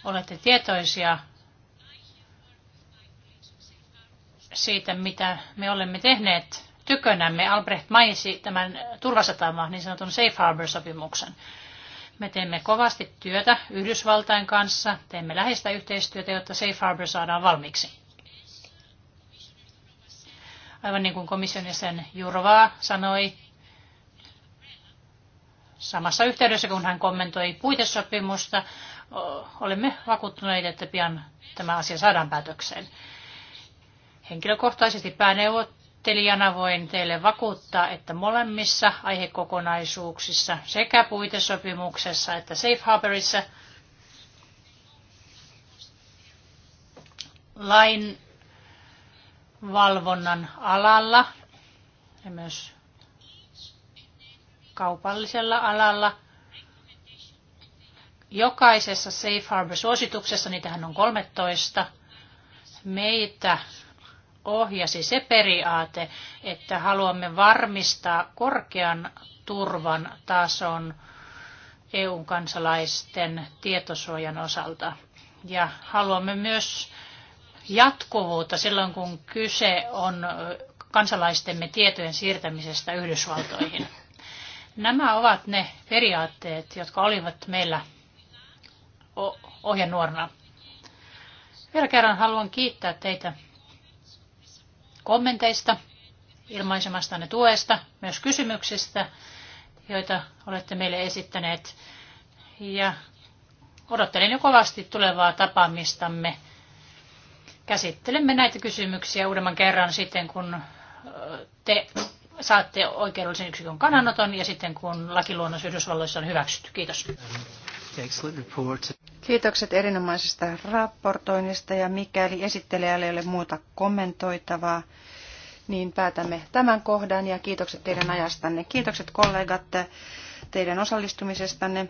olette tietoisia siitä, mitä me olemme tehneet tykönämme. Albrecht mainitsi tämän turvasatama, niin sanotun Safe Harbor-sopimuksen. Me teemme kovasti työtä Yhdysvaltain kanssa, teemme läheistä yhteistyötä, jotta Safe Harbor saadaan valmiiksi. Aivan niin kuin komission jäsen Jurva sanoi samassa yhteydessä, kun hän kommentoi puitesopimusta, olemme vakuuttuneita, että pian tämä asia saadaan päätökseen. Henkilökohtaisesti pääneuvot, esittelijänä voin teille vakuuttaa, että molemmissa aihekokonaisuuksissa, sekä puitesopimuksessa että Safe Harborissa, lain valvonnan alalla ja myös kaupallisella alalla. Jokaisessa Safe Harbor-suosituksessa, niitähän on 13, meitä ohjasi se periaate, että haluamme varmistaa korkean turvan tason EU-kansalaisten tietosuojan osalta. Ja haluamme myös jatkuvuutta silloin, kun kyse on kansalaistemme tietojen siirtämisestä Yhdysvaltoihin. Nämä ovat ne periaatteet, jotka olivat meillä ohjenuorana. Vielä kerran haluan kiittää teitä kommenteista, ilmaisemastanne tuesta, myös kysymyksistä, joita olette meille esittäneet. Ja odottelen jo kovasti tulevaa tapaamistamme. Käsittelemme näitä kysymyksiä uudemman kerran sitten, kun te saatte oikeudellisen yksikön kannanoton ja sitten kun lakiluonnos Yhdysvalloissa on hyväksytty. Kiitos. Excellent report. Kiitokset erinomaisesta raportoinnista ja mikäli esittelijälle ei ole muuta kommentoitavaa, niin päätämme tämän kohdan ja kiitokset teidän ajastanne. Kiitokset kollegat teidän osallistumisestanne.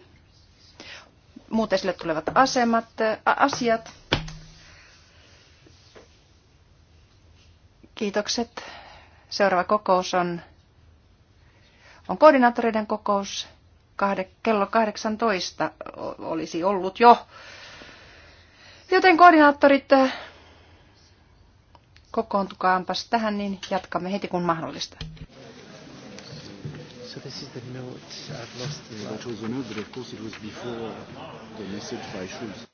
Muut esille tulevat asemat, asiat. Kiitokset. Seuraava kokous on, on koordinaattoreiden kokous kahde, kello 18 olisi ollut jo. Joten koordinaattorit, äh, kokoontukaanpas tähän, niin jatkamme heti kun mahdollista. So this is the note. I've lost the... That was of course it was before the message by Schulz.